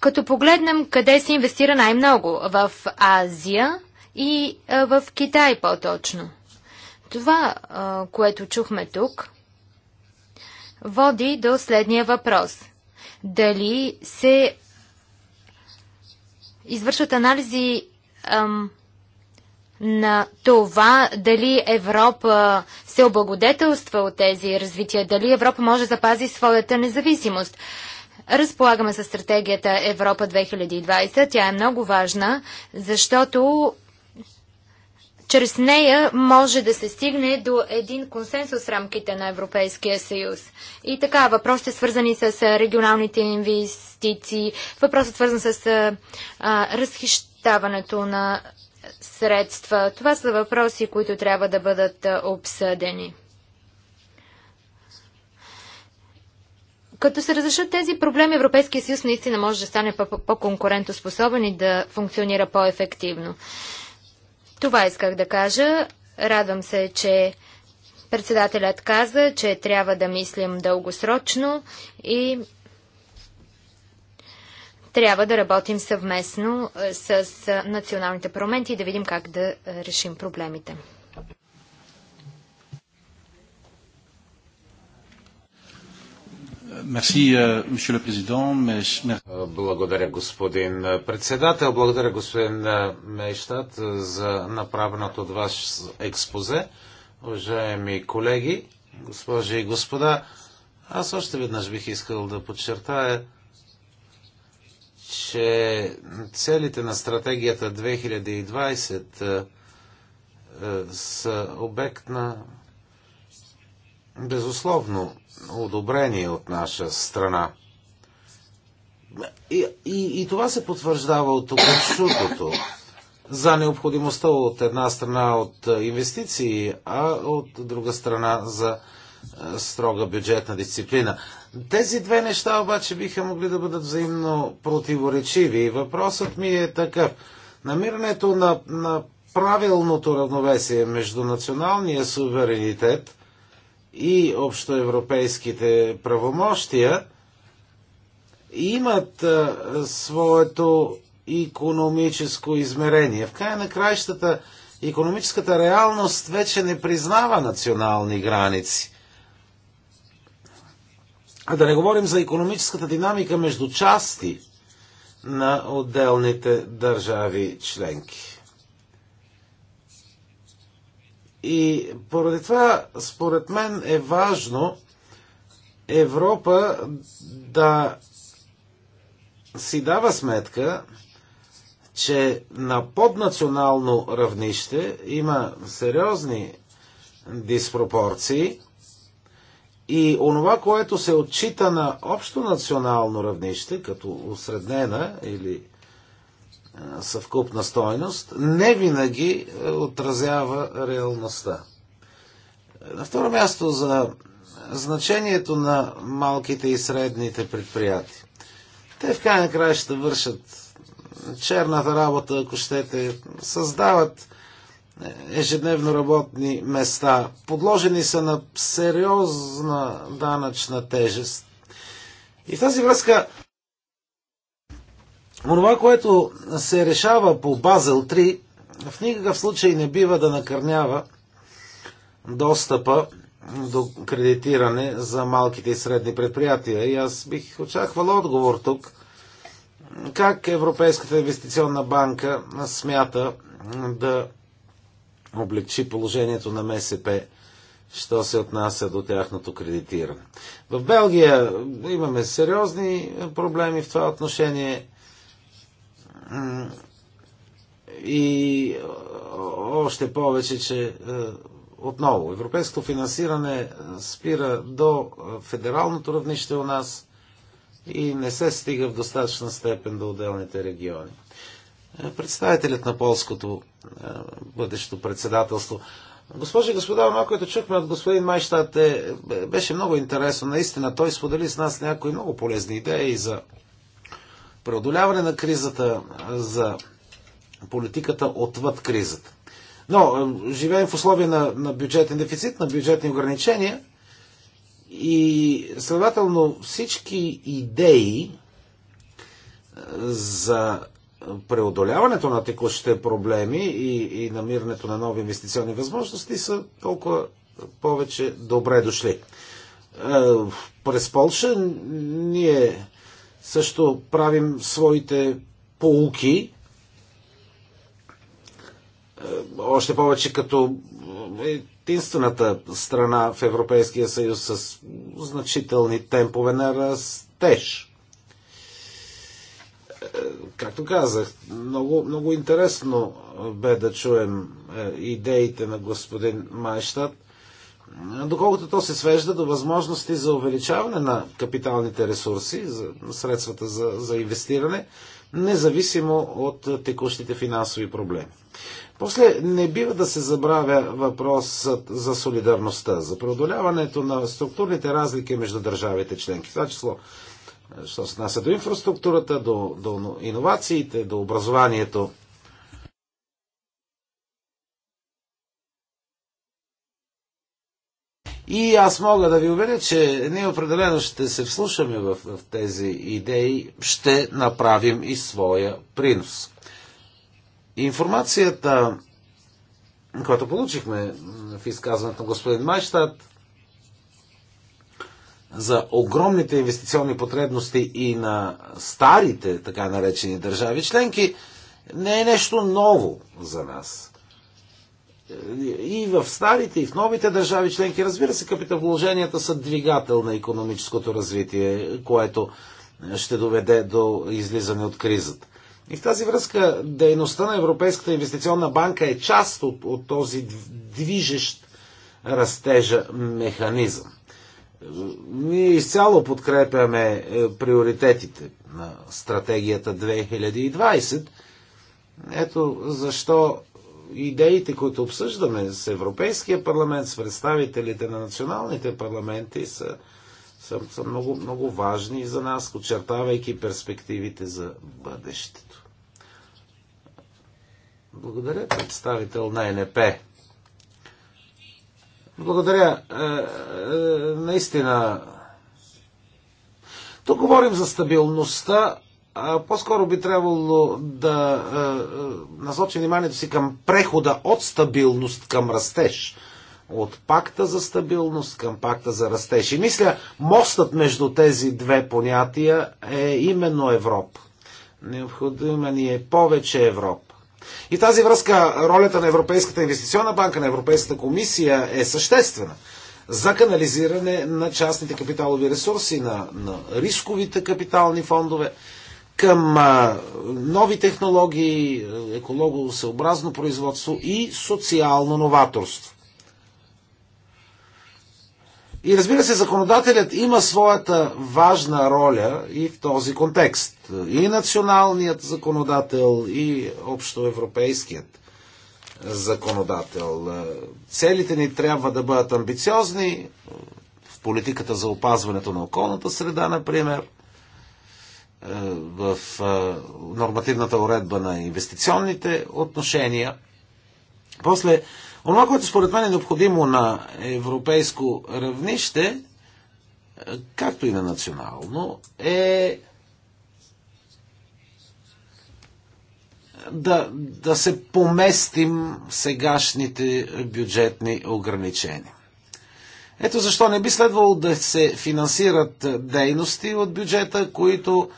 Като погледнем къде се инвестира най-много в Азия и в Китай по-точно. Това, което чухме тук, води до следния въпрос. Дали се извършват анализи ам, на това дали Европа се облагодетелства от тези развития, дали Европа може да запази своята независимост. Разполагаме с стратегията Европа 2020. Тя е много важна, защото чрез нея може да се стигне до един консенсус в рамките на Европейския съюз. И така, въпросите свързани с регионалните инвестиции, въпросът свързан с а, разхищаването на средства. Това са въпроси, които трябва да бъдат обсъдени. Като се разрешат тези проблеми, Европейския съюз наистина може да стане по-конкурентоспособен -по и да функционира по-ефективно. Това исках да кажа. Радвам се, че председателят каза, че трябва да мислим дългосрочно и трябва да работим съвместно е, с е, националните парламенти и да видим как да е, решим проблемите. Euh, Благодаря, господин председател. Благодаря, господин Мейштад, за направеното от вас експозе. Уважаеми колеги, госпожи и господа, аз още веднъж бих искал да подчертая, че целите на стратегията 2020 са обект на безусловно одобрение от наша страна. И, и, и това се потвърждава от чутото за необходимостта от една страна от инвестиции, а от друга страна за строга бюджетна дисциплина. Тези две неща обаче биха могли да бъдат взаимно противоречиви. въпросът ми е такъв. Намирането на, на правилното равновесие между националния суверенитет и общоевропейските правомощия имат своето икономическо измерение. В края на краищата економическата реалност вече не признава национални граници. А да не говорим за економическата динамика между части на отделните държави членки. И поради това, според мен, е важно Европа да си дава сметка, че на поднационално равнище има сериозни диспропорции и онова, което се отчита на общо национално равнище, като усреднена или съвкупна стойност, не винаги е, отразява реалността. На второ място за значението на малките и средните предприятия. Те в крайна края ще вършат черната работа, ако щете, създават е, ежедневно работни места, подложени са на сериозна данъчна тежест. И в тази връзка Онова, което се решава по Базел 3, в никакъв случай не бива да накърнява достъпа до кредитиране за малките и средни предприятия. И аз бих очаквал отговор тук. Как Европейската инвестиционна банка смята да облегчи положението на МСП, що се отнася до тяхното кредитиране. В Белгия имаме сериозни проблеми в това отношение. И още повече, че отново европейското финансиране спира до федералното равнище у нас и не се стига в достатъчна степен до отделните региони. Представителят на полското бъдещо председателство. Госпожи и господа, това, което чухме от господин Майштат е, беше много интересно. Наистина той сподели с нас някои много полезни идеи за преодоляване на кризата, за политиката отвъд кризата. Но живеем в условия на, на бюджетен дефицит, на бюджетни ограничения и следователно всички идеи за преодоляването на текущите проблеми и, и намирането на нови инвестиционни възможности са толкова повече добре дошли. През Полша ние също правим своите поуки. Е, още повече като единствената страна в Европейския съюз с значителни темпове на растеж. Е, както казах, много, много интересно бе да чуем е, идеите на господин Майштадт доколкото то се свежда до възможности за увеличаване на капиталните ресурси, за средствата за, за инвестиране, независимо от текущите финансови проблеми. После не бива да се забравя въпросът за, за солидарността, за преодоляването на структурните разлики между държавите членки. Това число, що се нася до инфраструктурата, до, до иновациите, до образованието. И аз мога да ви уверя, че ние определено ще се вслушаме в, в тези идеи, ще направим и своя принос. Информацията, която получихме в изказването на господин Майштад, за огромните инвестиционни потребности и на старите, така наречени държави членки, не е нещо ново за нас и в старите, и в новите държави членки, разбира се, капиталовложенията са двигател на економическото развитие, което ще доведе до излизане от кризата. И в тази връзка дейността на Европейската инвестиционна банка е част от, от този движещ растежа механизъм. Ние изцяло подкрепяме е, приоритетите на стратегията 2020. Ето защо идеите, които обсъждаме с Европейския парламент, с представителите на националните парламенти, са, са, са много, много важни за нас, очертавайки перспективите за бъдещето. Благодаря, представител на НП. Благодаря. Е, е, наистина. Тук говорим за стабилността по-скоро би трябвало да е, е, насочи вниманието си към прехода от стабилност към растеж. От пакта за стабилност към пакта за растеж. И мисля, мостът между тези две понятия е именно Европа. Необходима ни е повече Европа. И тази връзка ролята на Европейската инвестиционна банка, на Европейската комисия е съществена за канализиране на частните капиталови ресурси, на, на рисковите капитални фондове към нови технологии, екологосъобразно производство и социално новаторство. И разбира се, законодателят има своята важна роля и в този контекст. И националният законодател, и общоевропейският законодател. Целите ни трябва да бъдат амбициозни в политиката за опазването на околната среда, например – е, в е, нормативната уредба на инвестиционните отношения. После, това, което според мен е необходимо на европейско равнище, е, както и на национално, е да, да се поместим сегашните бюджетни ограничения. Ето защо не би следвало да се финансират дейности от бюджета, които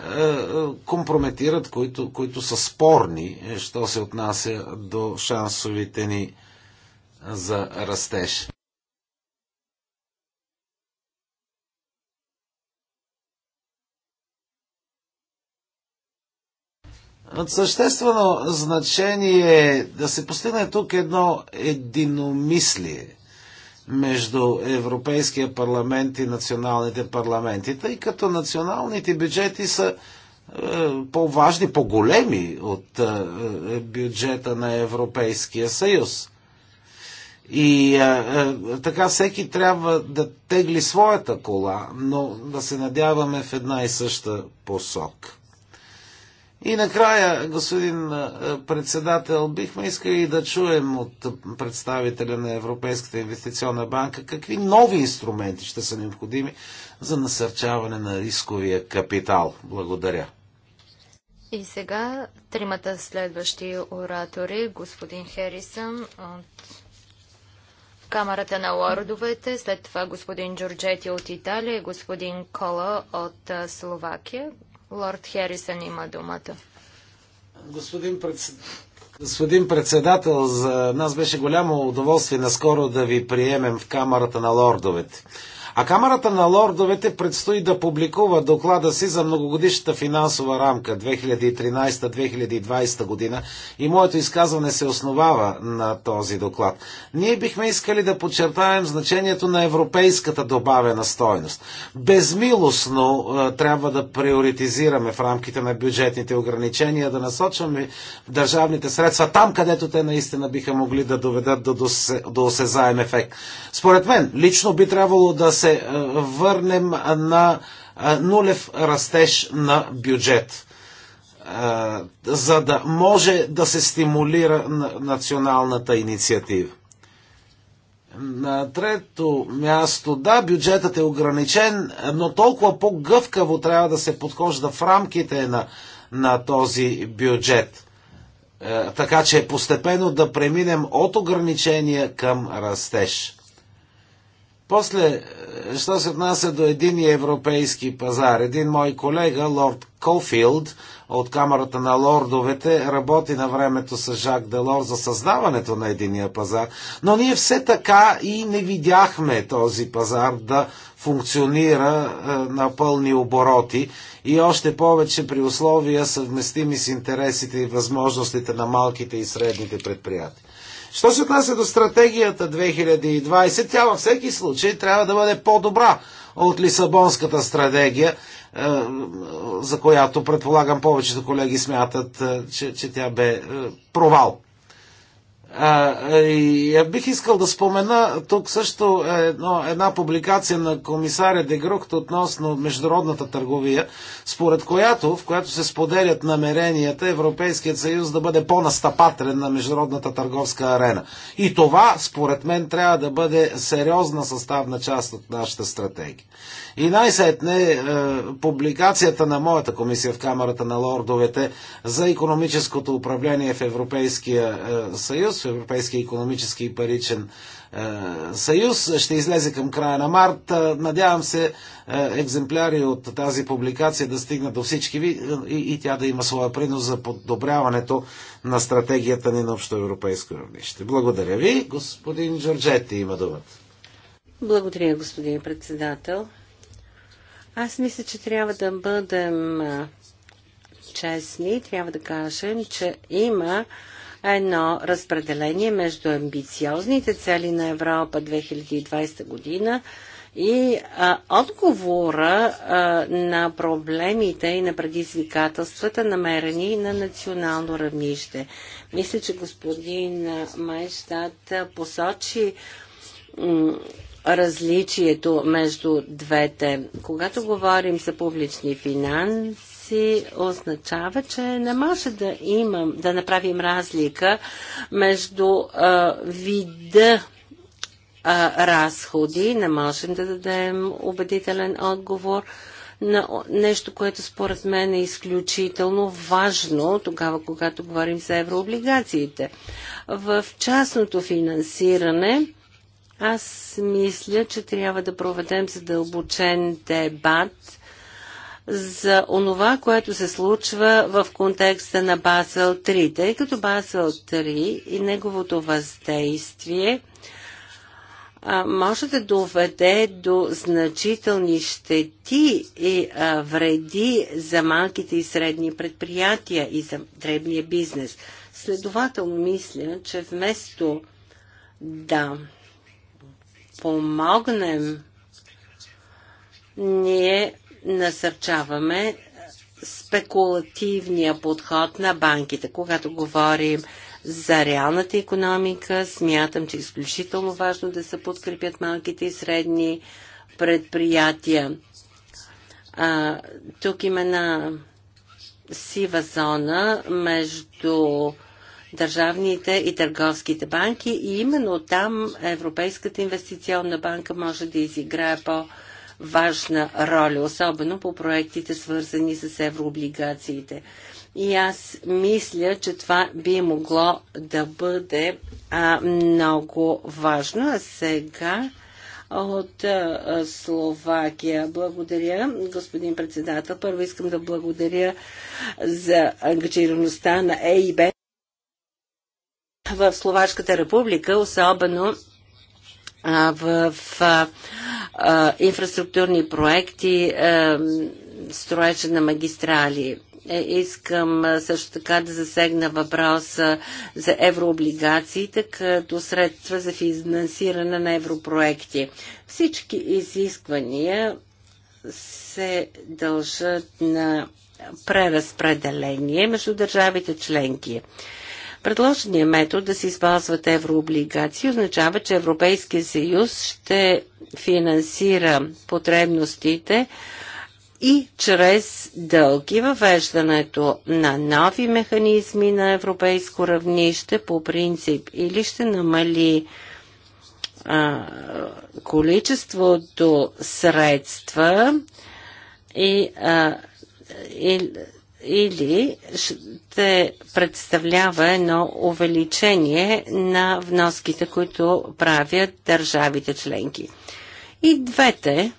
е, е, компрометират, които, които са спорни, е, що се отнася до шансовите ни за растеж. От съществено значение е да се постигне тук едно единомислие – между Европейския парламент и националните парламенти, тъй като националните бюджети са е, по-важни, по-големи от е, е, бюджета на Европейския съюз. И е, е, така всеки трябва да тегли своята кола, но да се надяваме в една и съща посока. И накрая, господин председател, бихме искали да чуем от представителя на Европейската инвестиционна банка какви нови инструменти ще са необходими за насърчаване на рисковия капитал. Благодаря. И сега тримата следващи оратори, господин Херисън от Камерата на лордовете, след това господин Джорджети от Италия и господин Кола от Словакия. Лорд Херисън има думата. Господин председател, Господин председател, за нас беше голямо удоволствие наскоро да ви приемем в Камерата на лордовете. А Камерата на лордовете предстои да публикува доклада си за многогодишната финансова рамка 2013-2020 година и моето изказване се основава на този доклад. Ние бихме искали да подчертаем значението на европейската добавена стойност. Безмилостно е, трябва да приоритизираме в рамките на бюджетните ограничения, да насочваме държавните средства там, където те наистина биха могли да доведат до, до, до осезаем ефект. Според мен, лично би трябвало да се е, върнем на е, нулев растеж на бюджет е, за да може да се стимулира националната инициатива. На трето място, да, бюджетът е ограничен, но толкова по-гъвкаво трябва да се подхожда в рамките на, на този бюджет. Така че постепенно да преминем от ограничения към растеж. После, е, що се отнася до един европейски пазар, един мой колега, лорд Кофилд, от Камерата на лордовете, работи на времето с Жак Делор за създаването на единия пазар, но ние все така и не видяхме този пазар да функционира е, на пълни обороти и още повече при условия съвместими с интересите и възможностите на малките и средните предприятия. Що се отнася до стратегията 2020, тя във всеки случай трябва да бъде по-добра от Лисабонската стратегия, е, за която предполагам повечето колеги смятат, е, че, че тя бе е, провал. А, и бих искал да спомена тук също едно, една публикация на комисаря Дегрукт относно международната търговия, според която, в която се споделят намеренията Европейският съюз да бъде по-настъпателен на международната търговска арена. И това, според мен, трябва да бъде сериозна съставна част от нашата стратегия. И най-сетне е, публикацията на моята комисия в Камерата на лордовете за економическото управление в Европейския е, съюз, в Европейския економически и паричен е, съюз. Ще излезе към края на март. Надявам се екземпляри от тази публикация да стигнат до всички ви и, и тя да има своя принос за подобряването на стратегията ни на общо европейско равнище. Благодаря ви. Господин Джорджети има думата. Благодаря, господин председател. Аз мисля, че трябва да бъдем честни. Трябва да кажем, че има едно разпределение между амбициозните цели на Европа 2020 година и а, отговора а, на проблемите и на предизвикателствата, намерени на национално равнище. Мисля, че господин Майштад посочи различието между двете. Когато говорим за публични финанси, означава, че не може да имам, да направим разлика между а, вида а, разходи, не можем да дадем убедителен отговор на нещо, което според мен е изключително важно тогава, когато говорим за еврооблигациите. В частното финансиране аз мисля, че трябва да проведем задълбочен дебат за онова, което се случва в контекста на Басел 3, тъй като Басел 3 и неговото въздействие а, може да доведе до значителни щети и а, вреди за малките и средни предприятия и за дребния бизнес. Следователно мисля, че вместо да помогнем, ние насърчаваме спекулативния подход на банките. Когато говорим за реалната економика, смятам, че е изключително важно да се подкрепят малките и средни предприятия. А, тук има една сива зона между държавните и търговските банки и именно там Европейската инвестиционна банка може да изиграе по- важна роля, особено по проектите свързани с еврооблигациите. И аз мисля, че това би могло да бъде а, много важно. А сега от а, Словакия. Благодаря, господин председател. Първо искам да благодаря за ангажираността на ЕИБ в Словашката република, особено в инфраструктурни проекти, строежа на магистрали. Е, искам също така да засегна въпроса за еврооблигациите като средства за финансиране на европроекти. Всички изисквания се дължат на преразпределение между държавите членки. Предложения метод да се използват еврооблигации означава, че Европейския съюз ще финансира потребностите и чрез дълги въвеждането на нови механизми на европейско равнище по принцип или ще намали а, количеството средства и, а, и, или ще представлява едно увеличение на вноските, които правят държавите членки. И двете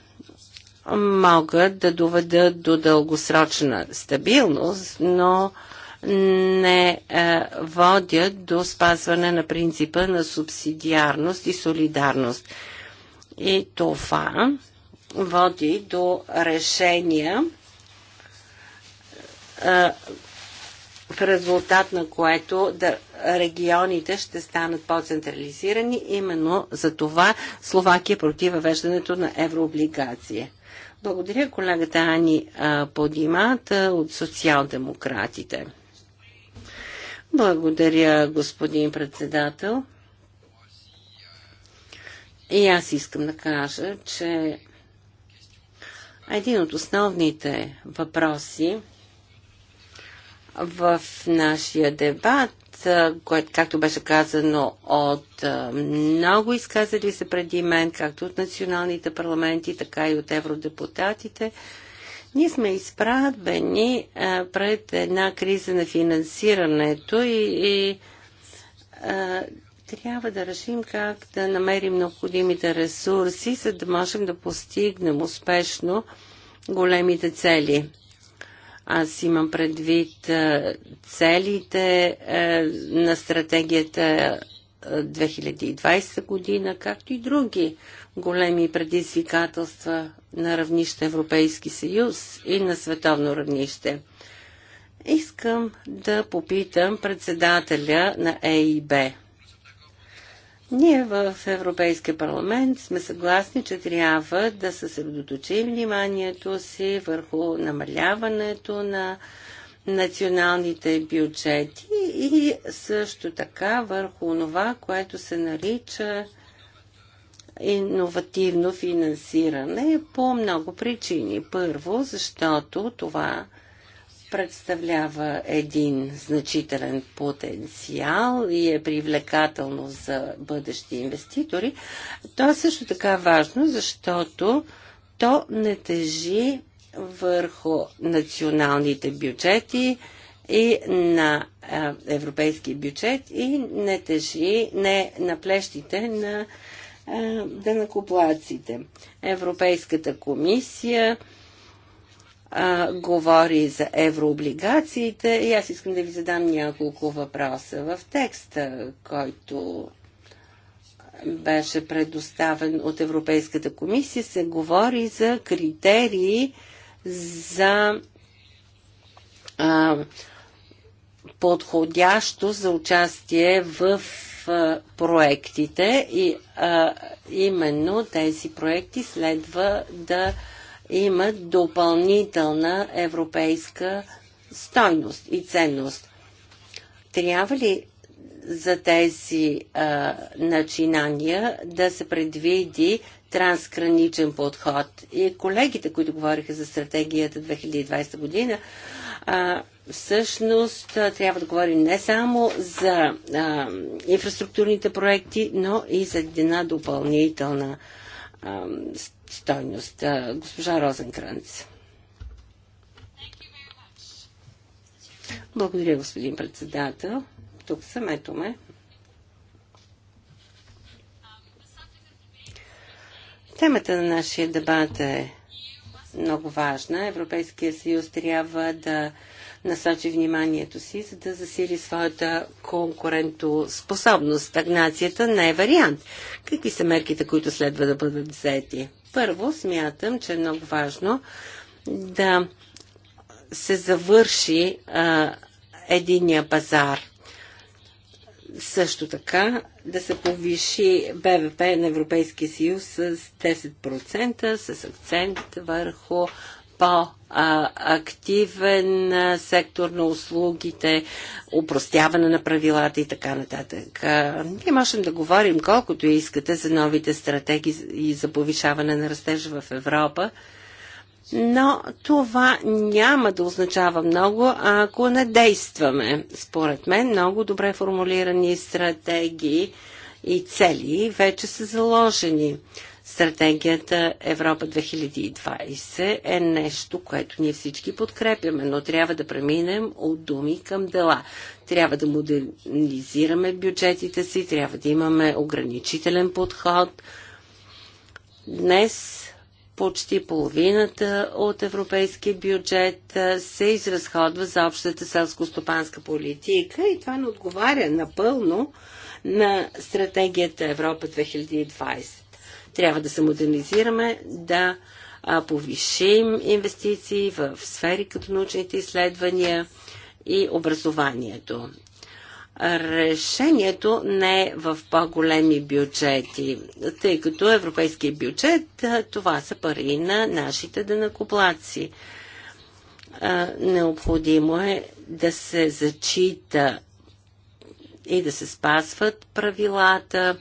могат да доведат до дългосрочна стабилност, но не е, водят до спазване на принципа на субсидиарност и солидарност. И това води до решения, е, в резултат на което да, регионите ще станат по-централизирани. Именно за това Словакия е против въвеждането на еврооблигация. Благодаря колегата Ани Подимата от социал-демократите. Благодаря, господин председател. И аз искам да кажа, че един от основните въпроси, в нашия дебат, което, както беше казано от много изказали се преди мен, както от националните парламенти, така и от евродепутатите, ние сме изправени пред една криза на финансирането и, и а, трябва да решим как да намерим необходимите ресурси, за да можем да постигнем успешно големите цели. Аз имам предвид е, целите е, на стратегията 2020 е, година, както и други големи предизвикателства на равнище Европейски съюз и на световно равнище. Искам да попитам председателя на ЕИБ. Ние в Европейския парламент сме съгласни, че трябва да съсредоточим вниманието си върху намаляването на националните бюджети и също така върху това, което се нарича иновативно финансиране по много причини. Първо, защото това представлява един значителен потенциал и е привлекателно за бъдещи инвеститори. То е също така важно, защото то не тежи върху националните бюджети и на европейски бюджет и не тежи не на плещите на данакоплаците. Европейската комисия а, говори за еврооблигациите и аз искам да ви задам няколко въпроса. В текста, който беше предоставен от Европейската комисия, се говори за критерии за а, подходящо за участие в а, проектите и а, именно тези проекти следва да а, имат допълнителна европейска стойност и ценност. Трябва ли за тези а, начинания да се предвиди трансграничен подход? И колегите, които говориха за стратегията 2020 година, а, всъщност трябва да говорим не само за а, инфраструктурните проекти, но и за една допълнителна а, стойност. госпожа Розенкранц. Благодаря, господин председател. Тук съм, ето ме. Темата на нашия дебат е много важна. Европейския съюз трябва да насочи вниманието си, за да засили своята конкурентоспособност. Стагнацията не е вариант. Какви са мерките, които следва да бъдат взети? Първо, смятам, че е много важно да се завърши а, единия пазар. Също така да се повиши БВП на Европейския съюз с 10% с акцент върху по активен сектор на услугите, упростяване на правилата и така нататък. ние можем да говорим колкото искате за новите стратегии и за повишаване на растежа в Европа, но това няма да означава много, ако не действаме. Според мен много добре формулирани стратегии и цели вече са заложени. Стратегията Европа 2020 е нещо, което ние всички подкрепяме, но трябва да преминем от думи към дела. Трябва да модернизираме бюджетите си, трябва да имаме ограничителен подход. Днес почти половината от европейския бюджет се изразходва за общата селско-стопанска политика и това не отговаря напълно на стратегията Европа 2020. Трябва да се модернизираме, да повишим инвестиции в сфери като научните изследвания и образованието. Решението не е в по-големи бюджети, тъй като европейския бюджет това са пари на нашите денакоплаци. Необходимо е да се зачита и да се спазват правилата,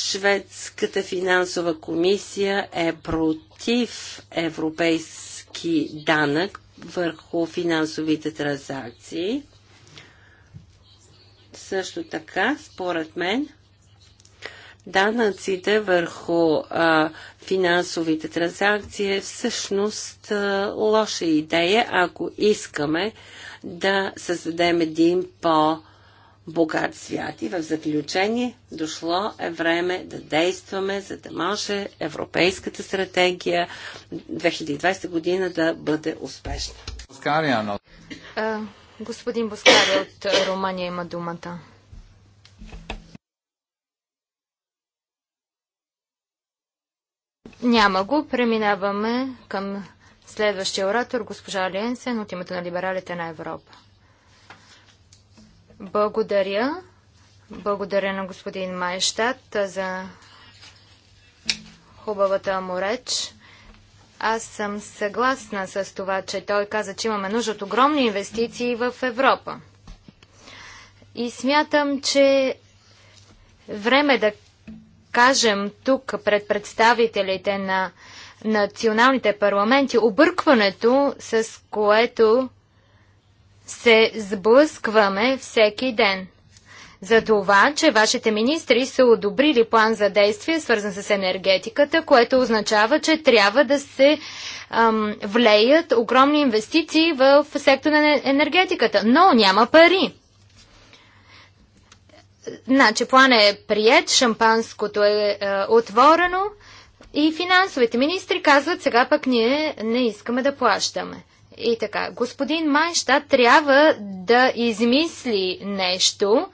Шведската финансова комисия е против европейски данък върху финансовите транзакции. Също така, според мен, данъците върху а, финансовите транзакции е всъщност а, лоша идея, ако искаме да създадем един по- богат свят. И в заключение дошло е време да действаме, за да може Европейската стратегия 2020 година да бъде успешна. А, господин Боскари от Румъния има думата. Няма го. Преминаваме към следващия оратор, госпожа Алиенсен от името на либералите на Европа. Благодаря. Благодаря на господин Майштат за хубавата му реч. Аз съм съгласна с това, че той каза, че имаме нужда от огромни инвестиции в Европа. И смятам, че време да кажем тук пред представителите на националните парламенти объркването, с което се сблъскваме всеки ден. За това, че вашите министри са одобрили план за действие, свързан с енергетиката, което означава, че трябва да се ам, влеят огромни инвестиции в сектора на енергетиката. Но няма пари. Значи план е прият, шампанското е, е отворено и финансовите министри казват, сега пък ние не искаме да плащаме. И така, господин Майнща трябва да измисли нещо.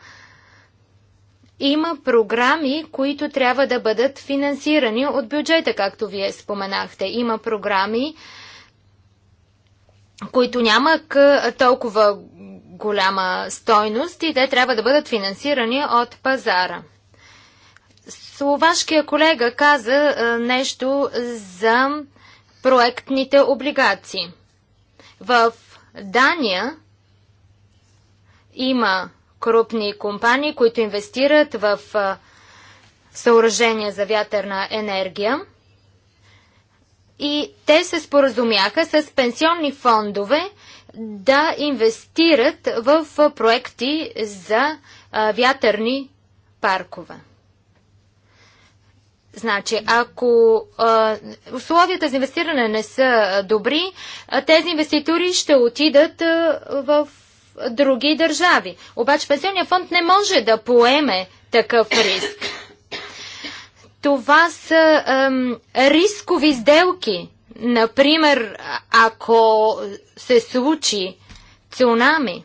Има програми, които трябва да бъдат финансирани от бюджета, както вие споменахте. Има програми, които нямат толкова голяма стойност и те трябва да бъдат финансирани от пазара. Словашкия колега каза нещо за проектните облигации. В Дания има крупни компании, които инвестират в съоръжения за вятърна енергия. И те се споразумяха с пенсионни фондове да инвестират в проекти за вятърни паркове. Значи, ако а, условията за инвестиране не са добри, а, тези инвеститори ще отидат а, в други държави. Обаче пенсионният фонд не може да поеме такъв риск. Това са а, рискови сделки. Например, ако се случи цунами,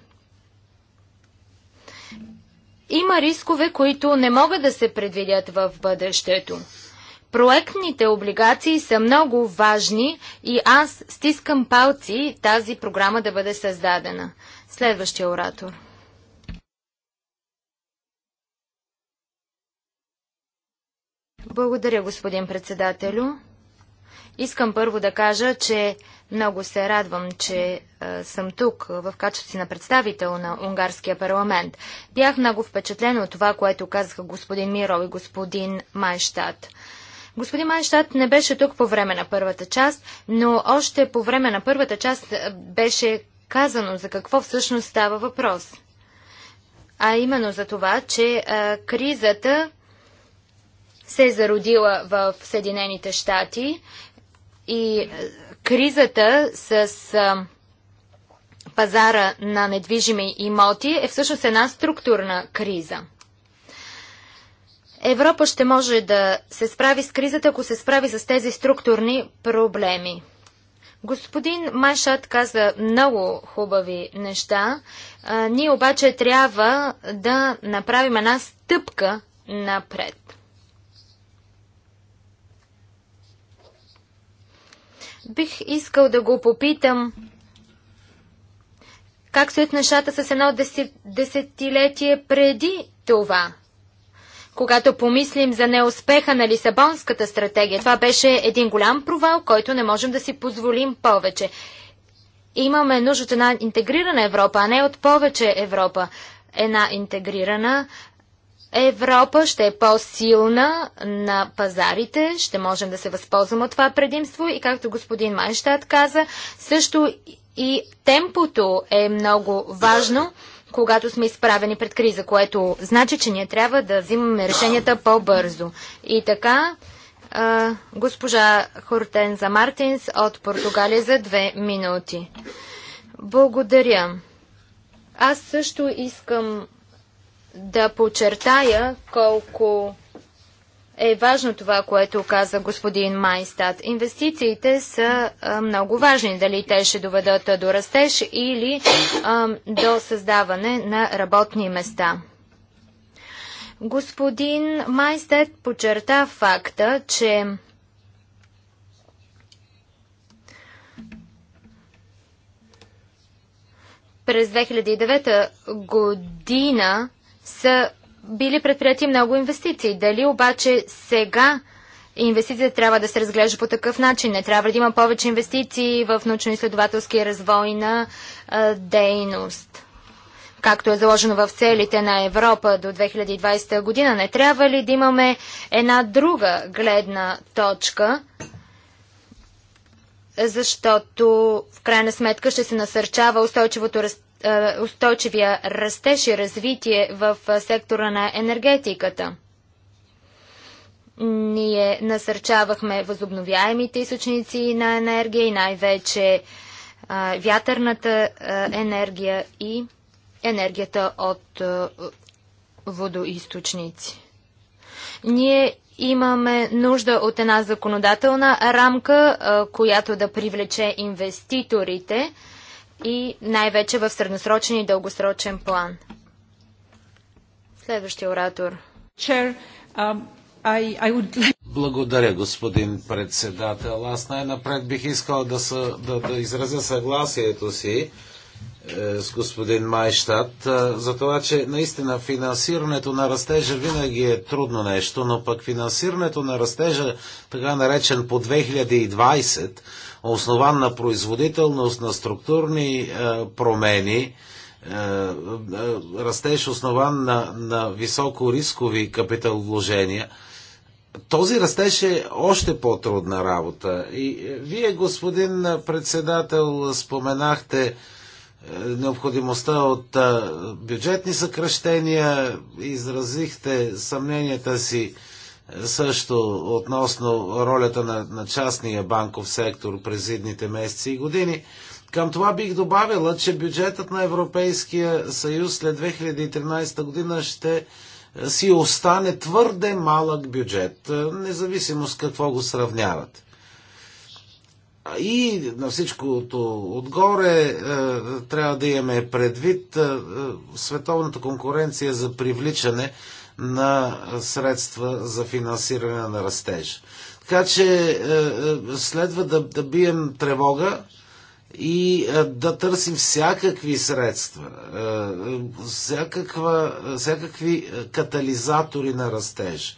има рискове, които не могат да се предвидят в бъдещето. Проектните облигации са много важни и аз стискам палци тази програма да бъде създадена. Следващия оратор. Благодаря, господин председателю. Искам първо да кажа, че много се радвам, че е, съм тук в качеството си на представител на Унгарския парламент. Бях много впечатлена от това, което казаха господин Миро и господин Майштад. Господин Майнштадт не беше тук по време на първата част, но още по време на първата част е, беше казано за какво всъщност става въпрос. А именно за това, че а, е, кризата се е зародила в Съединените щати и а, е, кризата с а, пазара на недвижими имоти е всъщност една структурна криза. Европа ще може да се справи с кризата, ако се справи с тези структурни проблеми. Господин Майшат каза много хубави неща. А, ние обаче трябва да направим една стъпка напред. Бих искал да го попитам как стоят нещата с едно десетилетие преди това когато помислим за неуспеха на Лисабонската стратегия. Това беше един голям провал, който не можем да си позволим повече. Имаме нужда от една интегрирана Европа, а не от повече Европа. Една интегрирана Европа ще е по-силна на пазарите, ще можем да се възползваме от това предимство и както господин Майнштадт каза, също и темпото е много важно когато сме изправени пред криза, което значи, че ние трябва да взимаме решенията по-бързо. И така, а, госпожа Хортенза Мартинс от Португалия за две минути. Благодаря. Аз също искам да подчертая колко е важно това, което каза господин Майстат. Инвестициите са а, много важни. Дали те ще доведат до растеж или а, до създаване на работни места. Господин Майстат подчерта факта, че през 2009 година са били предприяти много инвестиции. Дали обаче сега инвестицията трябва да се разглежда по такъв начин? Не трябва да има повече инвестиции в научно-изследователски развой на а, дейност? както е заложено в целите на Европа до 2020 година. Не трябва ли да имаме една друга гледна точка, защото в крайна сметка ще се насърчава устойчивото раз... Е, устойчивия растеж и развитие в е, сектора на енергетиката. Ние насърчавахме възобновяемите източници на енергия и най-вече е, вятърната енергия и енергията от водоисточници. Ние имаме нужда от една законодателна рамка, която да привлече инвеститорите – и най-вече в средносрочен и дългосрочен план. Следващия оратор. Um, Благодаря, господин председател. Аз най-напред бих искал да, са, да, да изразя съгласието си е, с господин Майштад е, за това, че наистина финансирането на растежа винаги е трудно нещо, но пък финансирането на растежа, така наречен по 2020, основан на производителност, на структурни е, промени, е, е, растеж основан на, на високо рискови капиталовложения, този растеж е още по-трудна работа. И вие, господин председател, споменахте необходимостта от бюджетни съкръщения, изразихте съмненията си също относно ролята на, на частния банков сектор през едните месеци и години. Към това бих добавила, че бюджетът на Европейския съюз след 2013 година ще си остане твърде малък бюджет, независимо с какво го сравняват. И на всичкото отгоре трябва да имаме предвид световната конкуренция за привличане на средства за финансиране на растежа. Така че е, е, следва да, да бием тревога и е, да търсим всякакви средства, всякаква, всякакви катализатори на растеж.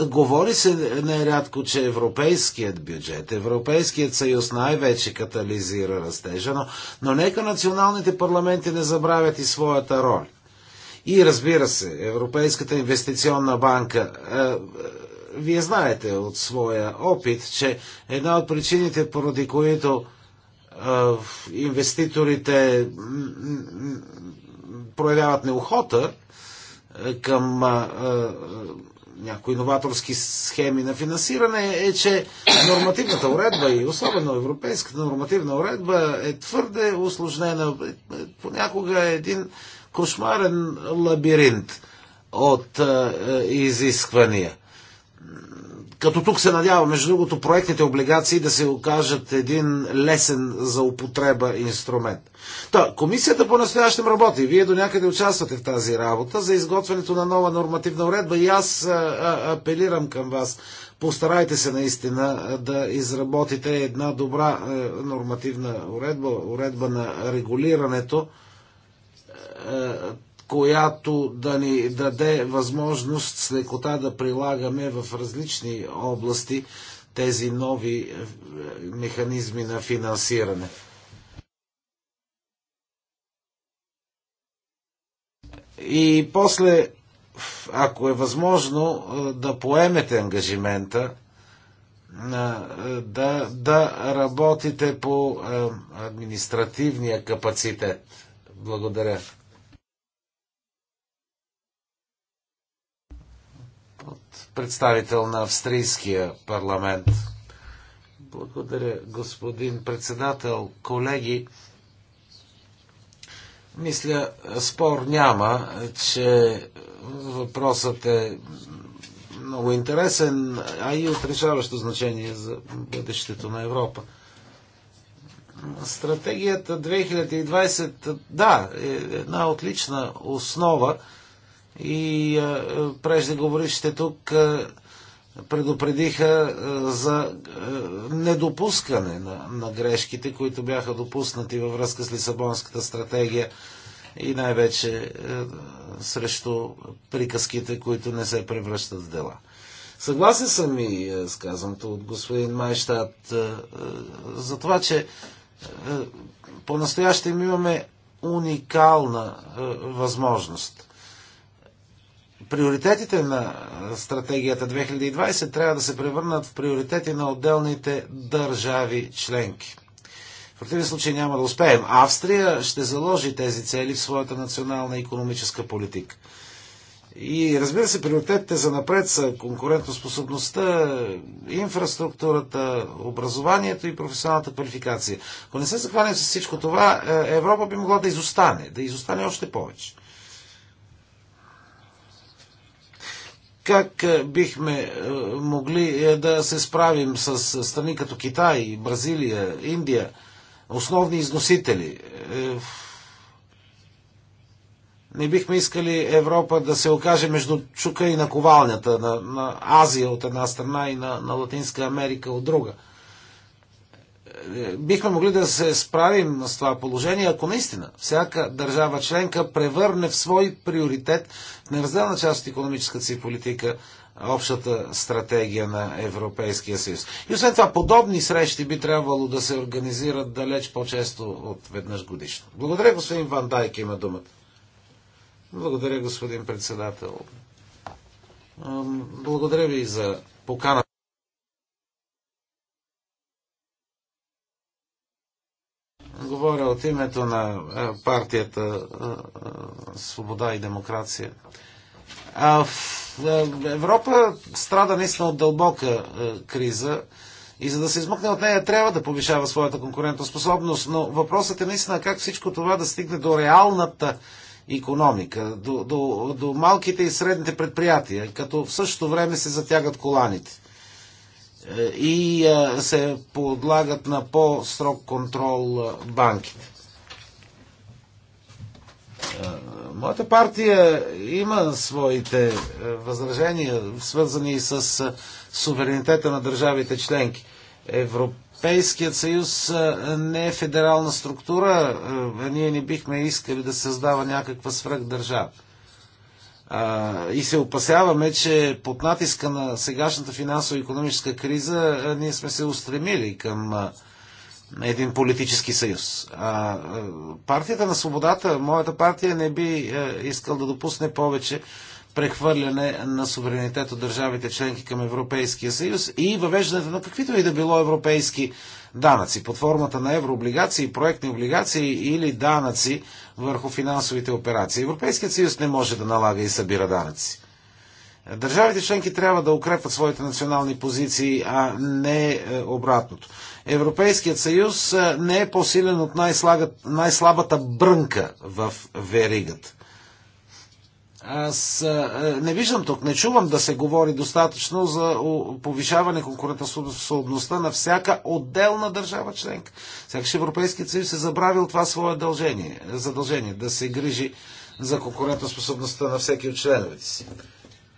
Говори се нерядко, че европейският бюджет, Европейският съюз най-вече катализира растежа, но, но нека националните парламенти не забравят и своята роля. И разбира се, Европейската инвестиционна банка. Е, е, вие знаете от своя опит, че една от причините, поради които е, инвеститорите проявяват неохота към някои новаторски схеми на финансиране е, че нормативната уредба и особено европейската нормативна уредба е твърде усложнена. Понякога е един кошмарен лабиринт от а, е, е, изисквания. Като тук се надява, между другото, проектните облигации да се окажат един лесен за употреба инструмент. Та, комисията по-настоящем работи. Вие до някъде участвате в тази работа за изготвянето на нова нормативна уредба и аз а, е, а, апелирам към вас. Постарайте се наистина да изработите една добра а, нормативна уредба, уредба на регулирането е, която да ни даде възможност с лекота да прилагаме в различни области тези нови е, механизми на финансиране. И после, ако е възможно, е, да поемете ангажимента, да, да работите по административния капацитет. Благодаря. представител на австрийския парламент. Благодаря, господин председател, колеги. Мисля, спор няма, че въпросът е много интересен, а и от решаващо значение за бъдещето на Европа. Стратегията 2020, да, е една отлична основа и е, е, преждеговорившите тук е, предупредиха за недопускане на, на грешките, които бяха допуснати във връзка с Лисабонската стратегия и най-вече срещу приказките, които не се превръщат в дела. Съгласен съм и с казаното от господин Майштад за това, че по-настоящем имаме уникална възможност Приоритетите на стратегията 2020 трябва да се превърнат в приоритети на отделните държави членки. В противен случай няма да успеем. Австрия ще заложи тези цели в своята национална економическа политика. И разбира се, приоритетите за напред са конкурентоспособността, инфраструктурата, образованието и професионалната квалификация. Ако не се захванем с всичко това, е, Европа би могла да изостане, да изостане още повече. как е, бихме е, могли е, да се справим с страни като Китай, Бразилия, Индия, основни износители. Не бихме искали Европа да се окаже между чука и наковалнята на, на Азия от една страна и на, на Латинска Америка от друга бихме могли да се справим с това положение, ако наистина всяка държава членка превърне в свой приоритет в неразделна част от економическата си политика общата стратегия на Европейския съюз. И освен това, подобни срещи би трябвало да се организират далеч по-често от веднъж годишно. Благодаря, господин Ван Дайк, има думата. Благодаря, господин председател. Благодаря ви за покана. от името на е, партията е, е, Свобода и демокрация. А в Европа страда наистина от дълбока криза и за да се измъкне от нея трябва да повишава своята конкурентоспособност, но въпросът е наистина как всичко това да стигне до реалната економика, до, до, до малките и средните предприятия, като в същото време се затягат коланите и се подлагат на по-строг контрол банките. Моята партия има своите възражения, свързани с суверенитета на държавите членки. Европейският съюз не е федерална структура. Ние не бихме искали да създава някаква свръхдържава. А, и се опасяваме, че под натиска на сегашната финансово-економическа криза а, ние сме се устремили към а, един политически съюз. А, партията на свободата, моята партия, не би а, искал да допусне повече прехвърляне на суверенитет от държавите членки към Европейския съюз и въвеждането на каквито и да било европейски данъци под формата на еврооблигации, проектни облигации или данъци върху финансовите операции. Европейският съюз не може да налага и събира данъци. Държавите членки трябва да укрепват своите национални позиции, а не е, обратното. Европейският съюз е, не е по-силен от най-слабата брънка в веригата. Аз не виждам тук, не чувам да се говори достатъчно за повишаване конкурентоспособността на всяка отделна държава членка. Сякаш Европейският съюз е забравил това свое дължение, задължение да се грижи за конкурентоспособността на всеки от членовете си.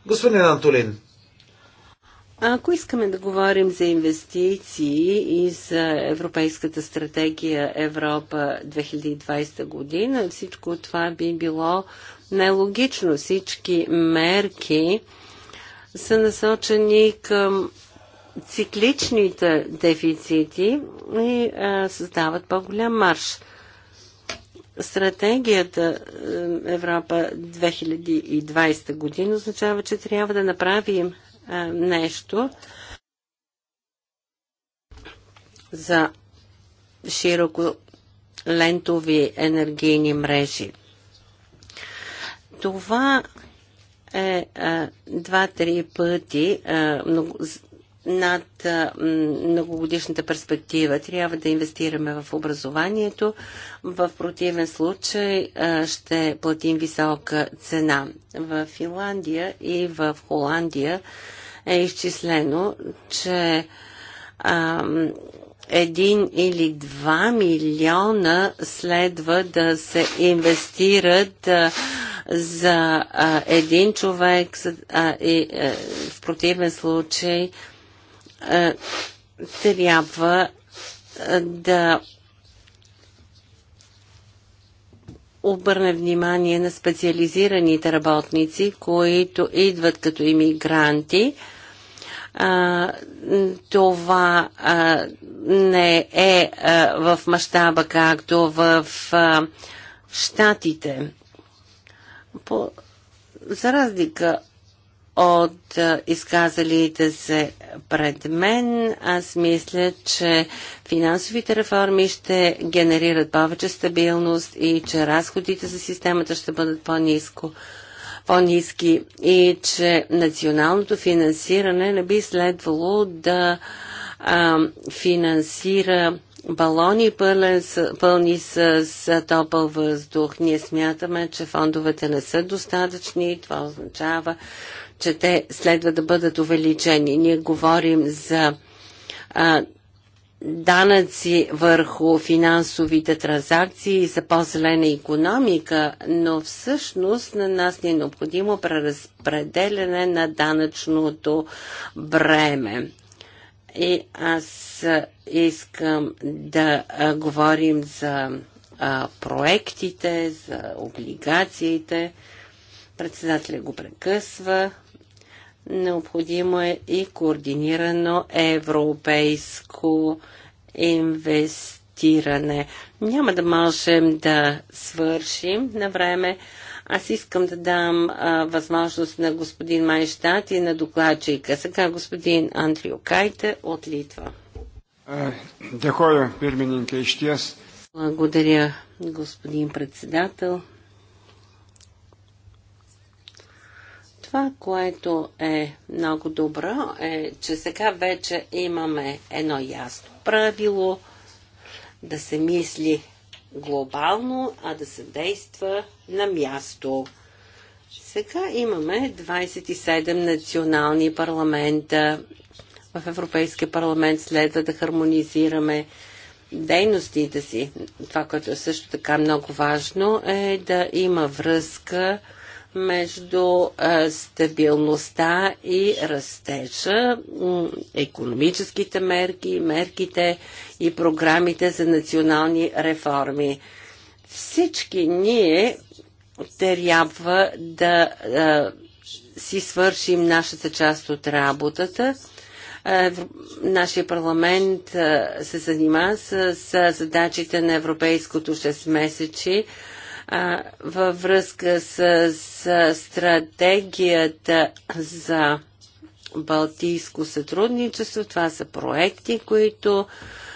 Господин Антолин. Ако искаме да говорим за инвестиции и за Европейската стратегия Европа 2020 година, всичко това би било нелогично. Всички мерки са насочени към цикличните дефицити и а, създават по-голям марш. Стратегията е, Европа 2020 година означава, че трябва да направим а, нещо за широко лентови енергийни мрежи. Това е, е два-три пъти а, е, много, над а, е, многогодишната перспектива. Трябва да инвестираме в образованието. В противен случай а, ще платим висока цена. В Финландия и в Холандия е изчислено, че а, един или два милиона следва да се инвестират. А, за а, един човек а, и а, е, в противен случай а, е, трябва е, да обърне внимание на специализираните работници, които идват като иммигранти. А, това а, не е а, в мащаба както в а, Штатите. По, за разлика от изказалите се пред мен, аз мисля, че финансовите реформи ще генерират повече стабилност и че разходите за системата ще бъдат по-низко по-низки и че националното финансиране не би следвало да а, финансира балони пълен, пълни с, с топъл въздух. Ние смятаме, че фондовете не са достатъчни. Това означава, че те следва да бъдат увеличени. Ние говорим за а, данъци върху финансовите транзакции за по-зелена економика, но всъщност на нас ни е необходимо преразпределяне на данъчното бреме. И аз искам да говорим за проектите, за облигациите. Председателя го прекъсва. Необходимо е и координирано европейско инвестиране. Няма да можем да свършим на време аз искам да дам а, възможност на господин Майштат и на докладчика. Сега господин Андрио Кайте от Литва. Е, Благодаря, господин председател. Това, което е много добро, е, че сега вече имаме едно ясно правило да се мисли глобално, а да се действа на място. Сега имаме 27 национални парламента. В Европейския парламент следва да хармонизираме дейностите си. Това, което е също така много важно, е да има връзка между стабилността и растежа, економическите мерки, мерките и програмите за национални реформи. Всички ние трябва да си свършим нашата част от работата. Нашия парламент се занима с задачите на Европейското 6 месечи а, във връзка с, с стратегията за Балтийско сътрудничество. Това са проекти, които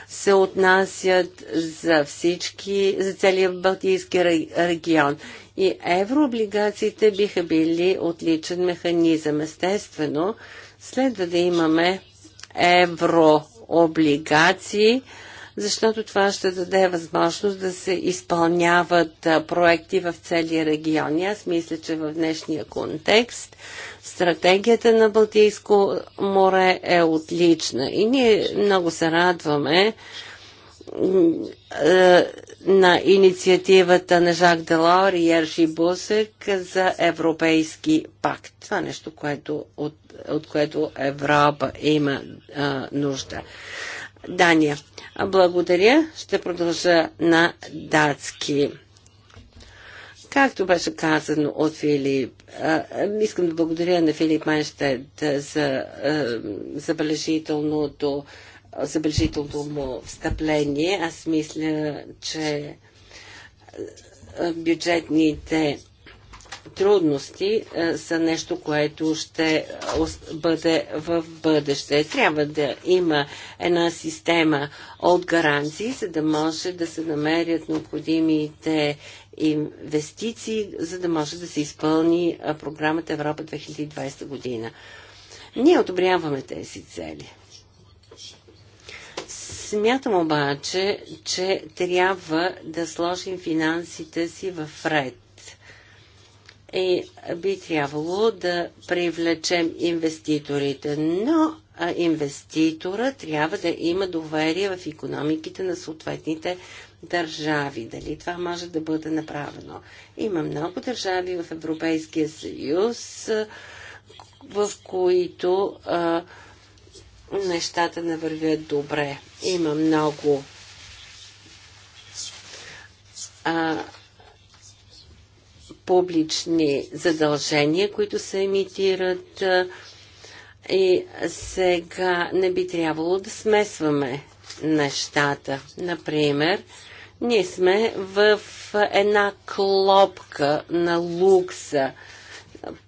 се отнасят за всички, за целия Балтийски регион. И еврооблигациите биха били отличен механизъм. Естествено, следва да имаме еврооблигации, защото това ще даде възможност да се изпълняват проекти в цели региони. Аз мисля, че в днешния контекст стратегията на Балтийско море е отлична и ние много се радваме на инициативата на Жак Делор и Ерши Бусек за Европейски пакт. Това е нещо, което, от, от което Европа има а, нужда. Дания. Благодаря. Ще продължа на датски. Както беше казано от Филип, искам да благодаря на Филип Майнштед за забележителното, забележителното му встъпление. Аз мисля, че бюджетните трудности а, е, са нещо, което ще е, бъде в бъдеще. Трябва да има една система от гаранции, за да може да се намерят необходимите инвестиции, за да може да се изпълни е, програмата Европа 2020 година. Ние одобряваме тези цели. Смятам обаче, че трябва да сложим финансите си в ред и би трябвало да привлечем инвеститорите, но инвеститора трябва да има доверие в економиките на съответните държави. Дали това може да бъде направено? Има много държави в Европейския съюз, в които а, нещата не вървят добре. Има много а, публични задължения, които се емитират и сега не би трябвало да смесваме нещата. Например, ние сме в една клопка на лукса.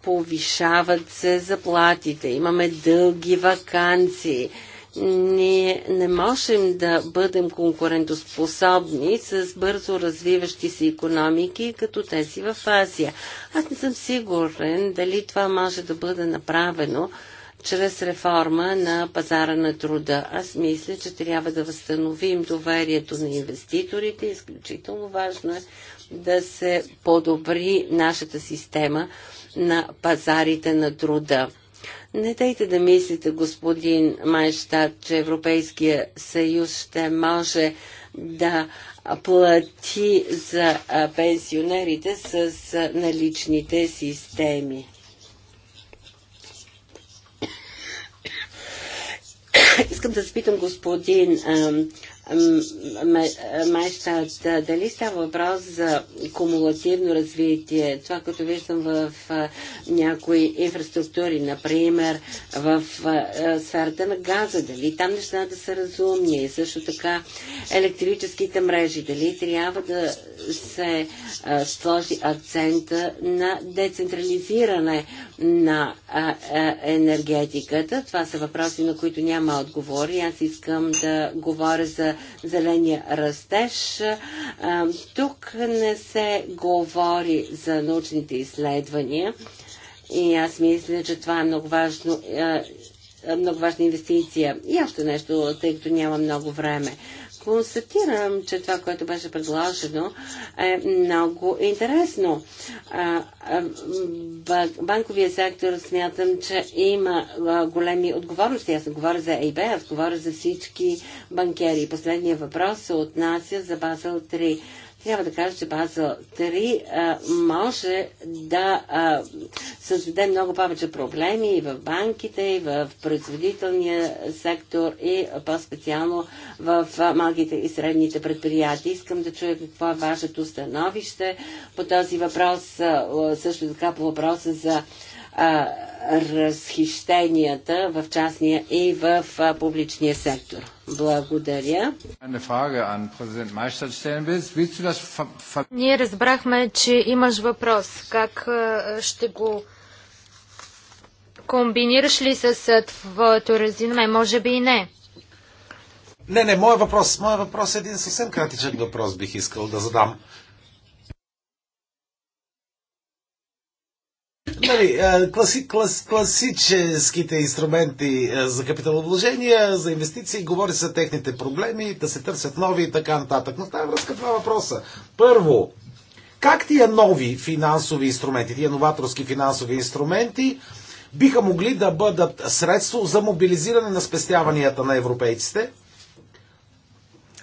Повишават се заплатите, имаме дълги вакансии – ние не можем да бъдем конкурентоспособни с бързо развиващи се економики, като тези в Азия. Аз не съм сигурен дали това може да бъде направено чрез реформа на пазара на труда. Аз мисля, че трябва да възстановим доверието на инвеститорите. Изключително важно е да се подобри нашата система на пазарите на труда. Не дайте да мислите, господин Майштад, че Европейския съюз ще може да плати за пенсионерите с наличните системи. Искам да спитам господин мащаб. Дали става въпрос за кумулативно развитие? Това, като виждам в някои инфраструктури, например в сферата на газа, дали там нещата да са разумни и също така електрическите мрежи, дали трябва да се сложи акцента на децентрализиране на а, а, енергетиката. Това са въпроси, на които няма отговори. Аз искам да говоря за зеления растеж. А, тук не се говори за научните изследвания и аз мисля, че това е много важно много важна инвестиция. И още нещо, тъй като няма много време констатирам, че това, което беше предложено, е много интересно. Банковия сектор смятам, че има големи отговорности. Аз не говоря за ЕИБ, аз говоря за всички банкери. Последният въпрос се отнася за Базел 3 трябва да кажа, че Базел 3 може да създаде много повече проблеми и в банките, и в производителния сектор, и по-специално в малките и средните предприятия. Искам да чуя какво е вашето становище по този въпрос, също така по въпроса за разхищенията в частния и в публичния сектор. Благодаря. Ние разбрахме, че имаш въпрос. Как ще го комбинираш ли с твоето резюме? Може би и не. Не, не, моят въпрос, Моя въпрос е един съвсем кратичък въпрос бих искал да задам. нали, класи, клас, класическите инструменти за капиталовложения, за инвестиции, говори за техните проблеми, да се търсят нови и така нататък. Но в тази връзка два въпроса. Първо, как тия нови финансови инструменти, тия новаторски финансови инструменти, биха могли да бъдат средство за мобилизиране на спестяванията на европейците,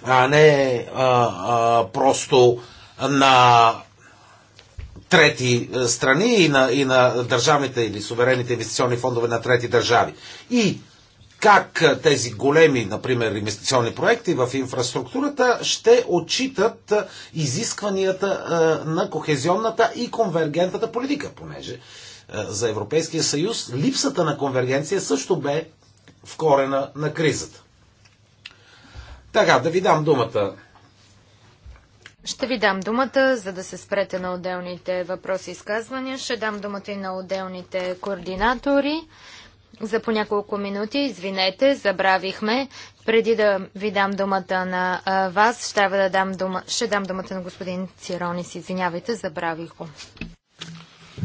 а не а, а, просто на трети е, страни и на, и на държавните или суверените инвестиционни фондове на трети държави. И как е, тези големи, например, инвестиционни проекти в инфраструктурата ще отчитат е, изискванията на кохезионната и конвергентната политика, понеже за Европейския съюз липсата на конвергенция също бе в корена на кризата. Така, да ви дам думата ще ви дам думата, за да се спрете на отделните въпроси и изказвания. Ще дам думата и на отделните координатори. За по няколко минути, извинете, забравихме. Преди да ви дам думата на вас, ще, да дам дума... ще дам думата на господин Циронис. Извинявайте, забравих го.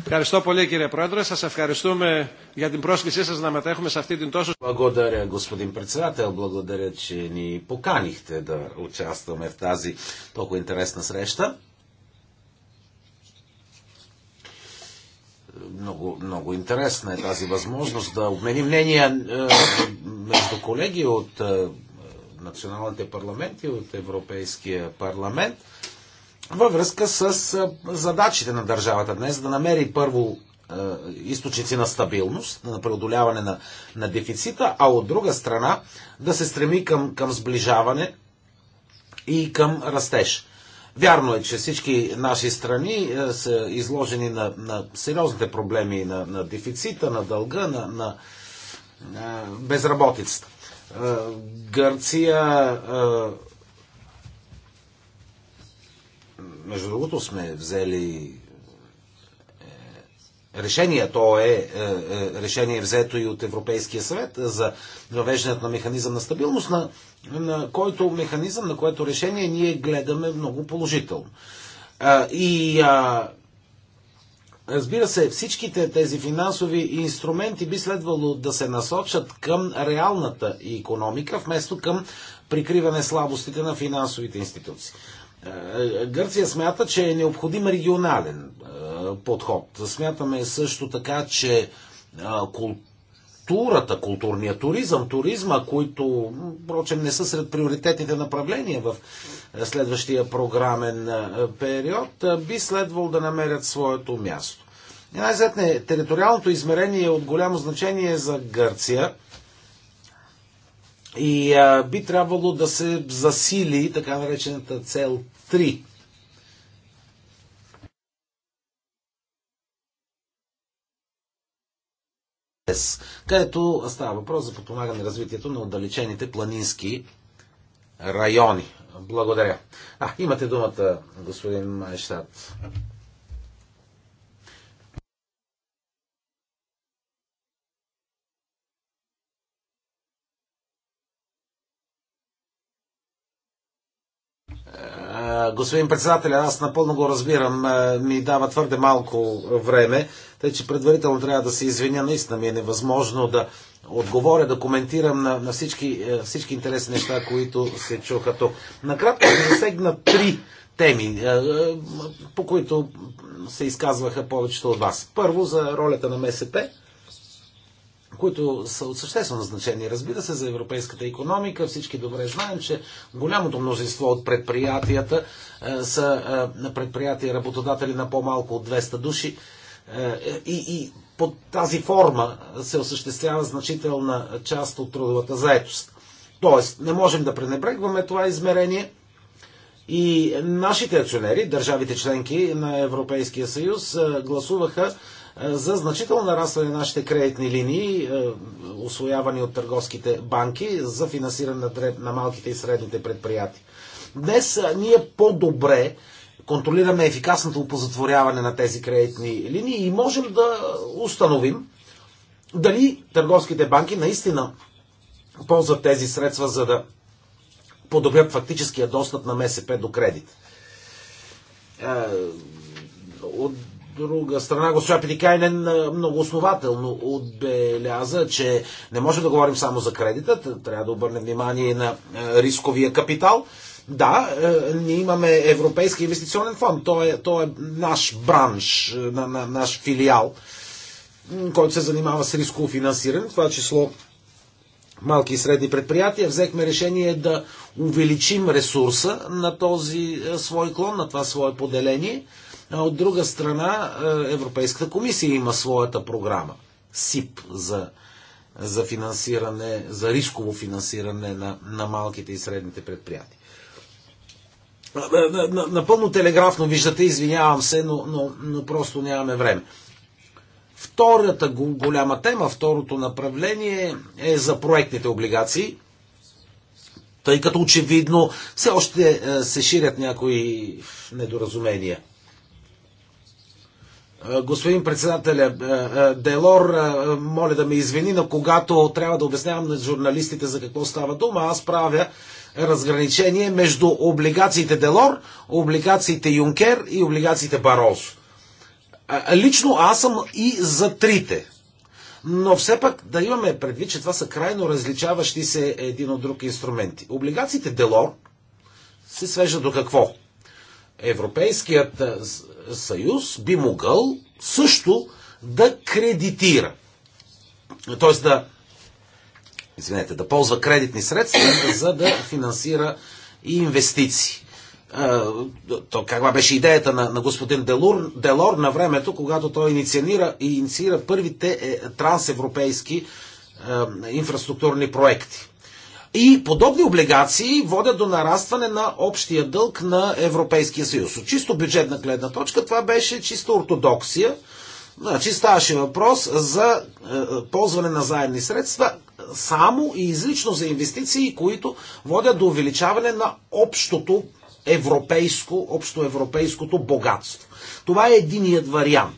Ευχαριστώ πολύ κύριε Πρόεδρε. Σας ευχαριστούμε για την πρόσκλησή σας να μετέχουμε σε αυτή την τόσο... Благодаря господин председател, благодаря, че ни поканихте да участваме в тази толкова интересна среща. Много, много интересна е тази възможност да обменим мнения е, между колеги от е, националните парламенти, от Европейския парламент във връзка с задачите на държавата днес да намери първо източници на стабилност, на преодоляване на, на дефицита, а от друга страна да се стреми към, към сближаване и към растеж. Вярно е, че всички наши страни са изложени на, на сериозните проблеми на, на дефицита, на дълга, на, на безработицата. Гърция между другото сме взели е, решение, то е, е, е, решение взето и от Европейския съвет за въвеждането на механизъм на стабилност, на, на който механизъм, на което решение ние гледаме много положително. И Разбира се, всичките тези финансови инструменти би следвало да се насочат към реалната економика, вместо към прикриване слабостите на финансовите институции. Е, Гърция смята, че е необходим регионален е, подход. Смятаме също така, че е, културата, културния туризъм, туризма, които, впрочем, не са сред приоритетните направления в следващия програмен период, би следвало да намерят своето място. най зетне териториалното измерение е от голямо значение за Гърция – и а, би трябвало да се засили така наречената цел 3. където става въпрос за подпомагане на развитието на отдалечените планински райони. Благодаря. А, имате думата, господин Майштад. Господин председател, аз напълно го разбирам. Ми дава твърде малко време, тъй че предварително трябва да се извиня. Наистина ми е невъзможно да отговоря, да коментирам на, на всички, е, всички интересни неща, които се чуха тук. Накратко ще засегна три теми, е, е, по които се изказваха повечето от вас. Първо за ролята на МСП – които са от съществено значение, разбира се, за европейската економика. Всички добре знаем, че голямото мнозинство от предприятията е, са е, предприятия работодатели на по-малко от 200 души. Е, и, и под тази форма се осъществява значителна част от трудовата заетост. Тоест, не можем да пренебрегваме това измерение. И нашите акционери, държавите членки на Европейския съюз, е, гласуваха за значително нарастване на нашите кредитни линии, е, освоявани от търговските банки за финансиране на малките и средните предприятия. Днес е, ние по-добре контролираме ефикасното опозатворяване на тези кредитни линии и можем да установим дали търговските банки наистина ползват тези средства, за да подобрят фактическия достъп на МСП до кредит. Е, от друга страна, госпожа Петикайнен много основателно отбеляза, че не може да говорим само за кредита, трябва да обърнем внимание на рисковия капитал. Да, ние имаме Европейски инвестиционен фонд. Той е, той е наш бранш, на, на, наш филиал, който се занимава с рисково финансиране, това число малки и средни предприятия. Взехме решение да увеличим ресурса на този свой клон, на това свое поделение – а от друга страна, е, Европейската комисия има своята програма СИП за, за финансиране, за рисково финансиране на, на малките и средните предприятия. Напълно телеграфно виждате, извинявам се, но, но, но просто нямаме време. Втората голяма тема, второто направление е за проектните облигации, тъй като очевидно все още е, се ширят някои недоразумения. Господин председателя Делор, моля да ме извини, но когато трябва да обяснявам на журналистите за какво става дума, аз правя разграничение между облигациите Делор, облигациите Юнкер и облигациите Барозо. Лично аз съм и за трите. Но все пак да имаме предвид, че това са крайно различаващи се един от друг инструменти. Облигациите Делор се свежда до какво? Европейският съюз би могъл също да кредитира. Тоест да, извинете, да ползва кредитни средства, за да финансира и инвестиции. То, каква беше идеята на, на господин Делур, Делор на времето, когато той инициира, инициира първите е, трансевропейски инфраструктурни проекти. И подобни облигации водят до нарастване на общия дълг на Европейския съюз. От чисто бюджетна гледна точка това беше чиста ортодоксия. Значи ставаше въпрос за е, ползване на заедни средства само и излично за инвестиции, които водят до увеличаване на общото европейско, европейското богатство. Това е единият вариант.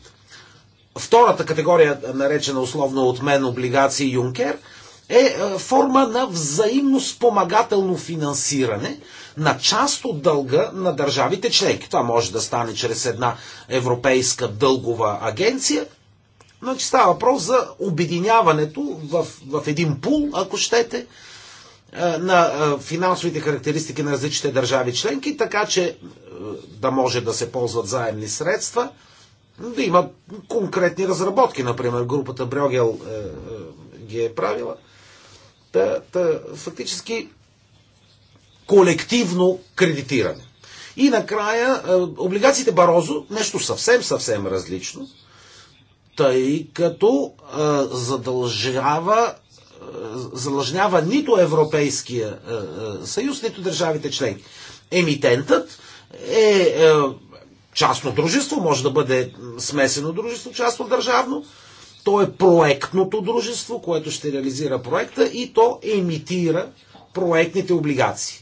Втората категория, наречена условно от мен облигации Юнкер – е, е форма на взаимно спомагателно финансиране на част от дълга на държавите членки. Това може да стане чрез една европейска дългова агенция. Значи става въпрос за обединяването в, в един пул, ако щете, е, на е, финансовите характеристики на различните държави членки, така че да може да се ползват заемни средства, да има конкретни разработки. Например, групата Брюгел ги е правила – Та, та, фактически колективно кредитиране. И накрая, е, облигациите Барозо, нещо съвсем, съвсем различно, тъй като е, задължава е, задължнява нито Европейския съюз, нито държавите членки. Емитентът е частно дружество, може да бъде смесено дружество, частно държавно, то е проектното дружество, което ще реализира проекта и то емитира проектните облигации.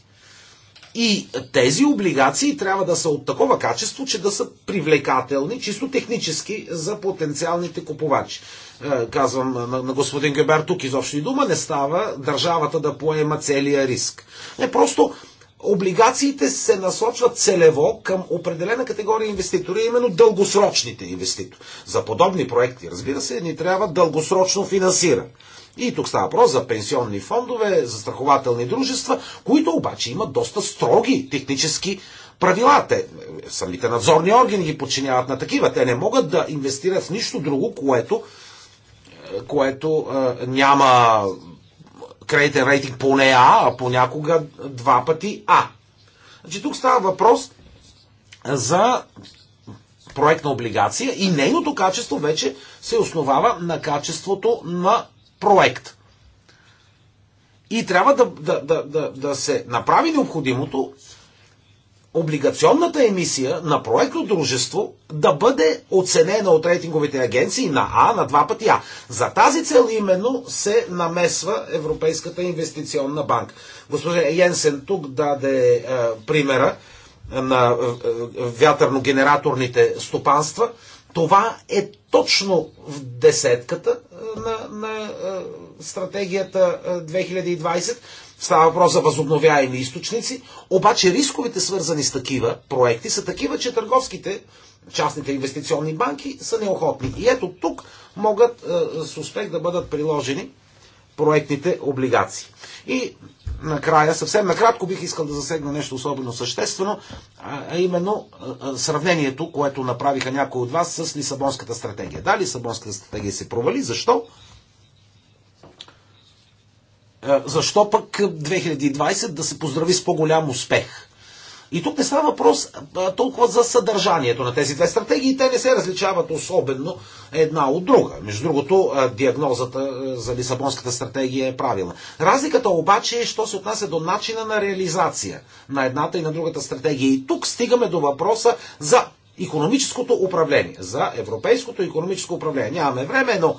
И тези облигации трябва да са от такова качество, че да са привлекателни, чисто технически, за потенциалните купувачи. Е, казвам на господин Гебер, тук изобщо и дума не става държавата да поема целия риск. Не, просто облигациите се насочват целево към определена категория инвеститори, именно дългосрочните инвеститори. За подобни проекти, разбира се, ни трябва дългосрочно финансиране. И тук става въпрос за пенсионни фондове, за страхователни дружества, които обаче имат доста строги технически правила. Те, самите надзорни органи ги подчиняват на такива. Те не могат да инвестират в нищо друго, което, е, което е, няма кредитен рейтинг поне А, а понякога два пъти А. Значи тук става въпрос за проектна облигация и нейното качество вече се основава на качеството на проект. И трябва да, да, да, да, да се направи необходимото облигационната емисия на проектно дружество да бъде оценена от рейтинговите агенции на А, на два пъти А. За тази цел именно се намесва Европейската инвестиционна банка. Господин Йенсен тук даде е, примера на е, е вятърно-генераторните стопанства. Това е точно в десетката е, на, на е, стратегията 2020 е, Става въпрос за възобновяеми източници, обаче рисковете свързани с такива проекти са такива, че търговските частните инвестиционни банки са неохотни. И ето тук могат е, с успех да бъдат приложени проектните облигации. И накрая, съвсем накратко бих искал да засегна нещо особено съществено, а именно е, е, сравнението, което направиха някои от вас с Лисабонската стратегия. Да, Лисабонската стратегия се провали. Защо? Е, защо пък 2020 да се поздрави с по-голям успех? И тук не става въпрос е, толкова за съдържанието на тези две стратегии. Те не се различават особено една от друга. Между другото, е, диагнозата за Лисабонската стратегия е правила. Разликата обаче е, що се отнася до начина на реализация на едната и на другата стратегия. И тук стигаме до въпроса за економическото управление, за европейското економическо управление. Нямаме време, но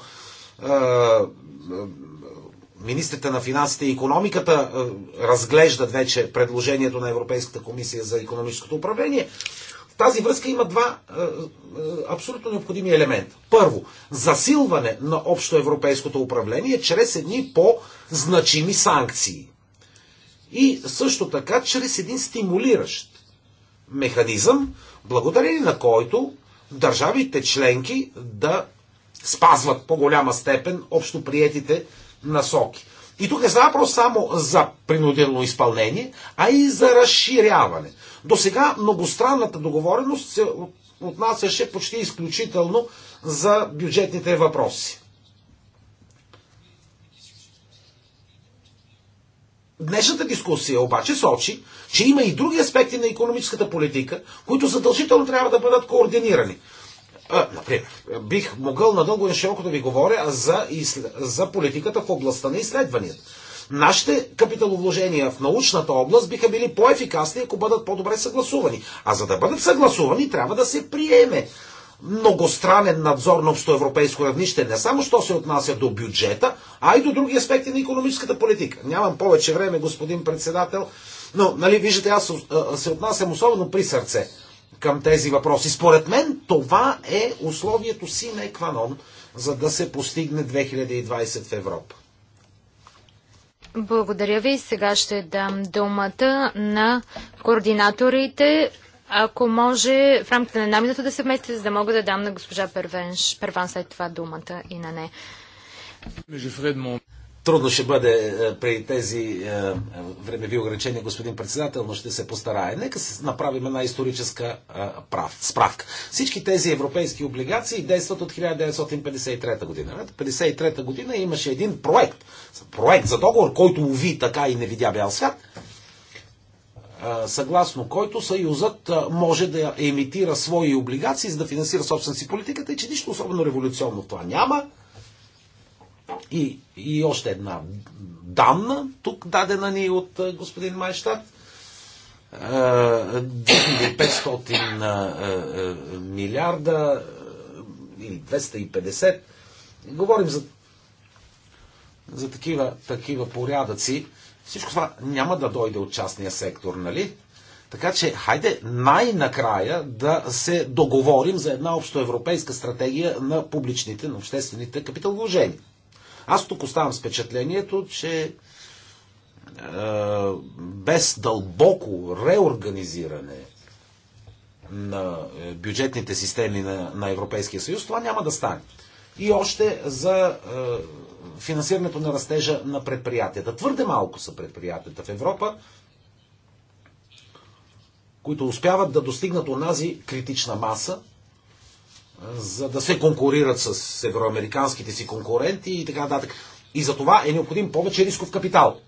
министрите на финансите и економиката е, разглеждат вече предложението на Европейската комисия за економическото управление. В тази връзка има два е, е, абсолютно необходими елемента. Първо, засилване на общоевропейското управление чрез едни по-значими санкции. И също така чрез един стимулиращ механизъм, благодарение на който държавите членки да спазват по голяма степен общоприетите приетите насоки. И тук не става просто само за принудено изпълнение, а и за разширяване. До сега многостранната договореност се отнасяше почти изключително за бюджетните въпроси. Днешната дискусия обаче сочи, че има и други аспекти на економическата политика, които задължително трябва да бъдат координирани. Е, бих могъл надълго и широко да ви говоря за, за политиката в областта на изследванията. Нашите капиталовложения в научната област биха били по-ефикасни, ако бъдат по-добре съгласувани. А за да бъдат съгласувани, трябва да се приеме многостранен надзор на общоевропейско равнище, не само що се отнася до бюджета, а и до други аспекти на економическата политика. Нямам повече време, господин председател, но, нали, виждате, аз се отнасям особено при сърце към тези въпроси. Според мен това е условието си на екванон, за да се постигне 2020 в Европа. Благодаря ви. Сега ще дам думата на координаторите. Ако може в рамките на една минута да се вместите, за да мога да дам на госпожа Первенш, Перван след това думата и на не. Ами, Трудно ще бъде е, при тези е, е, времеви ограничения, господин председател, но ще се постарае. Нека се направим една историческа прав, справка. Всички тези европейски облигации действат от 1953 година. В 1953 година имаше един проект, проект за договор, който уви така и не видя бял свят, съгласно който Съюзът може да емитира свои облигации, за да финансира собствената си политиката и че нищо особено революционно в това няма и, и още една данна, тук дадена ни от господин Майштад. 500 милиарда или 250. Говорим за, за такива, такива порядъци. Всичко това няма да дойде от частния сектор, нали? Така че, хайде най-накрая да се договорим за една общоевропейска стратегия на публичните, на обществените капиталовложения. Аз тук оставам впечатлението, че е, без дълбоко реорганизиране на е, бюджетните системи на, на Европейския съюз, това няма да стане. И още за е, финансирането на растежа на предприятията. Твърде малко са предприятията в Европа, които успяват да достигнат онази критична маса, за да се конкурират с североамериканските си конкуренти и така нататък. И за това е необходим повече рисков капитал.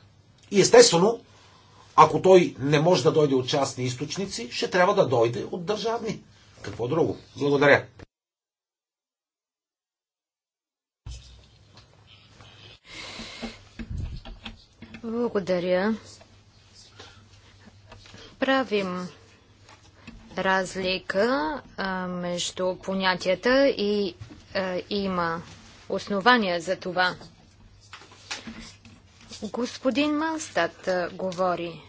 И естествено, ако той не може да дойде от частни източници, ще трябва да дойде от държавни. Какво друго? Благодаря. Благодаря. Правим разлика а, между понятията и а, има основания за това. Господин Малстат говори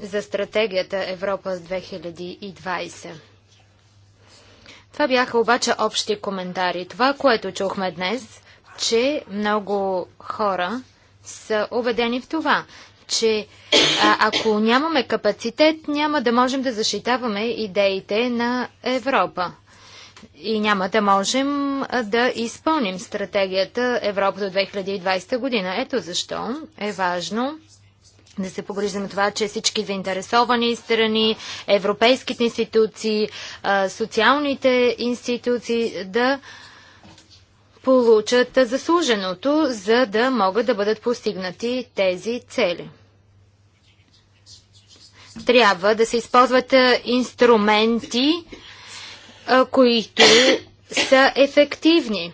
за стратегията Европа 2020. Това бяха обаче общи коментари. Това, което чухме днес, че много хора са убедени в това, че а, ако нямаме капацитет, няма да можем да защитаваме идеите на Европа. И няма да можем да изпълним стратегията Европа до 2020 година. Ето защо е важно да се погрижим това, че всички заинтересовани страни, европейските институции, социалните институции да получат заслуженото, за да могат да бъдат постигнати тези цели. Трябва да се използват инструменти, които са ефективни.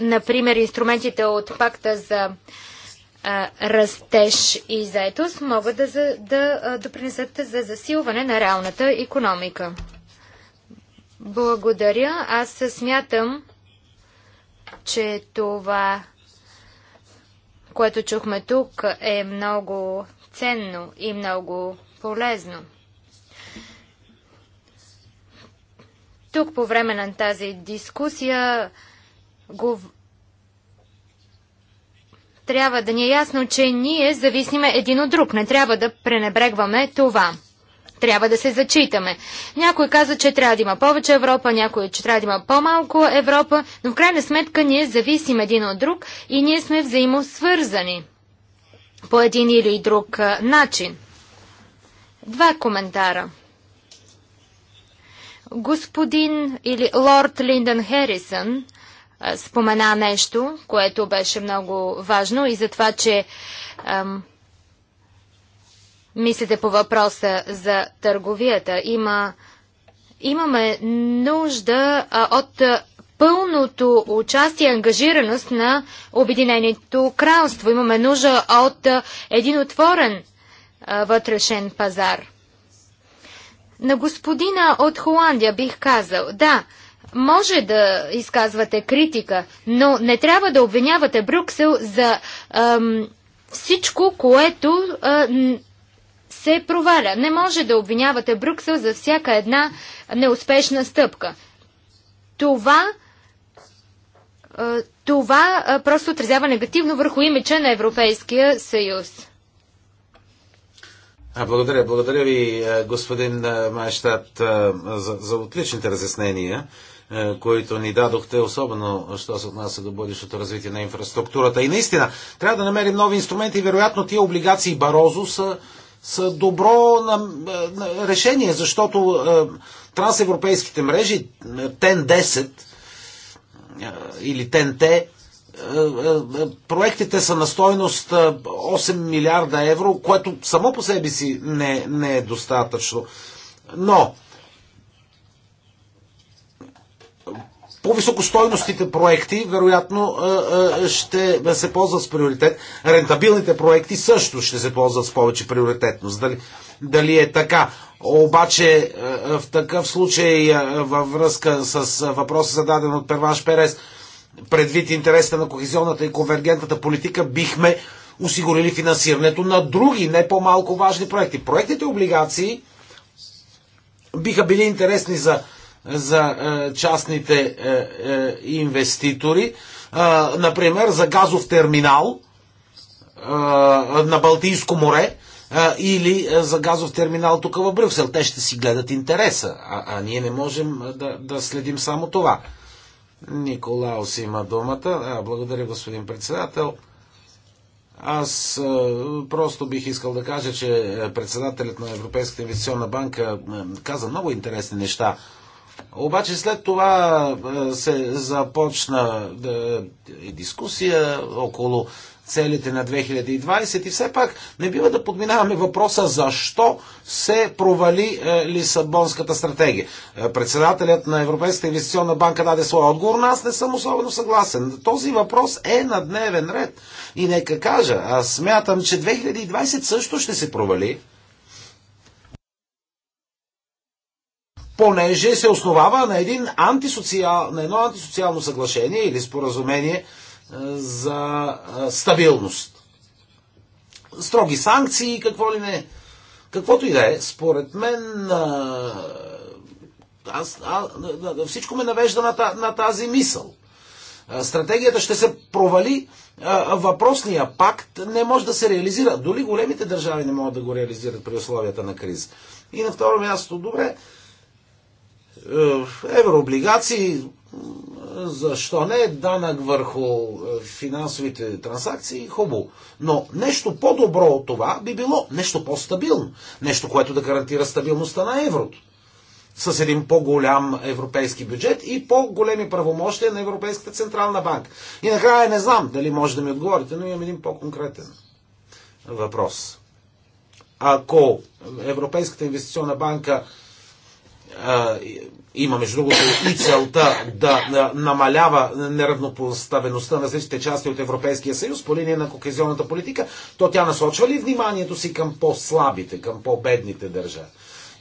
Например, инструментите от пакта за растеж и заетост могат да, да, допринесат за засилване на реалната економика. Благодаря. Аз смятам, че това, което чухме тук, е много ценно и много полезно. Тук по време на тази дискусия го... трябва да ни е ясно, че ние зависиме един от друг. Не трябва да пренебрегваме това. Трябва да се зачитаме. Някой каза, че трябва да има повече Европа, някой, че трябва да има по-малко Европа, но в крайна сметка ние зависим един от друг и ние сме взаимосвързани по един или друг начин. Два коментара. Господин или лорд Линдън Херисън спомена нещо, което беше много важно и за това, че ам, мислите по въпроса за търговията. Има, имаме нужда а, от пълното участие и ангажираност на Обединеното кралство. Имаме нужда от един отворен вътрешен пазар. На господина от Холандия бих казал, да, може да изказвате критика, но не трябва да обвинявате Брюксел за ам, всичко, което а, се проваля. Не може да обвинявате Брюксел за всяка една неуспешна стъпка. Това, а, това а, просто отразява негативно върху имича на Европейския съюз благодаря, благодаря ви, е, господин е, Майштат, е, за, за отличните разяснения, които ни дадохте, особено, що се отнася до бъдещото развитие на инфраструктурата. И наистина, трябва да намерим нови инструменти вероятно тия облигации Барозо са, са добро на, на решение, защото е, трансевропейските мрежи, ТЕН-10 е, или ТЕН-Т, проектите са на стойност 8 милиарда евро, което само по себе си не, не е достатъчно. Но по-високостойностите проекти, вероятно, ще се ползват с приоритет. Рентабилните проекти също ще се ползват с повече приоритетност. Дали, дали е така? Обаче, в такъв случай, във връзка с въпроса зададен от Перваш Перес, предвид интереса на кохезионната и конвергентната политика, бихме осигурили финансирането на други, не по-малко важни проекти. Проектите облигации биха били интересни за, за е, частните е, е, инвеститори. Е, например, за газов терминал е, на Балтийско море е, или е, за газов терминал тук в Брюксел. Те ще си гледат интереса, а, а ние не можем е, да, да следим само това. Николаус има думата. А, благодаря, господин председател. Аз просто бих искал да кажа, че председателят на Европейската инвестиционна банка каза много интересни неща. Обаче след това се започна е, дискусия около целите на 2020 и все пак не бива да подминаваме въпроса защо се провали е, Лисабонската стратегия. Е, председателят на Европейската инвестиционна банка даде своя отговор, но аз не съм особено съгласен. Този въпрос е на дневен ред. И нека кажа, аз смятам, че 2020 също ще се провали. понеже се основава на, един антисоциал, на едно антисоциално съглашение или споразумение, е, за е, стабилност. Строги санкции, какво ли не. Каквото и да е, според мен е, аз, а, всичко ме навежда на, на тази мисъл. Стратегията ще се провали, въпросния пакт не може да се реализира. Доли големите държави не могат да го реализират при условията на криза. И на второ място, добре, еврооблигации, защо не, е данък върху е, финансовите транзакции, хубаво. Но нещо по-добро от това би било нещо по-стабилно. Нещо, което да гарантира стабилността на еврото. С един по-голям европейски бюджет и по-големи правомощия на Европейската Централна банка. И накрая не знам дали може да ми отговорите, но имам един по-конкретен въпрос. Ако Европейската инвестиционна банка е, има, между другото, и целта да е, намалява неравнопоставеността на различните части от Европейския съюз по линия на кохезионната политика, то тя насочва ли вниманието си към по-слабите, към по-бедните държави?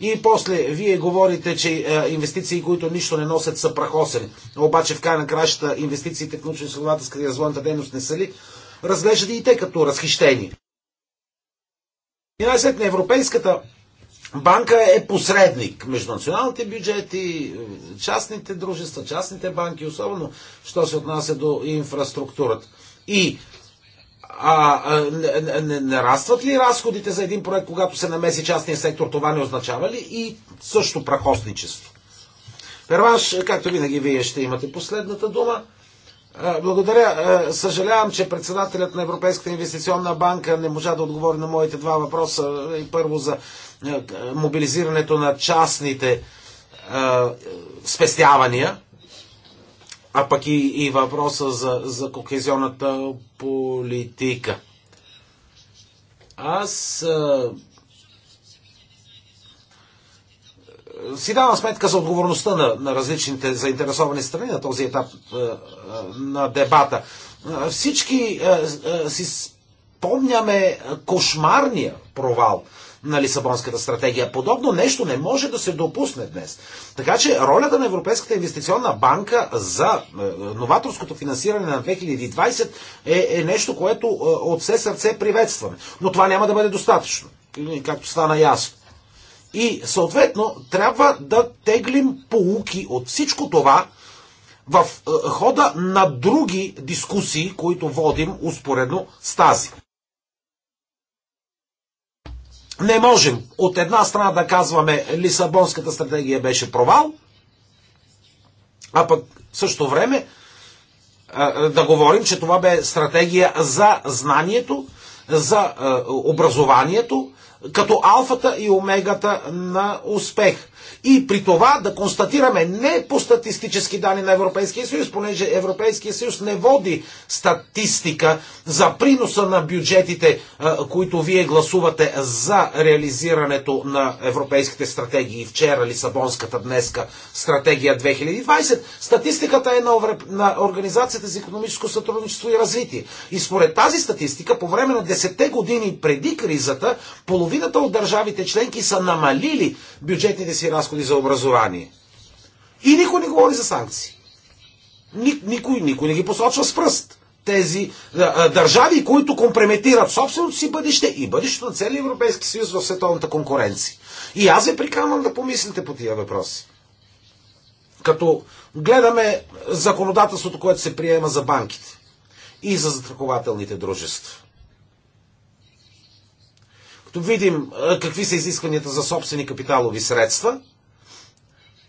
И после вие говорите, че е, инвестиции, които нищо не носят, са прахосени. Обаче в край на краща инвестициите в научно-изследователска и развойната дейност не са ли? Разглеждате и те като разхищени. И най-сетне Европейската банка е посредник между националните бюджети, частните дружества, частните банки, особено, що се отнася до инфраструктурата. И а, а, не, не, нарастват ли разходите за един проект, когато се намеси частния сектор, това не означава ли и също прахосничество? Перваш, както винаги, вие ще имате последната дума. Благодаря. Съжалявам, че председателят на Европейската инвестиционна банка не можа да отговори на моите два въпроса. Първо за е, мобилизирането на частните е, спестявания, а пък и, и въпроса за, за кохезионната политика. Аз а, е, си давам сметка за отговорността на, на различните заинтересовани страни на този етап а, на дебата. А, всички а, а, си спомняме кошмарния провал, а, на Лисабонската стратегия. Подобно нещо не може да се допусне днес. Така че ролята на Европейската инвестиционна банка за е, новаторското финансиране на 2020 е, е нещо, което е, от все сърце приветстваме. Но това няма да бъде достатъчно, както стана ясно. И съответно трябва да теглим полуки от всичко това, в е, хода на други дискусии, които водим успоредно с тази не можем от една страна да казваме Лисабонската стратегия беше провал, а пък в същото време да говорим, че това бе стратегия за знанието, за образованието, като алфата и омегата на успех. И при това да констатираме не по статистически данни на Европейския съюз, понеже Европейския съюз не води статистика за приноса на бюджетите, които вие гласувате за реализирането на европейските стратегии. Вчера Лисабонската днеска стратегия 2020. Статистиката е на, Организацията за економическо сътрудничество и развитие. И според тази статистика, по време на 10 години преди кризата, половината от държавите членки са намалили бюджетните си разходи за образование. И никой не говори за санкции. Никой, никой не ги посочва с пръст тези а, държави, които компрометират собственото си бъдеще и бъдещето на целия Европейски съюз в световната конкуренция. И аз ви приканвам да помислите по тия въпроси. Като гледаме законодателството, което се приема за банките и за застрахователните дружества. Като видим какви са изискванията за собствени капиталови средства,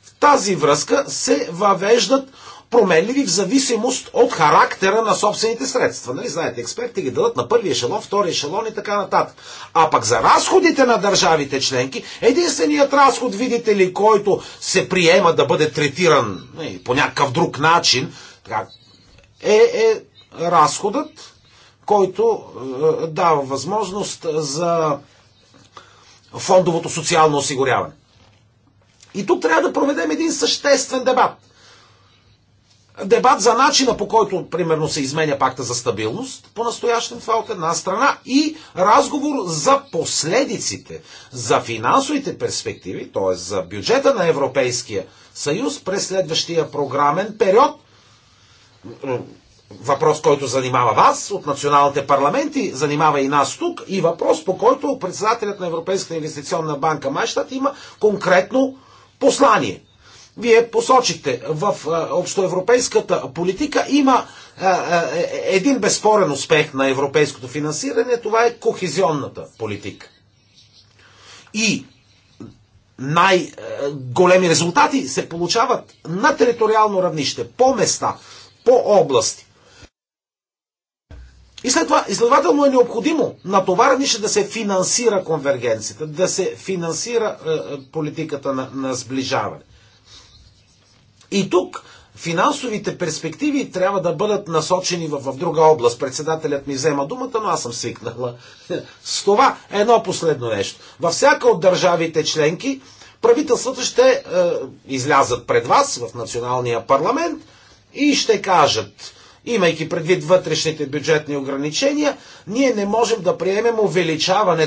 в тази връзка се въвеждат променливи в зависимост от характера на собствените средства. Нали, знаете, експерти ги дадат на първи ешелон, втори ешелон и така нататък. А пък за разходите на държавите членки, единственият разход, видите ли, който се приема да бъде третиран не, нали, по някакъв друг начин, така, е, е разходът, който е, дава възможност за фондовото социално осигуряване. И тук трябва да проведем един съществен дебат. Дебат за начина по който, примерно, се изменя пакта за стабилност, по настоящен това от една страна, и разговор за последиците, за финансовите перспективи, т.е. за бюджета на Европейския съюз през следващия програмен период, въпрос, който занимава вас от националните парламенти, занимава и нас тук и въпрос, по който председателят на Европейската инвестиционна банка Майштат има конкретно послание. Вие посочите, в е, общоевропейската политика има е, е, един безспорен успех на европейското финансиране, това е кохезионната политика. И най-големи резултати се получават на териториално равнище, по места, по области. И след това, изследователно е необходимо на това равнище да се финансира конвергенцията, да се финансира е, е, политиката на, на сближаване. И тук финансовите перспективи трябва да бъдат насочени в, в друга област. Председателят ми взема думата, но аз съм свикнала. С това едно последно нещо. Във всяка от държавите членки правителствата ще е, излязат пред вас в националния парламент и ще кажат Имайки предвид вътрешните бюджетни ограничения, ние не можем да приемем увеличаването